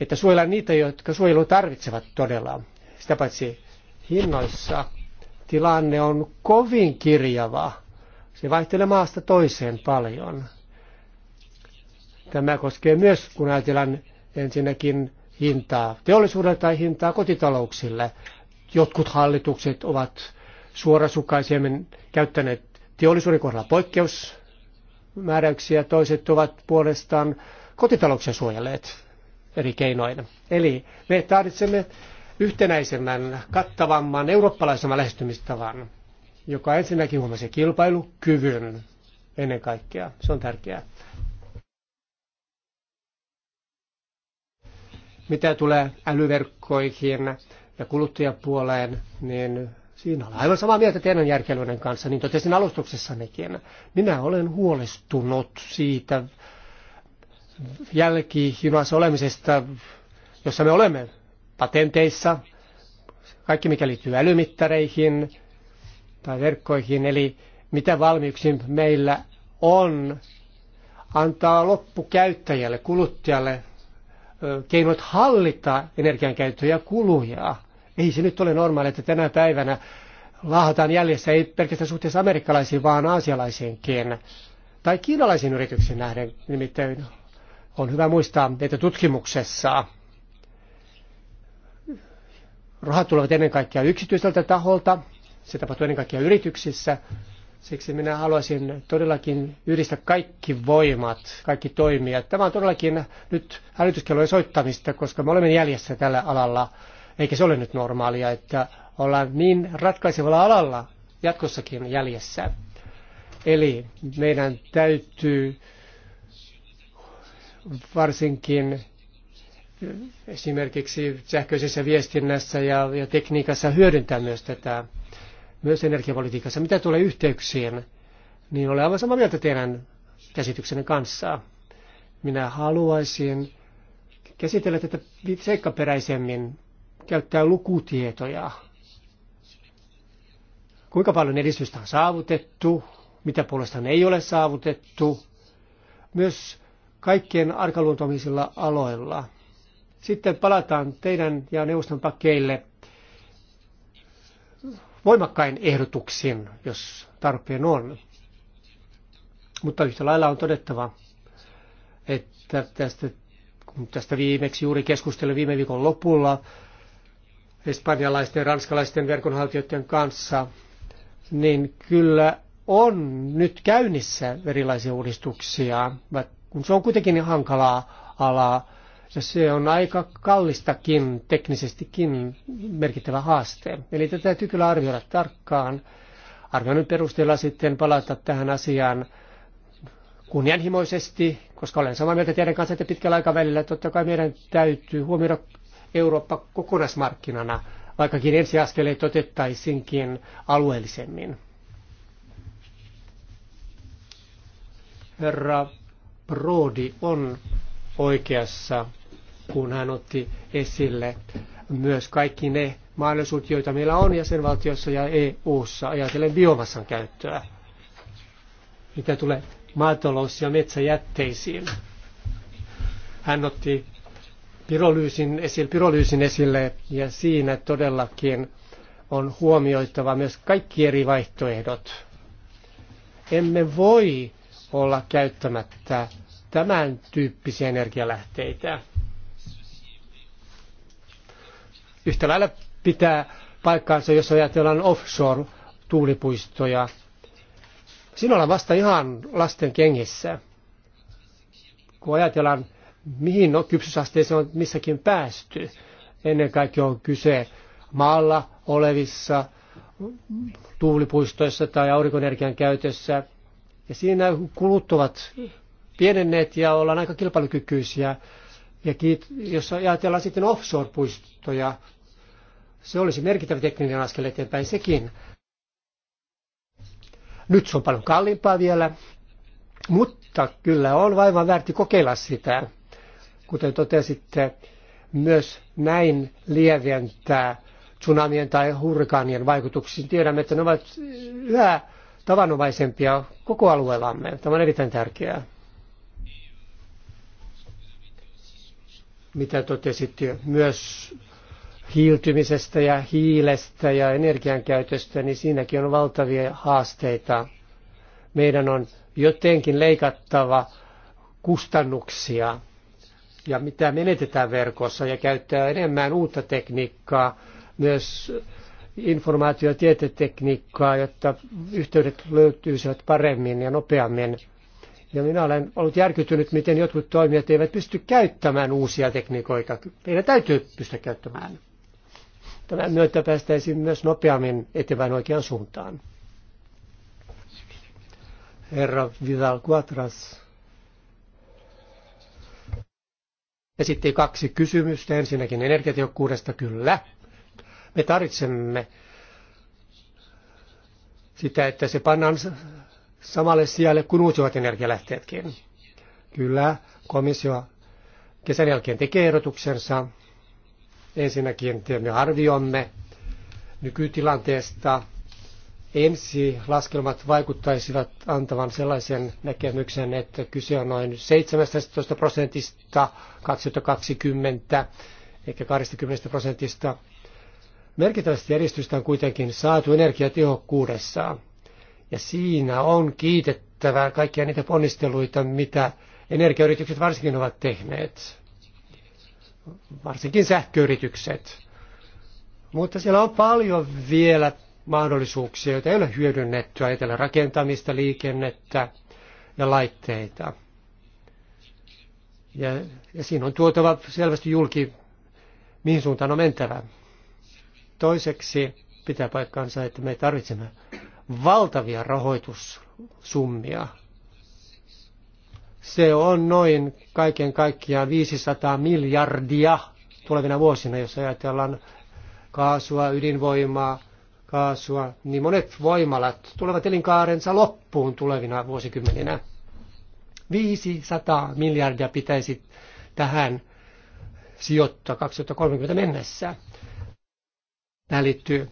että suojella niitä, jotka suojelu tarvitsevat todella. Sitä paitsi hinnoissa tilanne on kovin kirjava. Se vaihtelee maasta toiseen paljon. Tämä koskee myös, kun ajatellaan ensinnäkin hintaa teollisuudelle tai hintaa kotitalouksille. Jotkut hallitukset ovat suorasukaisemmin käyttäneet teollisuuden kohdalla poikkeusmääräyksiä, toiset ovat puolestaan kotitalouksia suojelleet eri keinoina. Eli me tarvitsemme yhtenäisemmän, kattavamman, eurooppalaisemman lähestymistavan, joka ensinnäkin huomasi kilpailukyvyn ennen kaikkea. Se on tärkeää. Mitä tulee älyverkkoihin, ja kuluttajapuoleen, niin siinä olen aivan samaa mieltä teidän järkelyiden kanssa, niin totesin alustuksessanikin. Minä olen huolestunut siitä jälkijunassa olemisesta, jossa me olemme patenteissa, kaikki mikä liittyy älymittareihin tai verkkoihin, eli mitä valmiuksia meillä on antaa loppukäyttäjälle, kuluttajalle keinot hallita energiankäyttöä ja kuluja. Ei se nyt ole normaali, että tänä päivänä laahataan jäljessä ei pelkästään suhteessa amerikkalaisiin, vaan aasialaisiinkin. Tai kiinalaisiin yrityksiin nähden nimittäin on hyvä muistaa, että tutkimuksessa rahat tulevat ennen kaikkea yksityiseltä taholta, se tapahtuu ennen kaikkea yrityksissä. Siksi minä haluaisin todellakin yhdistää kaikki voimat, kaikki toimijat. Tämä on todellakin nyt hälytyskellojen soittamista, koska me olemme jäljessä tällä alalla. Eikä se ole nyt normaalia, että ollaan niin ratkaisevalla alalla jatkossakin jäljessä. Eli meidän täytyy varsinkin esimerkiksi sähköisessä viestinnässä ja, ja tekniikassa hyödyntää myös tätä, myös energiapolitiikassa. Mitä tulee yhteyksiin, niin olen aivan samaa mieltä teidän käsityksenne kanssa. Minä haluaisin käsitellä tätä seikkaperäisemmin käyttää lukutietoja. Kuinka paljon edistystä on saavutettu, mitä puolestaan ei ole saavutettu, myös kaikkien arkaluontomisilla aloilla. Sitten palataan teidän ja neuvoston pakkeille voimakkain ehdotuksin, jos tarpeen on. Mutta yhtä lailla on todettava, että tästä, kun tästä viimeksi juuri keskustelin viime viikon lopulla, espanjalaisten ja ranskalaisten verkonhaltijoiden kanssa, niin kyllä on nyt käynnissä erilaisia uudistuksia, kun se on kuitenkin niin hankalaa alaa ja se on aika kallistakin, teknisestikin merkittävä haaste. Eli tätä täytyy kyllä arvioida tarkkaan. Arvioinnin perusteella sitten palata tähän asiaan kunnianhimoisesti, koska olen samaa mieltä teidän kanssa, että pitkällä aikavälillä totta kai meidän täytyy huomioida Eurooppa kokonaismarkkinana, vaikkakin ensiaskeleet otettaisinkin alueellisemmin. Herra Brodi on oikeassa, kun hän otti esille myös kaikki ne mahdollisuudet, joita meillä on jäsenvaltiossa ja EU-ssa, ajatellen biomassan käyttöä, mitä tulee maatalous- ja metsäjätteisiin. Hän otti pyrolyysin esille, pyrolyysin esille ja siinä todellakin on huomioitava myös kaikki eri vaihtoehdot. Emme voi olla käyttämättä tämän tyyppisiä energialähteitä. Yhtä lailla pitää paikkaansa, jos ajatellaan offshore-tuulipuistoja. Siinä ollaan vasta ihan lasten kengissä. Kun ajatellaan mihin no, kypsyysasteeseen on missäkin päästy. Ennen kaikkea on kyse maalla olevissa tuulipuistoissa tai aurinkoenergian käytössä. Ja siinä kulut ovat pienenneet ja ollaan aika kilpailukykyisiä. Ja kiit- jos ajatellaan sitten offshore-puistoja, se olisi merkittävä tekninen askel eteenpäin sekin. Nyt se on paljon kalliimpaa vielä, mutta kyllä on vaivan väärti kokeilla sitä kuten totesitte, myös näin lieventää tsunamien tai hurrikaanien vaikutuksia. Tiedämme, että ne ovat yhä tavanomaisempia koko alueellamme. Tämä on erittäin tärkeää. Mitä totesitte myös hiiltymisestä ja hiilestä ja energiankäytöstä, niin siinäkin on valtavia haasteita. Meidän on jotenkin leikattava kustannuksia ja mitä menetetään verkossa ja käyttää enemmän uutta tekniikkaa, myös informaatio- ja tietetekniikkaa, jotta yhteydet löytyisivät paremmin ja nopeammin. Ja minä olen ollut järkytynyt, miten jotkut toimijat eivät pysty käyttämään uusia tekniikoita. Meidän täytyy pystyä käyttämään. Tämän myötä päästäisiin myös nopeammin etevän oikeaan suuntaan. Herra Vidal Quatras. esitti kaksi kysymystä. Ensinnäkin energiatehokkuudesta kyllä. Me tarvitsemme sitä, että se pannaan samalle sijalle kuin uusivat energialähteetkin. Kyllä, komissio kesän jälkeen tekee ehdotuksensa. Ensinnäkin teemme arviomme nykytilanteesta ensi laskelmat vaikuttaisivat antavan sellaisen näkemyksen, että kyse on noin 17 prosentista 2020, ehkä 20 prosentista. Merkittävästi edistystä on kuitenkin saatu energiatehokkuudessa. Ja siinä on kiitettävää kaikkia niitä ponnisteluita, mitä energiayritykset varsinkin ovat tehneet. Varsinkin sähköyritykset. Mutta siellä on paljon vielä mahdollisuuksia, joita ei ole hyödynnetty, ajatellen rakentamista, liikennettä ja laitteita. Ja, ja siinä on tuotava selvästi julki, mihin suuntaan on mentävä. Toiseksi pitää paikkaansa, että me tarvitsemme valtavia rahoitussummia. Se on noin kaiken kaikkiaan 500 miljardia tulevina vuosina, jos ajatellaan kaasua, ydinvoimaa, kaasua, niin monet voimalat tulevat elinkaarensa loppuun tulevina vuosikymmeninä. 500 miljardia pitäisi tähän sijoittaa 2030 mennessä. Tähän liittyy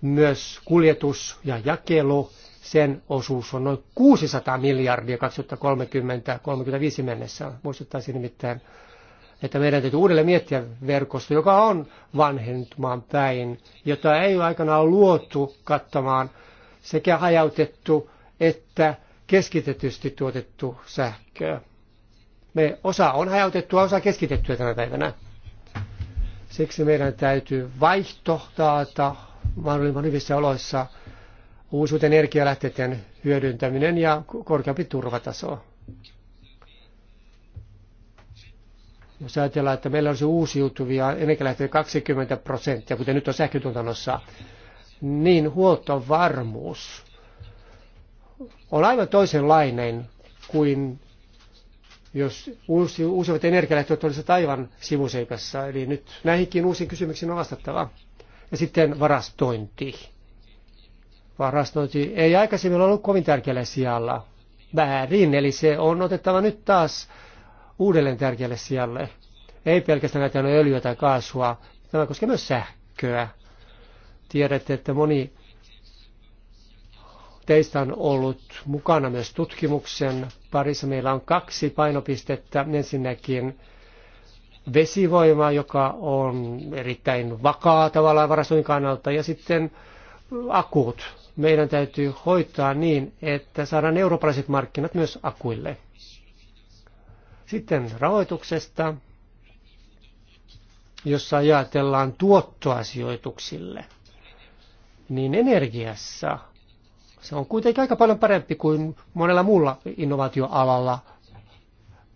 myös kuljetus ja jakelu. Sen osuus on noin 600 miljardia 2030-2035 mennessä. Muistuttaisin nimittäin että meidän täytyy uudelleen miettiä verkosto, joka on vanhentumaan päin, jota ei ole aikanaan luotu kattamaan sekä hajautettu että keskitetysti tuotettu sähköä. Me osa on hajautettua, osa keskitettyä tänä päivänä. Siksi meidän täytyy vaihto taata mahdollisimman hyvissä oloissa uusuuden energialähteiden hyödyntäminen ja korkeampi turvataso. Jos ajatellaan, että meillä olisi uusiutuvia energialähteitä 20 prosenttia, kuten nyt on sähkötuotannossa, niin huoltovarmuus on aivan toisenlainen kuin jos uusi, uusivat energialähteet olisivat aivan sivuseikassa. Eli nyt näihinkin uusiin kysymyksiin on vastattava. Ja sitten varastointi. Varastointi ei aikaisemmin ollut kovin tärkeällä sijalla. Väärin, eli se on otettava nyt taas uudelleen tärkeälle sijalle. Ei pelkästään ajatella öljyä tai kaasua, tämä koskee myös sähköä. Tiedätte, että moni teistä on ollut mukana myös tutkimuksen parissa. Meillä on kaksi painopistettä. Ensinnäkin vesivoima, joka on erittäin vakaa tavallaan varastoinnin kannalta, ja sitten akut. Meidän täytyy hoitaa niin, että saadaan eurooppalaiset markkinat myös akuille. Sitten rahoituksesta, jossa ajatellaan tuottoa sijoituksille, niin energiassa se on kuitenkin aika paljon parempi kuin monella muulla innovaatioalalla.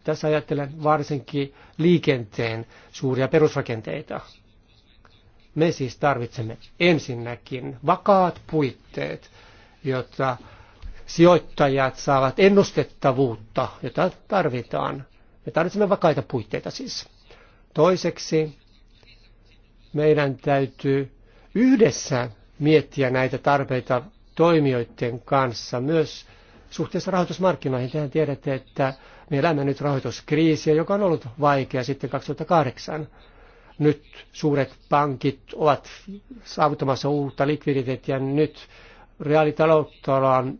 Tässä ajattelen varsinkin liikenteen suuria perusrakenteita. Me siis tarvitsemme ensinnäkin vakaat puitteet, jotta sijoittajat saavat ennustettavuutta, jota tarvitaan. Me tarvitsemme vakaita puitteita siis. Toiseksi meidän täytyy yhdessä miettiä näitä tarpeita toimijoiden kanssa myös suhteessa rahoitusmarkkinoihin. Tehän tiedätte, että me elämme nyt rahoituskriisiä, joka on ollut vaikea sitten 2008. Nyt suuret pankit ovat saavuttamassa uutta likviditeettiä, nyt reaalitaloutta ollaan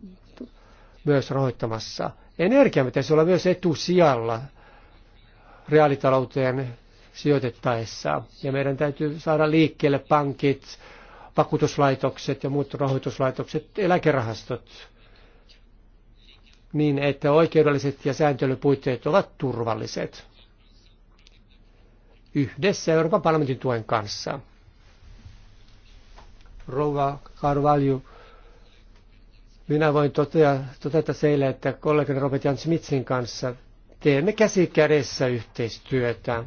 myös rahoittamassa. Energia pitäisi olla myös etusijalla reaalitalouteen sijoitettaessa. Ja meidän täytyy saada liikkeelle pankit, vakuutuslaitokset ja muut rahoituslaitokset, eläkerahastot, niin että oikeudelliset ja sääntelypuitteet ovat turvalliset yhdessä Euroopan parlamentin tuen kanssa. Rouva Carvalho, minä voin totea, todeta seille, että kollegani Robert Jan Smitsin kanssa teemme käsi kädessä yhteistyötä.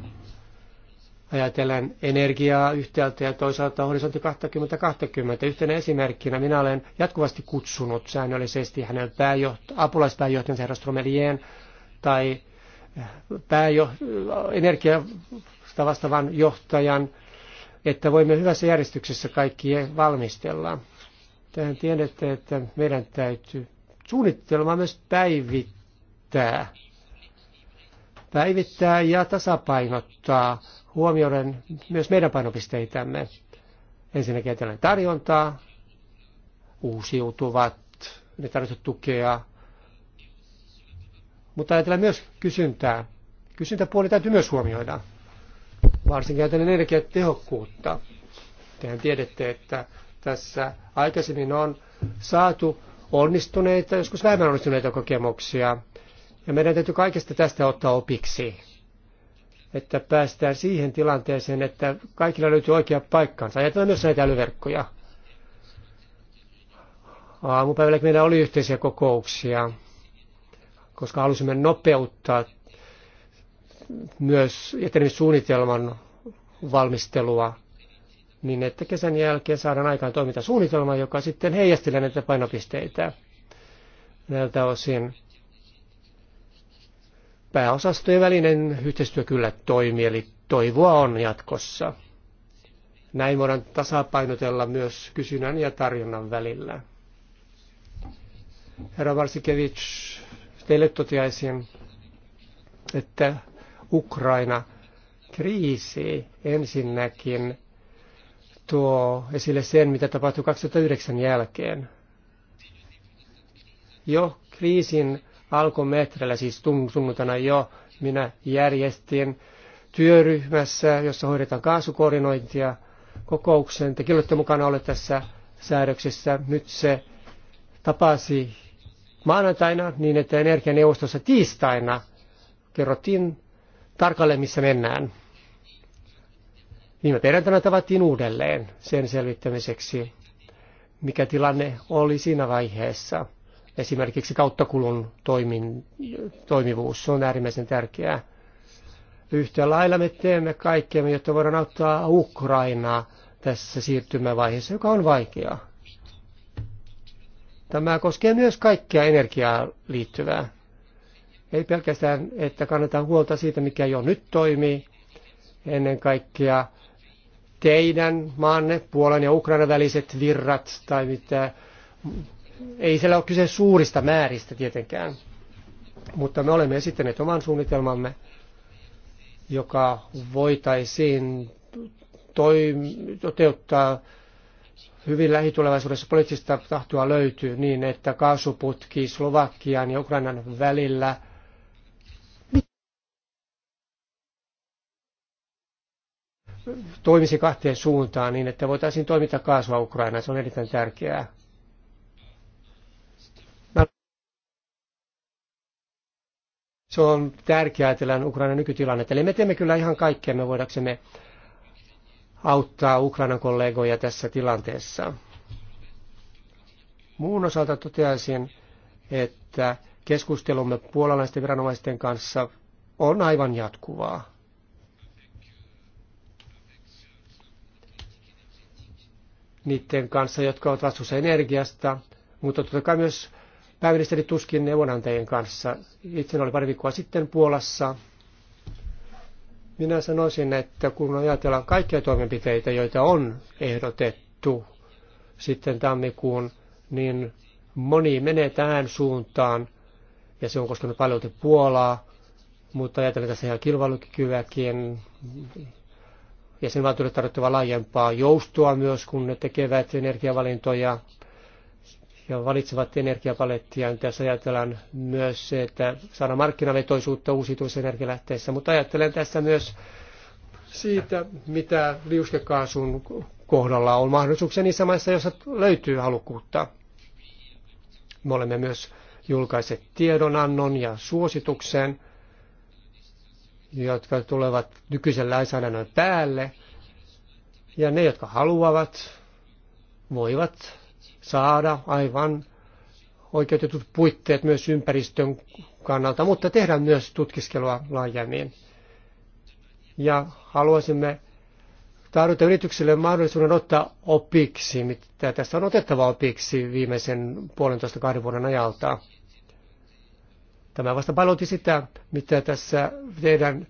Ajatellen energiaa yhtäältä ja toisaalta horisontti 2020. Yhtenä esimerkkinä minä olen jatkuvasti kutsunut säännöllisesti hänen pääjoht- apulaispääjohtajansa herra Stromelien tai eh, pääjo- energiasta vastaavan johtajan, että voimme hyvässä järjestyksessä kaikki valmistella. Tähän tiedätte, että meidän täytyy suunnitelmaa myös päivittää päivittää ja tasapainottaa huomioiden myös meidän painopisteitämme. Ensinnäkin ajatellaan tarjontaa, uusiutuvat, ne tarvitsevat tukea, mutta ajatellaan myös kysyntää. Kysyntäpuoli täytyy myös huomioida, varsinkin ajatellen energiatehokkuutta. Tehän tiedätte, että tässä aikaisemmin on saatu onnistuneita, joskus vähemmän onnistuneita kokemuksia ja meidän täytyy kaikesta tästä ottaa opiksi, että päästään siihen tilanteeseen, että kaikilla löytyy oikea paikkansa. Ajatellaan myös näitä älyverkkoja. Aamupäivällä meillä oli yhteisiä kokouksia, koska halusimme nopeuttaa myös etenemissuunnitelman valmistelua niin, että kesän jälkeen saadaan aikaan toimintasuunnitelma, joka sitten heijastelee näitä painopisteitä näiltä osin pääosastojen välinen yhteistyö kyllä toimii, eli toivoa on jatkossa. Näin voidaan tasapainotella myös kysynnän ja tarjonnan välillä. Herra Varsikevich, teille toteaisin, että Ukraina kriisi ensinnäkin tuo esille sen, mitä tapahtui 2009 jälkeen. Jo kriisin alkumetrellä, siis sunnuntaina jo, minä järjestin työryhmässä, jossa hoidetaan kaasukoordinointia kokouksen. Te olette mukana olleet tässä säädöksessä. Nyt se tapasi maanantaina niin, että energianeuvostossa tiistaina kerrottiin tarkalleen, missä mennään. Viime perjantaina tavattiin uudelleen sen selvittämiseksi, mikä tilanne oli siinä vaiheessa esimerkiksi kauttakulun toimin, toimivuus, se on äärimmäisen tärkeää. Yhtä lailla me teemme kaikkemme, jotta voidaan auttaa Ukrainaa tässä siirtymävaiheessa, joka on vaikeaa. Tämä koskee myös kaikkea energiaa liittyvää. Ei pelkästään, että kannetaan huolta siitä, mikä jo nyt toimii, ennen kaikkea teidän maanne, Puolan ja Ukrainan väliset virrat tai mitä ei siellä ole kyse suurista määristä tietenkään, mutta me olemme esittäneet oman suunnitelmamme, joka voitaisiin toi, toteuttaa hyvin lähitulevaisuudessa poliittista tahtoa löytyy niin, että kaasuputki Slovakian ja Ukrainan välillä toimisi kahteen suuntaan niin, että voitaisiin toimita kaasua Ukrainaan. Se on erittäin tärkeää. Se on tärkeää ajatella Ukrainan nykytilannetta. Eli me teemme kyllä ihan kaikkea, me voidaksemme auttaa Ukrainan kollegoja tässä tilanteessa. Muun osalta toteaisin, että keskustelumme puolalaisten viranomaisten kanssa on aivan jatkuvaa. Niiden kanssa, jotka ovat vastuussa energiasta, mutta totta kai myös pääministeri Tuskin neuvonantajien kanssa. Itse oli pari viikkoa sitten Puolassa. Minä sanoisin, että kun ajatellaan kaikkia toimenpiteitä, joita on ehdotettu sitten tammikuun, niin moni menee tähän suuntaan, ja se on koskenut paljon Puolaa, mutta ajatellaan tässä ihan kilpailukykyäkin, valtuudet tarvittavaa laajempaa joustoa myös, kun ne tekevät energiavalintoja, ja valitsevat energiapalettiaan. Tässä ajatellaan myös se, että saadaan markkinavetoisuutta uusiutuvissa energialähteissä, mutta ajattelen tässä myös siitä, mitä liuskekaasun kohdalla on mahdollisuuksia niissä maissa, joissa löytyy halukkuutta. Me olemme myös julkaiset tiedonannon ja suosituksen, jotka tulevat nykyisen lainsäädännön päälle. Ja ne, jotka haluavat, voivat saada aivan oikeutetut puitteet myös ympäristön kannalta, mutta tehdään myös tutkiskelua laajemmin. Ja haluaisimme tarjota yrityksille mahdollisuuden ottaa opiksi, mitä tässä on otettava opiksi viimeisen puolentoista kahden vuoden ajalta. Tämä vasta palautti sitä, mitä tässä teidän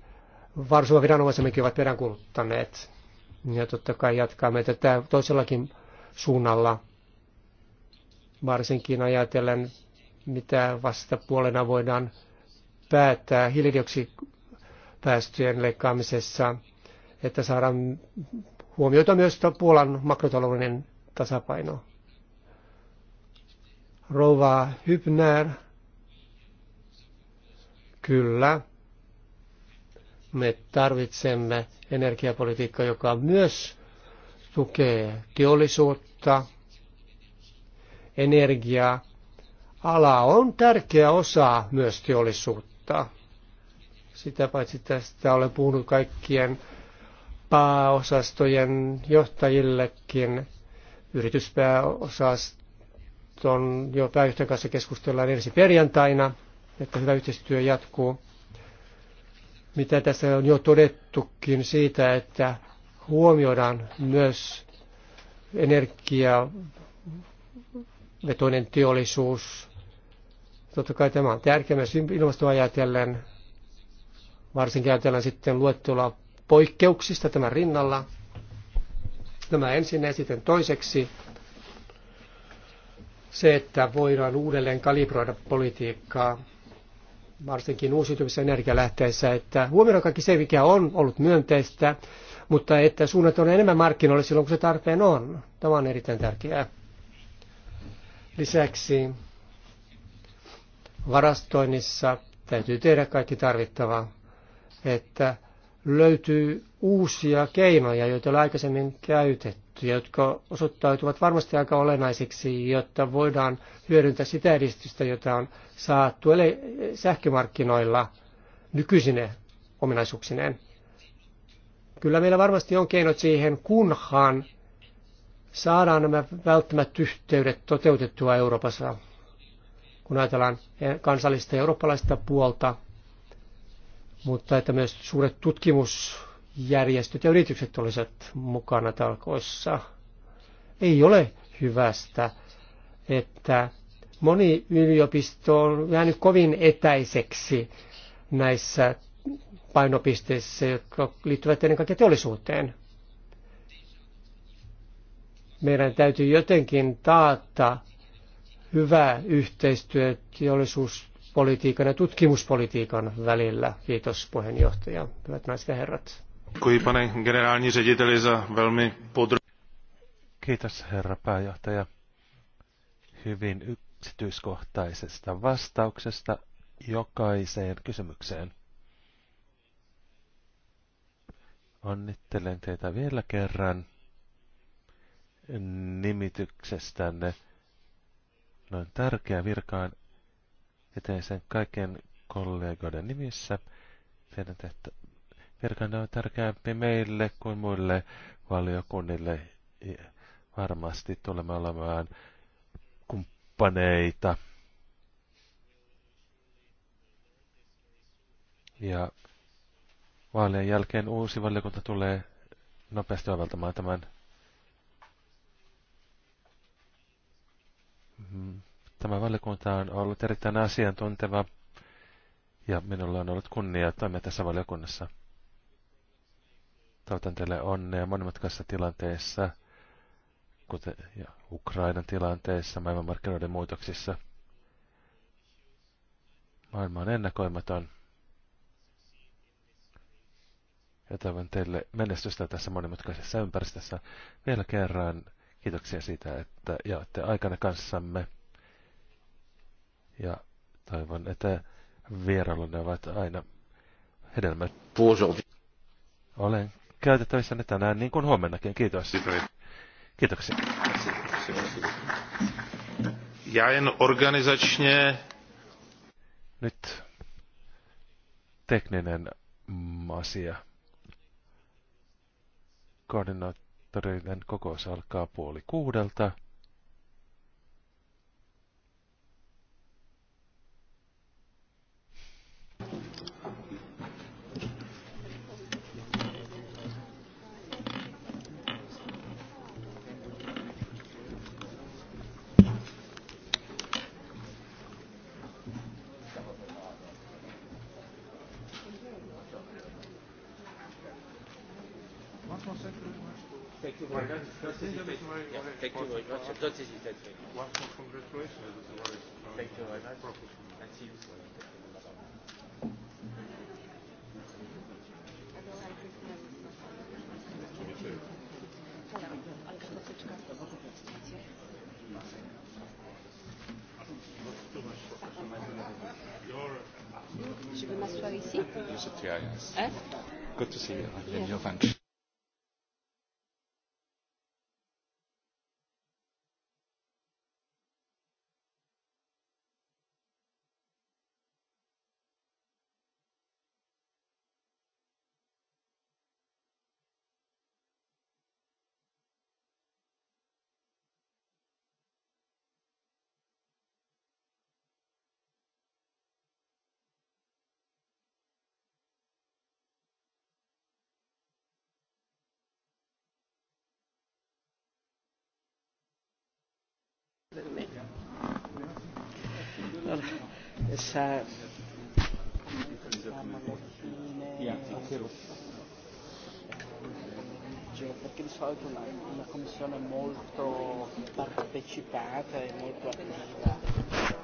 varsuva viranomaisemmekin ovat peräänkuluttaneet. Ja totta kai jatkamme tätä toisellakin suunnalla varsinkin ajatellen, mitä vastapuolena voidaan päättää hiilidioksipäästöjen leikkaamisessa, että saadaan huomioita myös Puolan makrotalouden tasapaino. Rova Hybner. Kyllä. Me tarvitsemme energiapolitiikkaa, joka myös tukee teollisuutta, energiaa. Ala on tärkeä osa myös teollisuutta. Sitä paitsi tästä olen puhunut kaikkien pääosastojen johtajillekin. Yrityspääosaston jo pääjohtajan kanssa keskustellaan ensi perjantaina, että hyvä yhteistyö jatkuu. Mitä tässä on jo todettukin siitä, että huomioidaan myös energia vetoinen teollisuus. Totta kai tämä on tärkeä myös ilmastoa ajatellen, varsinkin ajatellen sitten luettelua poikkeuksista tämän rinnalla. Tämä ensin ja sitten toiseksi se, että voidaan uudelleen kalibroida politiikkaa, varsinkin uusiutuvissa energialähteissä, että huomioidaan kaikki se, mikä on ollut myönteistä, mutta että suunnat on enemmän markkinoille silloin, kun se tarpeen on. Tämä on erittäin tärkeää. Lisäksi varastoinnissa täytyy tehdä kaikki tarvittava, että löytyy uusia keinoja, joita on aikaisemmin käytetty, jotka osoittautuvat varmasti aika olennaisiksi, jotta voidaan hyödyntää sitä edistystä, jota on saatu eli sähkömarkkinoilla nykyisine ominaisuuksineen. Kyllä meillä varmasti on keinot siihen, kunhan saadaan nämä välttämättä yhteydet toteutettua Euroopassa, kun ajatellaan kansallista ja eurooppalaista puolta, mutta että myös suuret tutkimusjärjestöt ja yritykset olisivat mukana talkoissa. Ei ole hyvästä, että moni yliopisto on jäänyt kovin etäiseksi näissä painopisteissä, jotka liittyvät ennen kaikkea teollisuuteen meidän täytyy jotenkin taata hyvä yhteistyö teollisuuspolitiikan ja tutkimuspolitiikan välillä. Kiitos puheenjohtaja. Hyvät naiset ja herrat. Kiitos herra pääjohtaja hyvin yksityiskohtaisesta vastauksesta jokaiseen kysymykseen. Onnittelen teitä vielä kerran nimityksestänne noin tärkeä virkaan eteen sen kaiken kollegoiden nimissä. Teidän tehtä, virkanne on tärkeämpi meille kuin muille valiokunnille. Varmasti tulemme olemaan kumppaneita. Ja vaalien jälkeen uusi valiokunta tulee nopeasti oveltamaan tämän Mm-hmm. Tämä valiokunta on ollut erittäin asiantunteva ja minulla on ollut kunnia toimia tässä valiokunnassa. Toivotan teille onnea monimutkaisessa tilanteessa, kuten ja Ukrainan tilanteessa, maailmanmarkkinoiden muutoksissa. Maailma on ennakoimaton. Ja toivon teille menestystä tässä monimutkaisessa ympäristössä. Vielä kerran Kiitoksia siitä, että jaatte aikana kanssamme. Ja toivon, että vierailunne ovat aina hedelmät. Olen ne tänään niin kuin huomennakin. Kiitos. Kiitoksia. Ja en organizačně... Nyt tekninen asia. Koordinaat koordinaattoreiden kokous alkaa puoli kuudelta. Thank you see you soon. Good to see you. I've been yeah. your function. Tässä perché di solito una, una commissione molto partecipata e molto attiva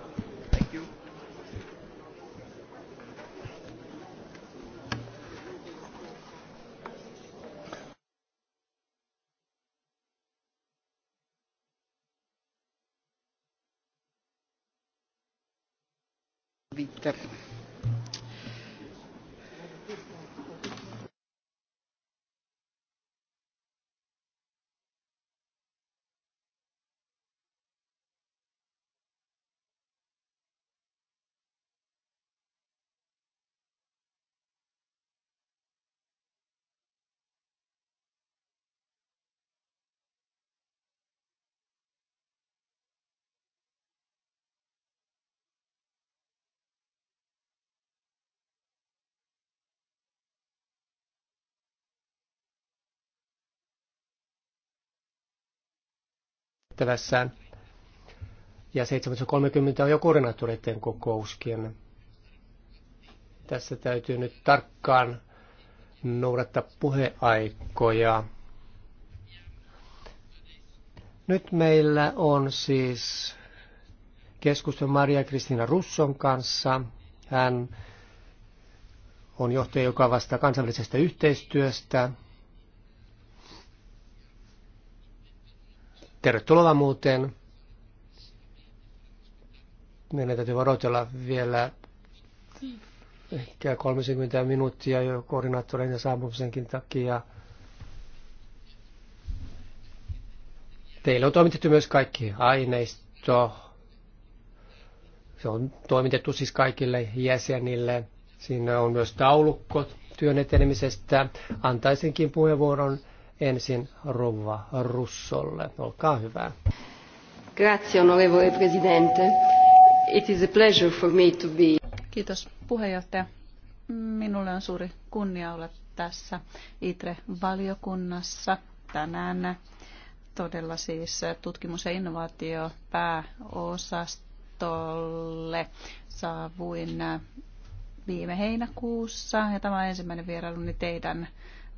tehtävässään. Ja 7.30 on jo koordinaattoreiden kokouskin. Tässä täytyy nyt tarkkaan noudattaa puheaikoja. Nyt meillä on siis keskustelu Maria Kristina Russon kanssa. Hän on johtaja, joka vastaa kansainvälisestä yhteistyöstä Tervetuloa muuten. Meidän täytyy varoitella vielä ehkä 30 minuuttia jo koordinaattoreiden saapumisenkin takia. Teille on toimitettu myös kaikki aineisto. Se on toimitettu siis kaikille jäsenille. Siinä on myös taulukko työn etenemisestä. Antaisinkin puheenvuoron ensin rouva Russolle. Olkaa hyvä. Grazie, onorevole presidente. It is a pleasure for me to be... Kiitos puheenjohtaja. Minulle on suuri kunnia olla tässä ITRE-valiokunnassa tänään todella siis tutkimus- ja innovaatiopääosastolle saavuin viime heinäkuussa ja tämä on ensimmäinen vierailuni teidän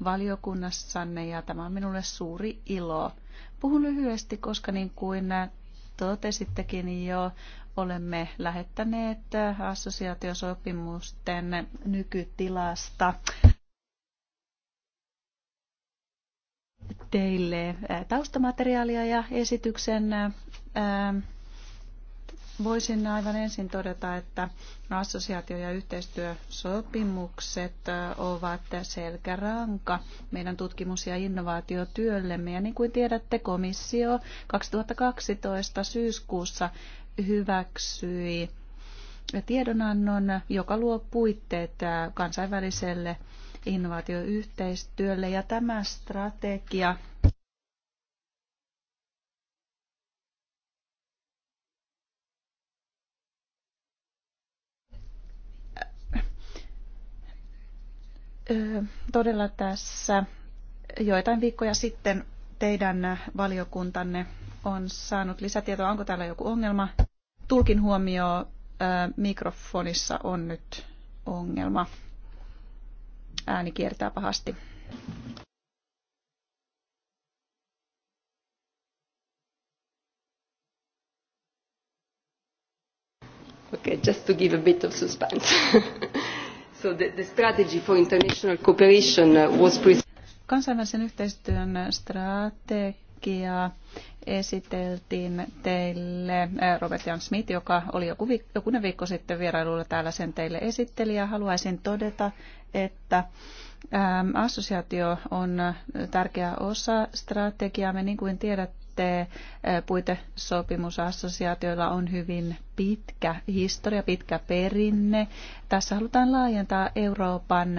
valiokunnassanne ja tämä on minulle suuri ilo. Puhun lyhyesti, koska niin kuin totesittekin jo, olemme lähettäneet assosiaatiosopimusten nykytilasta teille taustamateriaalia ja esityksen Voisin aivan ensin todeta, että assosiaatio- ja yhteistyösopimukset ovat selkäranka meidän tutkimus- ja innovaatiotyöllemme. Ja niin kuin tiedätte, komissio 2012 syyskuussa hyväksyi tiedonannon, joka luo puitteet kansainväliselle innovaatioyhteistyölle. Ja tämä strategia todella tässä joitain viikkoja sitten teidän valiokuntanne on saanut lisätietoa. Onko täällä joku ongelma? Tulkin huomio mikrofonissa on nyt ongelma. Ääni kiertää pahasti. Okay, just to give a bit of suspense. Kansainvälisen yhteistyön strategia esiteltiin teille äh, Robert Jan Smith, joka oli joku viik- jokunen viikko sitten vierailulla täällä sen teille esitteli. Ja haluaisin todeta, että ähm, assosiaatio on tärkeä osa strategiaamme. Niin kuin tiedät, lähtee. Eh, puitesopimusassosiaatioilla on hyvin pitkä historia, pitkä perinne. Tässä halutaan laajentaa Euroopan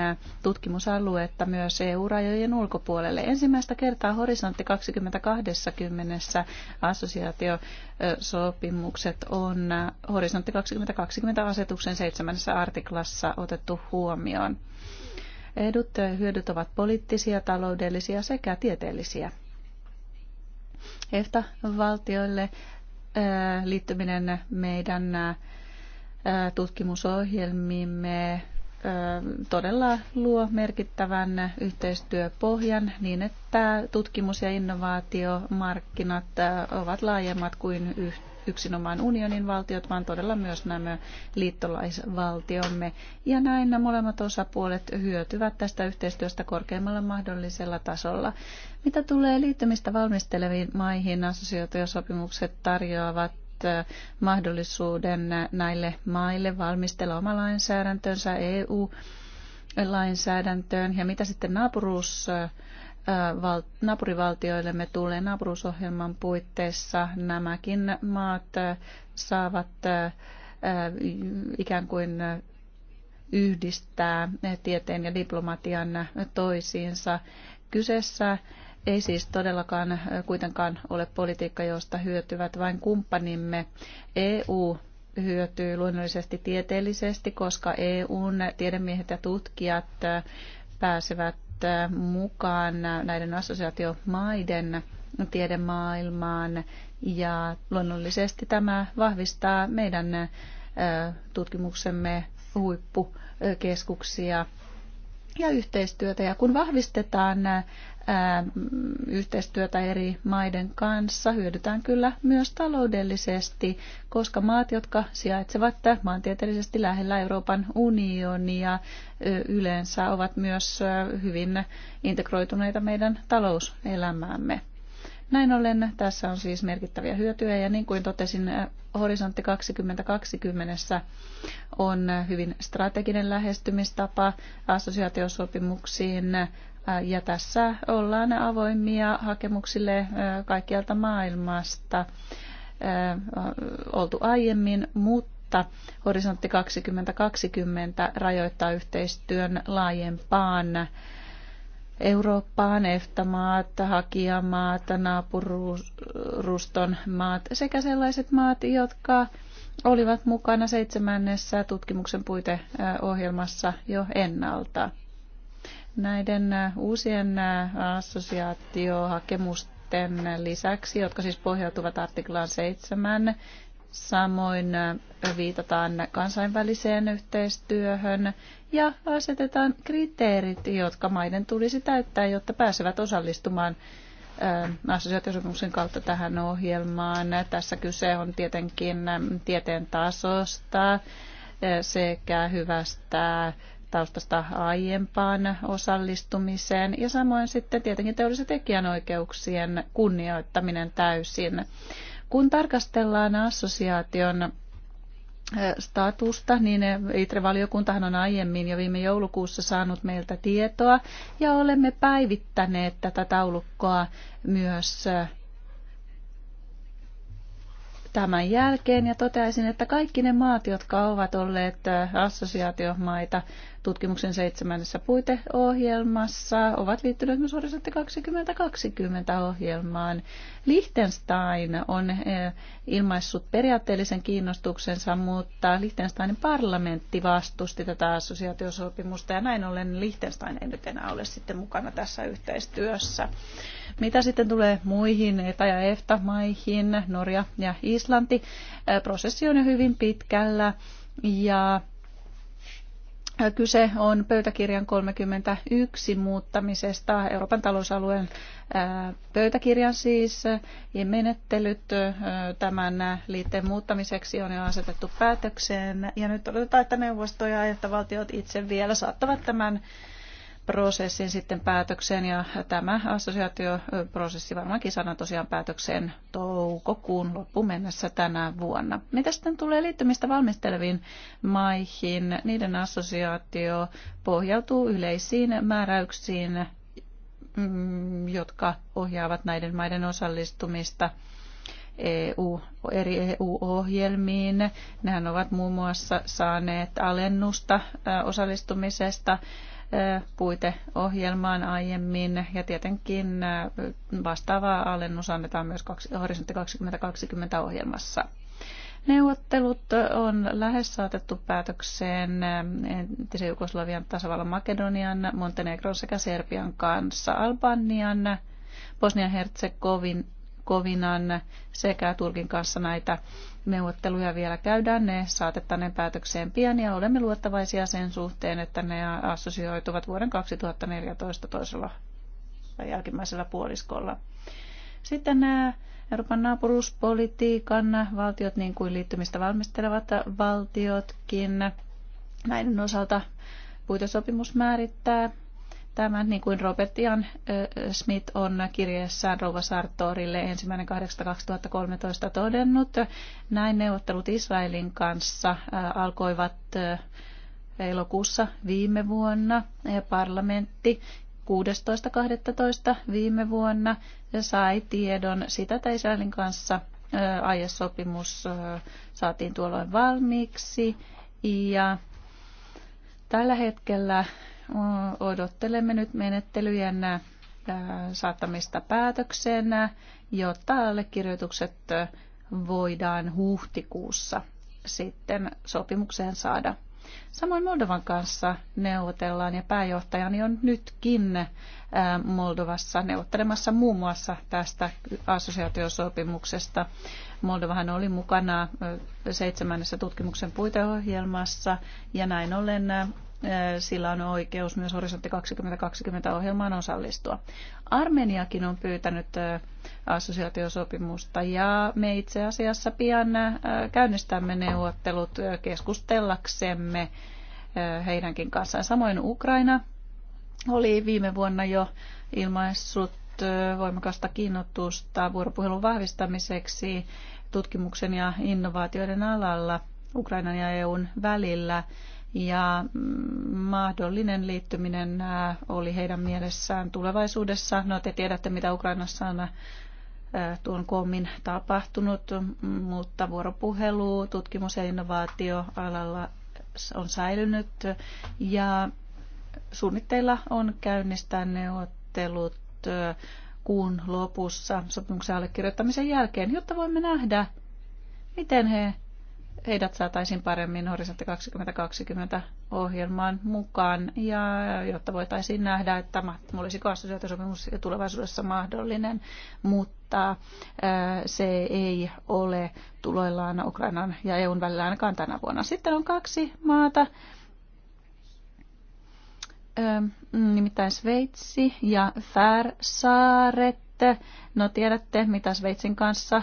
tutkimusaluetta myös EU-rajojen ulkopuolelle. Ensimmäistä kertaa Horisontti 2020 assosiaatiosopimukset on Horisontti 2020 asetuksen 7. artiklassa otettu huomioon. Edut ja hyödyt ovat poliittisia, taloudellisia sekä tieteellisiä. EFTA-valtioille äh, liittyminen meidän äh, tutkimusohjelmiimme äh, todella luo merkittävän yhteistyöpohjan niin, että tutkimus- ja innovaatiomarkkinat ovat laajemmat kuin yksinomaan unionin valtiot, vaan todella myös nämä liittolaisvaltiomme. Ja näin nämä molemmat osapuolet hyötyvät tästä yhteistyöstä korkeimmalla mahdollisella tasolla. Mitä tulee liittymistä valmisteleviin maihin, assosiaatiosopimukset tarjoavat äh, mahdollisuuden näille maille valmistella oma lainsäädäntönsä EU-lainsäädäntöön. Ja mitä sitten naapuruus, äh, naapurivaltioillemme tulee naapuruusohjelman puitteissa, nämäkin maat äh, saavat ikään kuin yhdistää tieteen ja diplomatian toisiinsa. Kyseessä ei siis todellakaan kuitenkaan ole politiikka, josta hyötyvät vain kumppanimme. EU hyötyy luonnollisesti tieteellisesti, koska EUn tiedemiehet ja tutkijat pääsevät mukaan näiden assosiaatiomaiden tiedemaailmaan ja luonnollisesti tämä vahvistaa meidän tutkimuksemme huippukeskuksia ja yhteistyötä. Ja kun vahvistetaan yhteistyötä eri maiden kanssa hyödytään kyllä myös taloudellisesti, koska maat, jotka sijaitsevat maantieteellisesti lähellä Euroopan unionia, yleensä ovat myös hyvin integroituneita meidän talouselämäämme. Näin ollen tässä on siis merkittäviä hyötyjä ja niin kuin totesin, Horisontti 2020 on hyvin strateginen lähestymistapa assosiaatiosopimuksiin ja tässä ollaan avoimia hakemuksille kaikkialta maailmasta oltu aiemmin, mutta Horisontti 2020 rajoittaa yhteistyön laajempaan Eurooppaan, EFTA-maat, hakijamaat, naapuruston maat sekä sellaiset maat, jotka olivat mukana seitsemännessä tutkimuksen puiteohjelmassa jo ennalta. Näiden äh, uusien äh, assosiaatiohakemusten lisäksi, jotka siis pohjautuvat artiklaan 7, samoin äh, viitataan kansainväliseen yhteistyöhön ja asetetaan kriteerit, jotka maiden tulisi täyttää, jotta pääsevät osallistumaan assosiaatiosopimuksen kautta tähän ohjelmaan. Tässä kyse on tietenkin tieteen tasosta sekä hyvästä taustasta aiempaan osallistumiseen ja samoin sitten tietenkin teollisen tekijänoikeuksien kunnioittaminen täysin. Kun tarkastellaan assosiaation eh, statusta, niin ITRE-valiokuntahan on aiemmin jo viime joulukuussa saanut meiltä tietoa ja olemme päivittäneet tätä taulukkoa myös eh, tämän jälkeen ja toteaisin, että kaikki ne maat, jotka ovat olleet eh, assosiaatiomaita, tutkimuksen seitsemännessä puiteohjelmassa ovat liittyneet myös Horisontti 2020 ohjelmaan. Liechtenstein on eh, ilmaissut periaatteellisen kiinnostuksensa, mutta Liechtensteinin parlamentti vastusti tätä assosiaatiosopimusta ja näin ollen Liechtenstein ei nyt enää ole sitten mukana tässä yhteistyössä. Mitä sitten tulee muihin ETA- ja EFTA-maihin, Norja ja Islanti, eh, prosessi on jo hyvin pitkällä ja Kyse on pöytäkirjan 31 muuttamisesta, Euroopan talousalueen pöytäkirjan siis, ja menettelyt tämän liitteen muuttamiseksi on jo asetettu päätökseen. Ja nyt odotetaan, että neuvosto ja että valtiot itse vielä saattavat tämän prosessin sitten päätökseen ja tämä assosiaatioprosessi varmaankin saadaan tosiaan päätökseen toukokuun loppuun mennessä tänä vuonna. Mitä sitten tulee liittymistä valmisteleviin maihin, niiden assosiaatio pohjautuu yleisiin määräyksiin, mm, jotka ohjaavat näiden maiden osallistumista EU, eri EU-ohjelmiin. Nehän ovat muun muassa saaneet alennusta osallistumisesta puiteohjelmaan aiemmin ja tietenkin vastaavaa alennus annetaan myös Horisontti 2020 ohjelmassa. Neuvottelut on lähes saatettu päätökseen entisen Jugoslavian tasavallan Makedonian, Montenegron sekä Serbian kanssa, Albanian, Bosnian-Herzegovinan sekä Turkin kanssa näitä Neuvotteluja vielä käydään, ne saatettaneen päätökseen pian ja olemme luottavaisia sen suhteen, että ne assosioituvat vuoden 2014 toisella tai jälkimmäisellä puoliskolla. Sitten nämä Euroopan naapuruuspolitiikan valtiot, niin kuin liittymistä valmistelevat valtiotkin, näiden osalta puitesopimus määrittää Tämä, niin kuin Robert Ian Smith on kirjeessään Rova Sartorille ensimmäinen 8.2013 todennut, näin neuvottelut Israelin kanssa alkoivat elokuussa viime vuonna. Parlamentti 16.12. viime vuonna sai tiedon sitä, että Israelin kanssa aiesopimus saatiin tuolloin valmiiksi. Ja tällä hetkellä odottelemme nyt menettelyjen äh, saattamista päätökseen, äh, jotta allekirjoitukset äh, voidaan huhtikuussa sitten sopimukseen saada. Samoin Moldovan kanssa neuvotellaan ja pääjohtajani on nytkin Moldovassa neuvottelemassa muun muassa tästä assosiaatiosopimuksesta. Moldovahan oli mukana seitsemännessä tutkimuksen puiteohjelmassa ja näin ollen sillä on oikeus myös Horisontti 2020 ohjelmaan osallistua. Armeniakin on pyytänyt assosiaatiosopimusta ja me itse asiassa pian käynnistämme neuvottelut keskustellaksemme heidänkin kanssaan. Samoin Ukraina oli viime vuonna jo ilmaissut voimakasta kiinnostusta vuoropuhelun vahvistamiseksi tutkimuksen ja innovaatioiden alalla Ukrainan ja EUn välillä ja mm, mahdollinen liittyminen äh, oli heidän mielessään tulevaisuudessa. No te tiedätte, mitä Ukrainassa on äh, tuon kommin tapahtunut, mutta vuoropuhelu tutkimus- ja innovaatioalalla on säilynyt ja suunnitteilla on käynnistää neuvottelut äh, kuun lopussa sopimuksen allekirjoittamisen jälkeen, jotta voimme nähdä, miten he heidät saataisiin paremmin Horisontti 2020 ohjelmaan mukaan, ja jotta voitaisiin nähdä, että olisiko ja tulevaisuudessa mahdollinen, mutta se ei ole tuloillaan Ukrainan ja EUn välillä ainakaan tänä vuonna. Sitten on kaksi maata, nimittäin Sveitsi ja Färsaaret. No tiedätte, mitä Sveitsin kanssa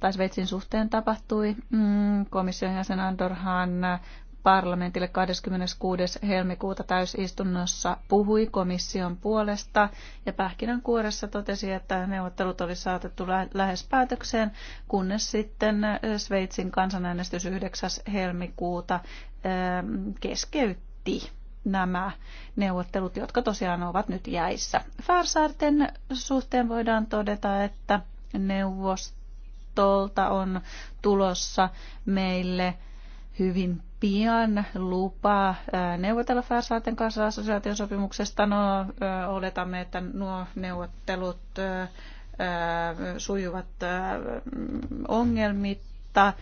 tai Sveitsin suhteen tapahtui. Mm, komission jäsen Andorhan parlamentille 26. helmikuuta täysistunnossa puhui komission puolesta ja pähkinänkuoressa totesi, että neuvottelut oli saatettu lähes päätökseen, kunnes sitten Sveitsin kansanäänestys 9. helmikuuta keskeytti nämä neuvottelut, jotka tosiaan ovat nyt jäissä. Färsaarten suhteen voidaan todeta, että neuvosto Liitolta on tulossa meille hyvin pian lupa neuvotella Färsaaten kanssa sopimuksesta. No, oletamme, että nuo neuvottelut sujuvat ongelmitta.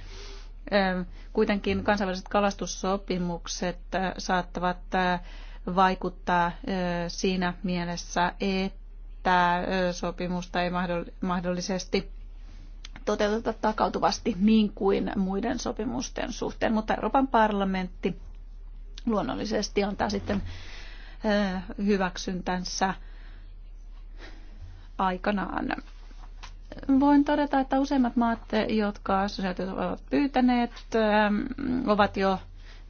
Kuitenkin kansainväliset kalastussopimukset saattavat vaikuttaa siinä mielessä, että sopimusta ei mahdollisesti toteuteta takautuvasti niin kuin muiden sopimusten suhteen, mutta Euroopan parlamentti luonnollisesti antaa sitten hyväksyntänsä aikanaan. Voin todeta, että useimmat maat, jotka assosiaatiot ovat pyytäneet, ovat jo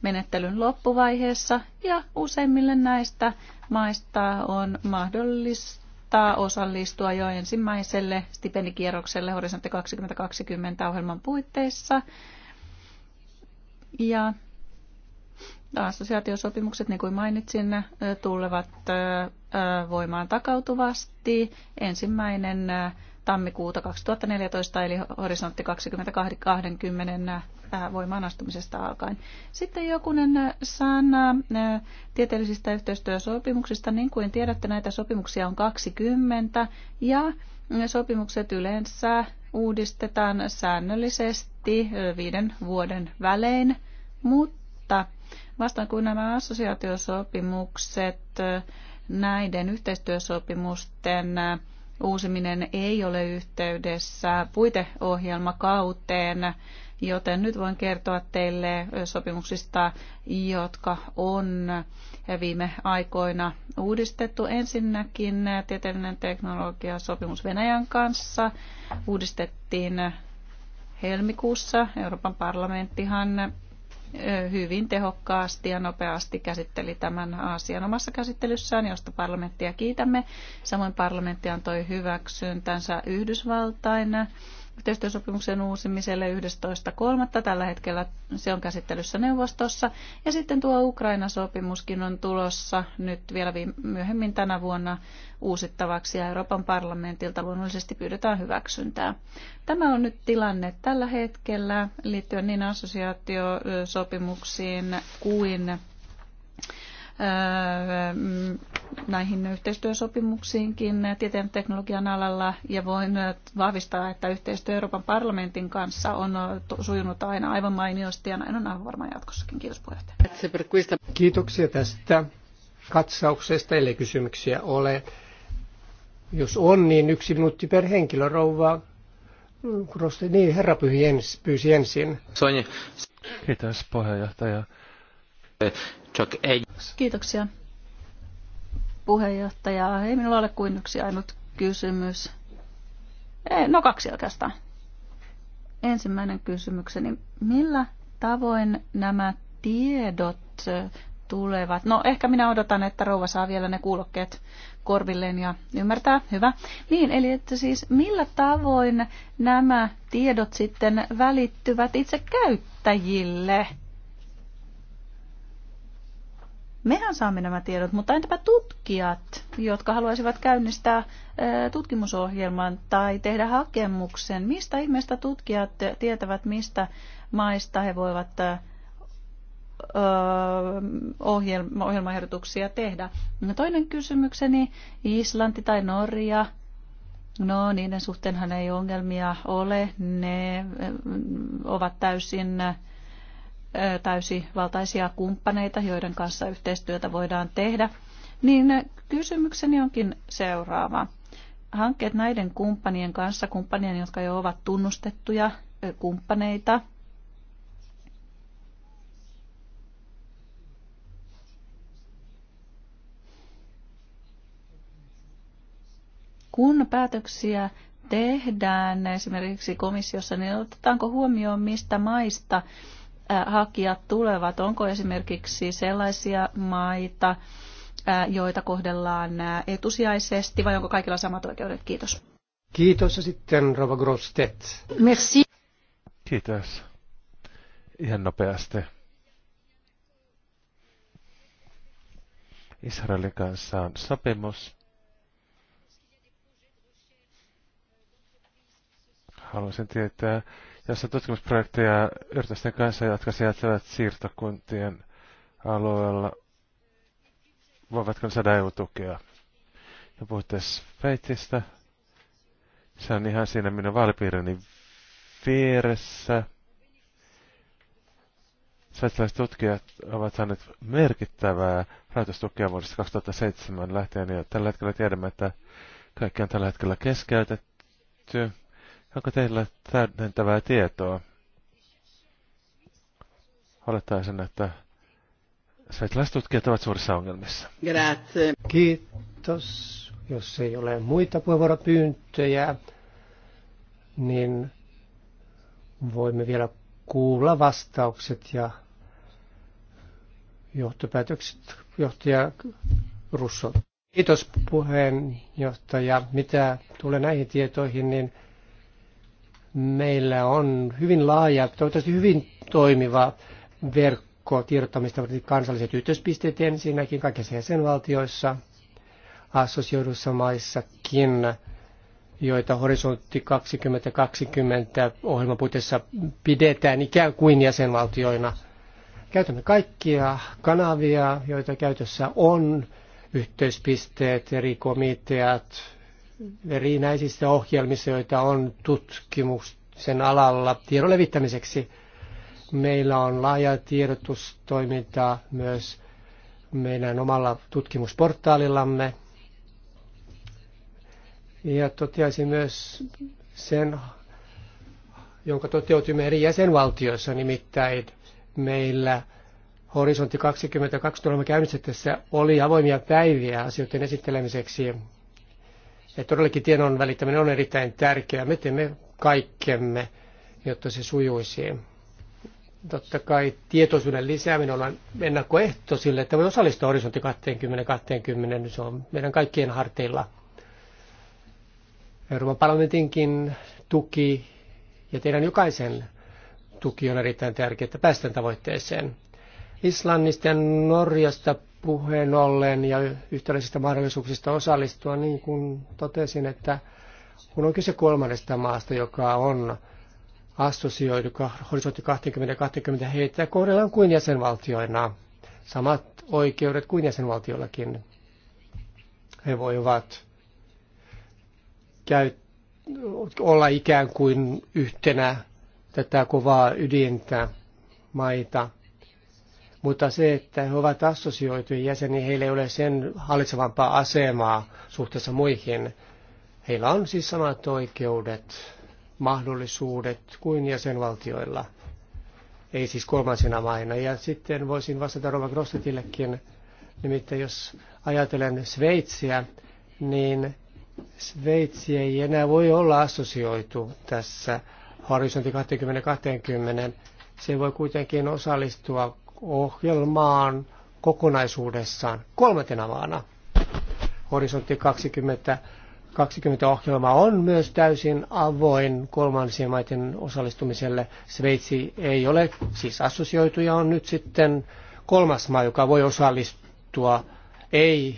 menettelyn loppuvaiheessa ja useimmille näistä maista on mahdollista kannattaa osallistua jo ensimmäiselle stipendikierrokselle Horisontti 2020 ohjelman puitteissa. Ja assosiaatiosopimukset, niin kuin mainitsin, tulevat voimaan takautuvasti. Ensimmäinen tammikuuta 2014, eli horisontti 2020 voimaan astumisesta alkaen. Sitten jokunen sana tieteellisistä yhteistyösopimuksista. Niin kuin tiedätte, näitä sopimuksia on 20, ja sopimukset yleensä uudistetaan säännöllisesti viiden vuoden välein, mutta vastaan kuin nämä assosiaatiosopimukset, näiden yhteistyösopimusten uusiminen ei ole yhteydessä puiteohjelmakauteen, joten nyt voin kertoa teille sopimuksista, jotka on viime aikoina uudistettu. Ensinnäkin tieteellinen teknologiasopimus Venäjän kanssa uudistettiin helmikuussa. Euroopan parlamenttihan hyvin tehokkaasti ja nopeasti käsitteli tämän asian omassa käsittelyssään, josta parlamenttia kiitämme. Samoin parlamentti antoi hyväksyntänsä Yhdysvaltain yhteistyösopimuksen uusimiselle 11.3. Tällä hetkellä se on käsittelyssä neuvostossa. Ja sitten tuo Ukraina-sopimuskin on tulossa nyt vielä myöhemmin tänä vuonna uusittavaksi ja Euroopan parlamentilta luonnollisesti pyydetään hyväksyntää. Tämä on nyt tilanne tällä hetkellä liittyen niin assosiaatiosopimuksiin kuin näihin yhteistyösopimuksiinkin tieteen ja teknologian alalla ja voin vahvistaa, että yhteistyö Euroopan parlamentin kanssa on sujunut aina aivan mainiosti ja näin on aivan varmaan jatkossakin. Kiitos puheenjohtaja. Kiitoksia tästä katsauksesta, ellei kysymyksiä ole. Jos on, niin yksi minuutti per henkilö, rouva. Niin, herra pyysi ensin. Sonja. Kiitos puheenjohtaja Kiitoksia. Puheenjohtaja, ei minulla ole kuin yksi ainut kysymys. Ei, no kaksi oikeastaan. Ensimmäinen kysymykseni, millä tavoin nämä tiedot tulevat? No ehkä minä odotan, että rouva saa vielä ne kuulokkeet korvilleen ja ymmärtää. Hyvä. Niin, eli että siis millä tavoin nämä tiedot sitten välittyvät itse käyttäjille? Mehän saamme nämä tiedot, mutta entäpä tutkijat, jotka haluaisivat käynnistää tutkimusohjelman tai tehdä hakemuksen? Mistä ihmeestä tutkijat tietävät, mistä maista he voivat ohjelma, ohjelmaehdotuksia tehdä? No toinen kysymykseni, Islanti tai Norja, No niiden suhteenhan ei ongelmia ole. Ne ovat täysin täysivaltaisia kumppaneita, joiden kanssa yhteistyötä voidaan tehdä, niin kysymykseni onkin seuraava. Hankkeet näiden kumppanien kanssa, kumppanien, jotka jo ovat tunnustettuja kumppaneita, kun päätöksiä tehdään esimerkiksi komissiossa, niin otetaanko huomioon, mistä maista hakijat tulevat? Onko esimerkiksi sellaisia maita, joita kohdellaan etusijaisesti vai onko kaikilla samat oikeudet? Kiitos. Kiitos ja sitten Rova Grostet. Merci. Kiitos. Ihan nopeasti. Israelin kanssa on sopimus. Haluaisin tietää, jossa tutkimusprojekteja yritysten kanssa, jotka sijaitsevat siirtokuntien alueella, voivatko ne saada EU-tukea. Ja puhutte Sveitsistä. Se on ihan siinä minun vaalipiirini vieressä. Sveitsiläiset tutkijat ovat saaneet merkittävää rahoitustukea vuodesta 2007 lähtien, ja tällä hetkellä tiedämme, että kaikki on tällä hetkellä keskeytetty. Onko teillä täydentävää tietoa? Olettaisin, että sveitsiläistutkijat ovat suurissa ongelmissa. Grazie. Kiitos. Jos ei ole muita puheenvuoropyyntöjä, niin voimme vielä kuulla vastaukset ja johtopäätökset johtaja Russo. Kiitos puheenjohtaja. Mitä tulee näihin tietoihin, niin meillä on hyvin laaja, toivottavasti hyvin toimiva verkko tiedottamista kansalliset yhteyspisteet ensinnäkin kaikissa jäsenvaltioissa, assosioiduissa maissakin, joita Horisontti 2020 ohjelmapuitteissa pidetään ikään kuin jäsenvaltioina. Käytämme kaikkia kanavia, joita käytössä on, yhteyspisteet, eri komiteat, erinäisissä ohjelmissa, joita on tutkimuksen alalla tiedon levittämiseksi. Meillä on laaja tiedotustoiminta myös meidän omalla tutkimusportaalillamme. Ja toteaisin myös sen, jonka toteutimme eri jäsenvaltioissa, nimittäin meillä Horisontti 2020 käynnissä oli avoimia päiviä asioiden esittelemiseksi ja todellakin tiedon välittäminen on erittäin tärkeää. Me teemme kaikkemme, jotta se sujuisi. Totta kai tietoisuuden lisääminen on ennakkoehto sille, että voi osallistua horisontti 2020. Se on meidän kaikkien harteilla. Euroopan parlamentinkin tuki ja teidän jokaisen tuki on erittäin tärkeää, että päästään tavoitteeseen. Islannista ja Norjasta puheen ollen ja yhtäläisistä mahdollisuuksista osallistua, niin kuin totesin, että kun on kyse kolmannesta maasta, joka on assosioitu horisontti 20-20 heitä kohdellaan kuin jäsenvaltioina. Samat oikeudet kuin jäsenvaltioillakin. He voivat käy, olla ikään kuin yhtenä tätä kovaa ydintä maita mutta se, että he ovat assosioituja jäseniä, heillä ei ole sen hallitsevampaa asemaa suhteessa muihin. Heillä on siis samat oikeudet, mahdollisuudet kuin jäsenvaltioilla. Ei siis kolmansina maina. Ja sitten voisin vastata Rova Grossetillekin, nimittäin jos ajatelen Sveitsiä, niin Sveitsi ei enää voi olla assosioitu tässä horisontti 2020. Se voi kuitenkin osallistua ohjelmaan kokonaisuudessaan kolmantena maana. Horisontti 20 2020-ohjelma on myös täysin avoin kolmansien maiden osallistumiselle. Sveitsi ei ole, siis ja on nyt sitten kolmas maa, joka voi osallistua ei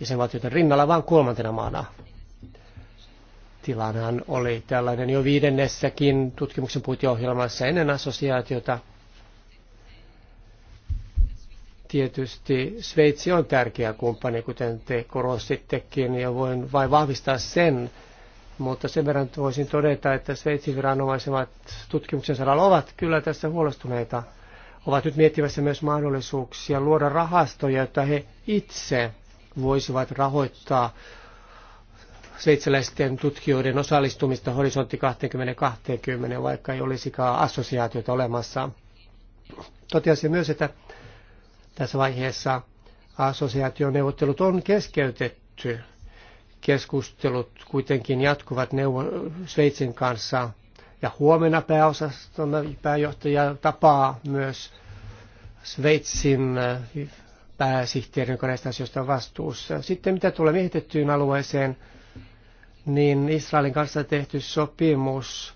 jäsenvaltioiden rinnalla, vaan kolmantena maana. Tilannehan oli tällainen jo viidennessäkin tutkimuksen puitiohjelmassa ennen assosiaatiota – Tietysti Sveitsi on tärkeä kumppani, kuten te korostittekin, ja voin vain vahvistaa sen, mutta sen verran voisin todeta, että Sveitsin viranomaiset tutkimuksen saralla ovat kyllä tässä huolestuneita. Ovat nyt miettimässä myös mahdollisuuksia luoda rahastoja, että he itse voisivat rahoittaa sveitsiläisten tutkijoiden osallistumista horisontti 2020, vaikka ei olisikaan assosiaatiota olemassa. Totesin myös, että tässä vaiheessa assosiaationeuvottelut on keskeytetty. Keskustelut kuitenkin jatkuvat neuvo- Sveitsin kanssa ja huomenna pääosaston pääjohtaja tapaa myös Sveitsin äh, pääsihteerin, joka näistä asioista on vastuussa. Sitten mitä tulee miehitettyyn alueeseen, niin Israelin kanssa tehty sopimus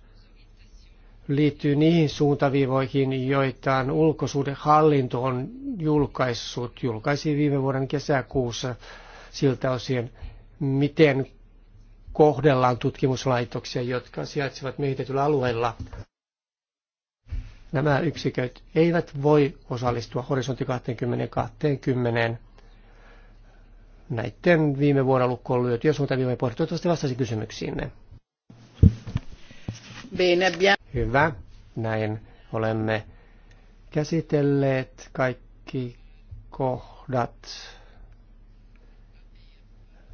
liittyy niihin suuntaviivoihin, joita ulkosuhdehallinto on julkaissut, julkaisi viime vuoden kesäkuussa siltä osin, miten kohdellaan tutkimuslaitoksia, jotka sijaitsevat miehitetyllä alueella. Nämä yksiköt eivät voi osallistua horisontti 2020 näiden viime vuonna lukkoon lyötyjä suuntaviivoja pohdittu. Toivottavasti vastasi kysymyksiinne. Hyvä. Näin olemme käsitelleet kaikki kohdat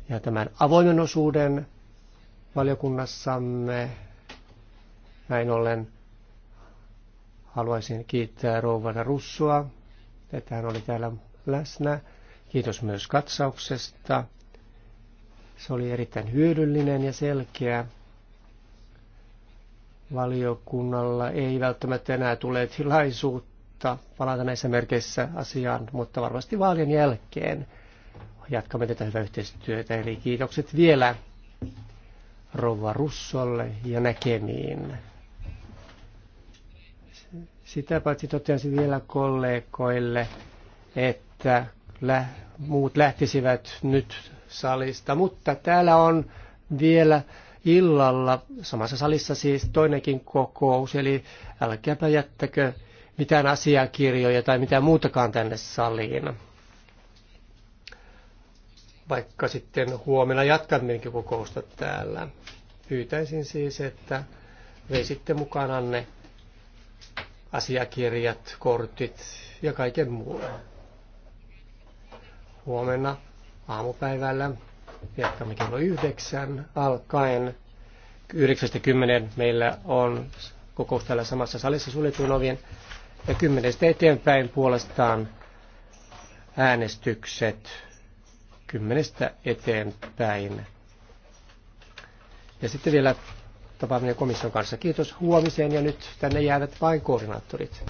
ja tämän avoimen osuuden valiokunnassamme. Näin ollen haluaisin kiittää Rouvana Russua, että hän oli täällä läsnä. Kiitos myös katsauksesta. Se oli erittäin hyödyllinen ja selkeä valiokunnalla ei välttämättä enää tule tilaisuutta palata näissä merkeissä asiaan, mutta varmasti vaalien jälkeen jatkamme tätä hyvää yhteistyötä. Eli kiitokset vielä Rova Russolle ja näkemiin. Sitä paitsi totesin vielä kollegoille, että lä- muut lähtisivät nyt salista, mutta täällä on vielä illalla, samassa salissa siis toinenkin kokous, eli älkääpä jättäkö mitään asiakirjoja tai mitään muutakaan tänne saliin. Vaikka sitten huomenna jatkammekin kokousta täällä. Pyytäisin siis, että veisitte ne asiakirjat, kortit ja kaiken muun. Huomenna aamupäivällä Jatkamme kello yhdeksän alkaen. 9.10 meillä on kokous täällä samassa salissa suljetuin ovien. Ja kymmenestä eteenpäin puolestaan äänestykset. Kymmenestä eteenpäin. Ja sitten vielä tapaaminen komission kanssa. Kiitos huomiseen ja nyt tänne jäävät vain koordinaattorit.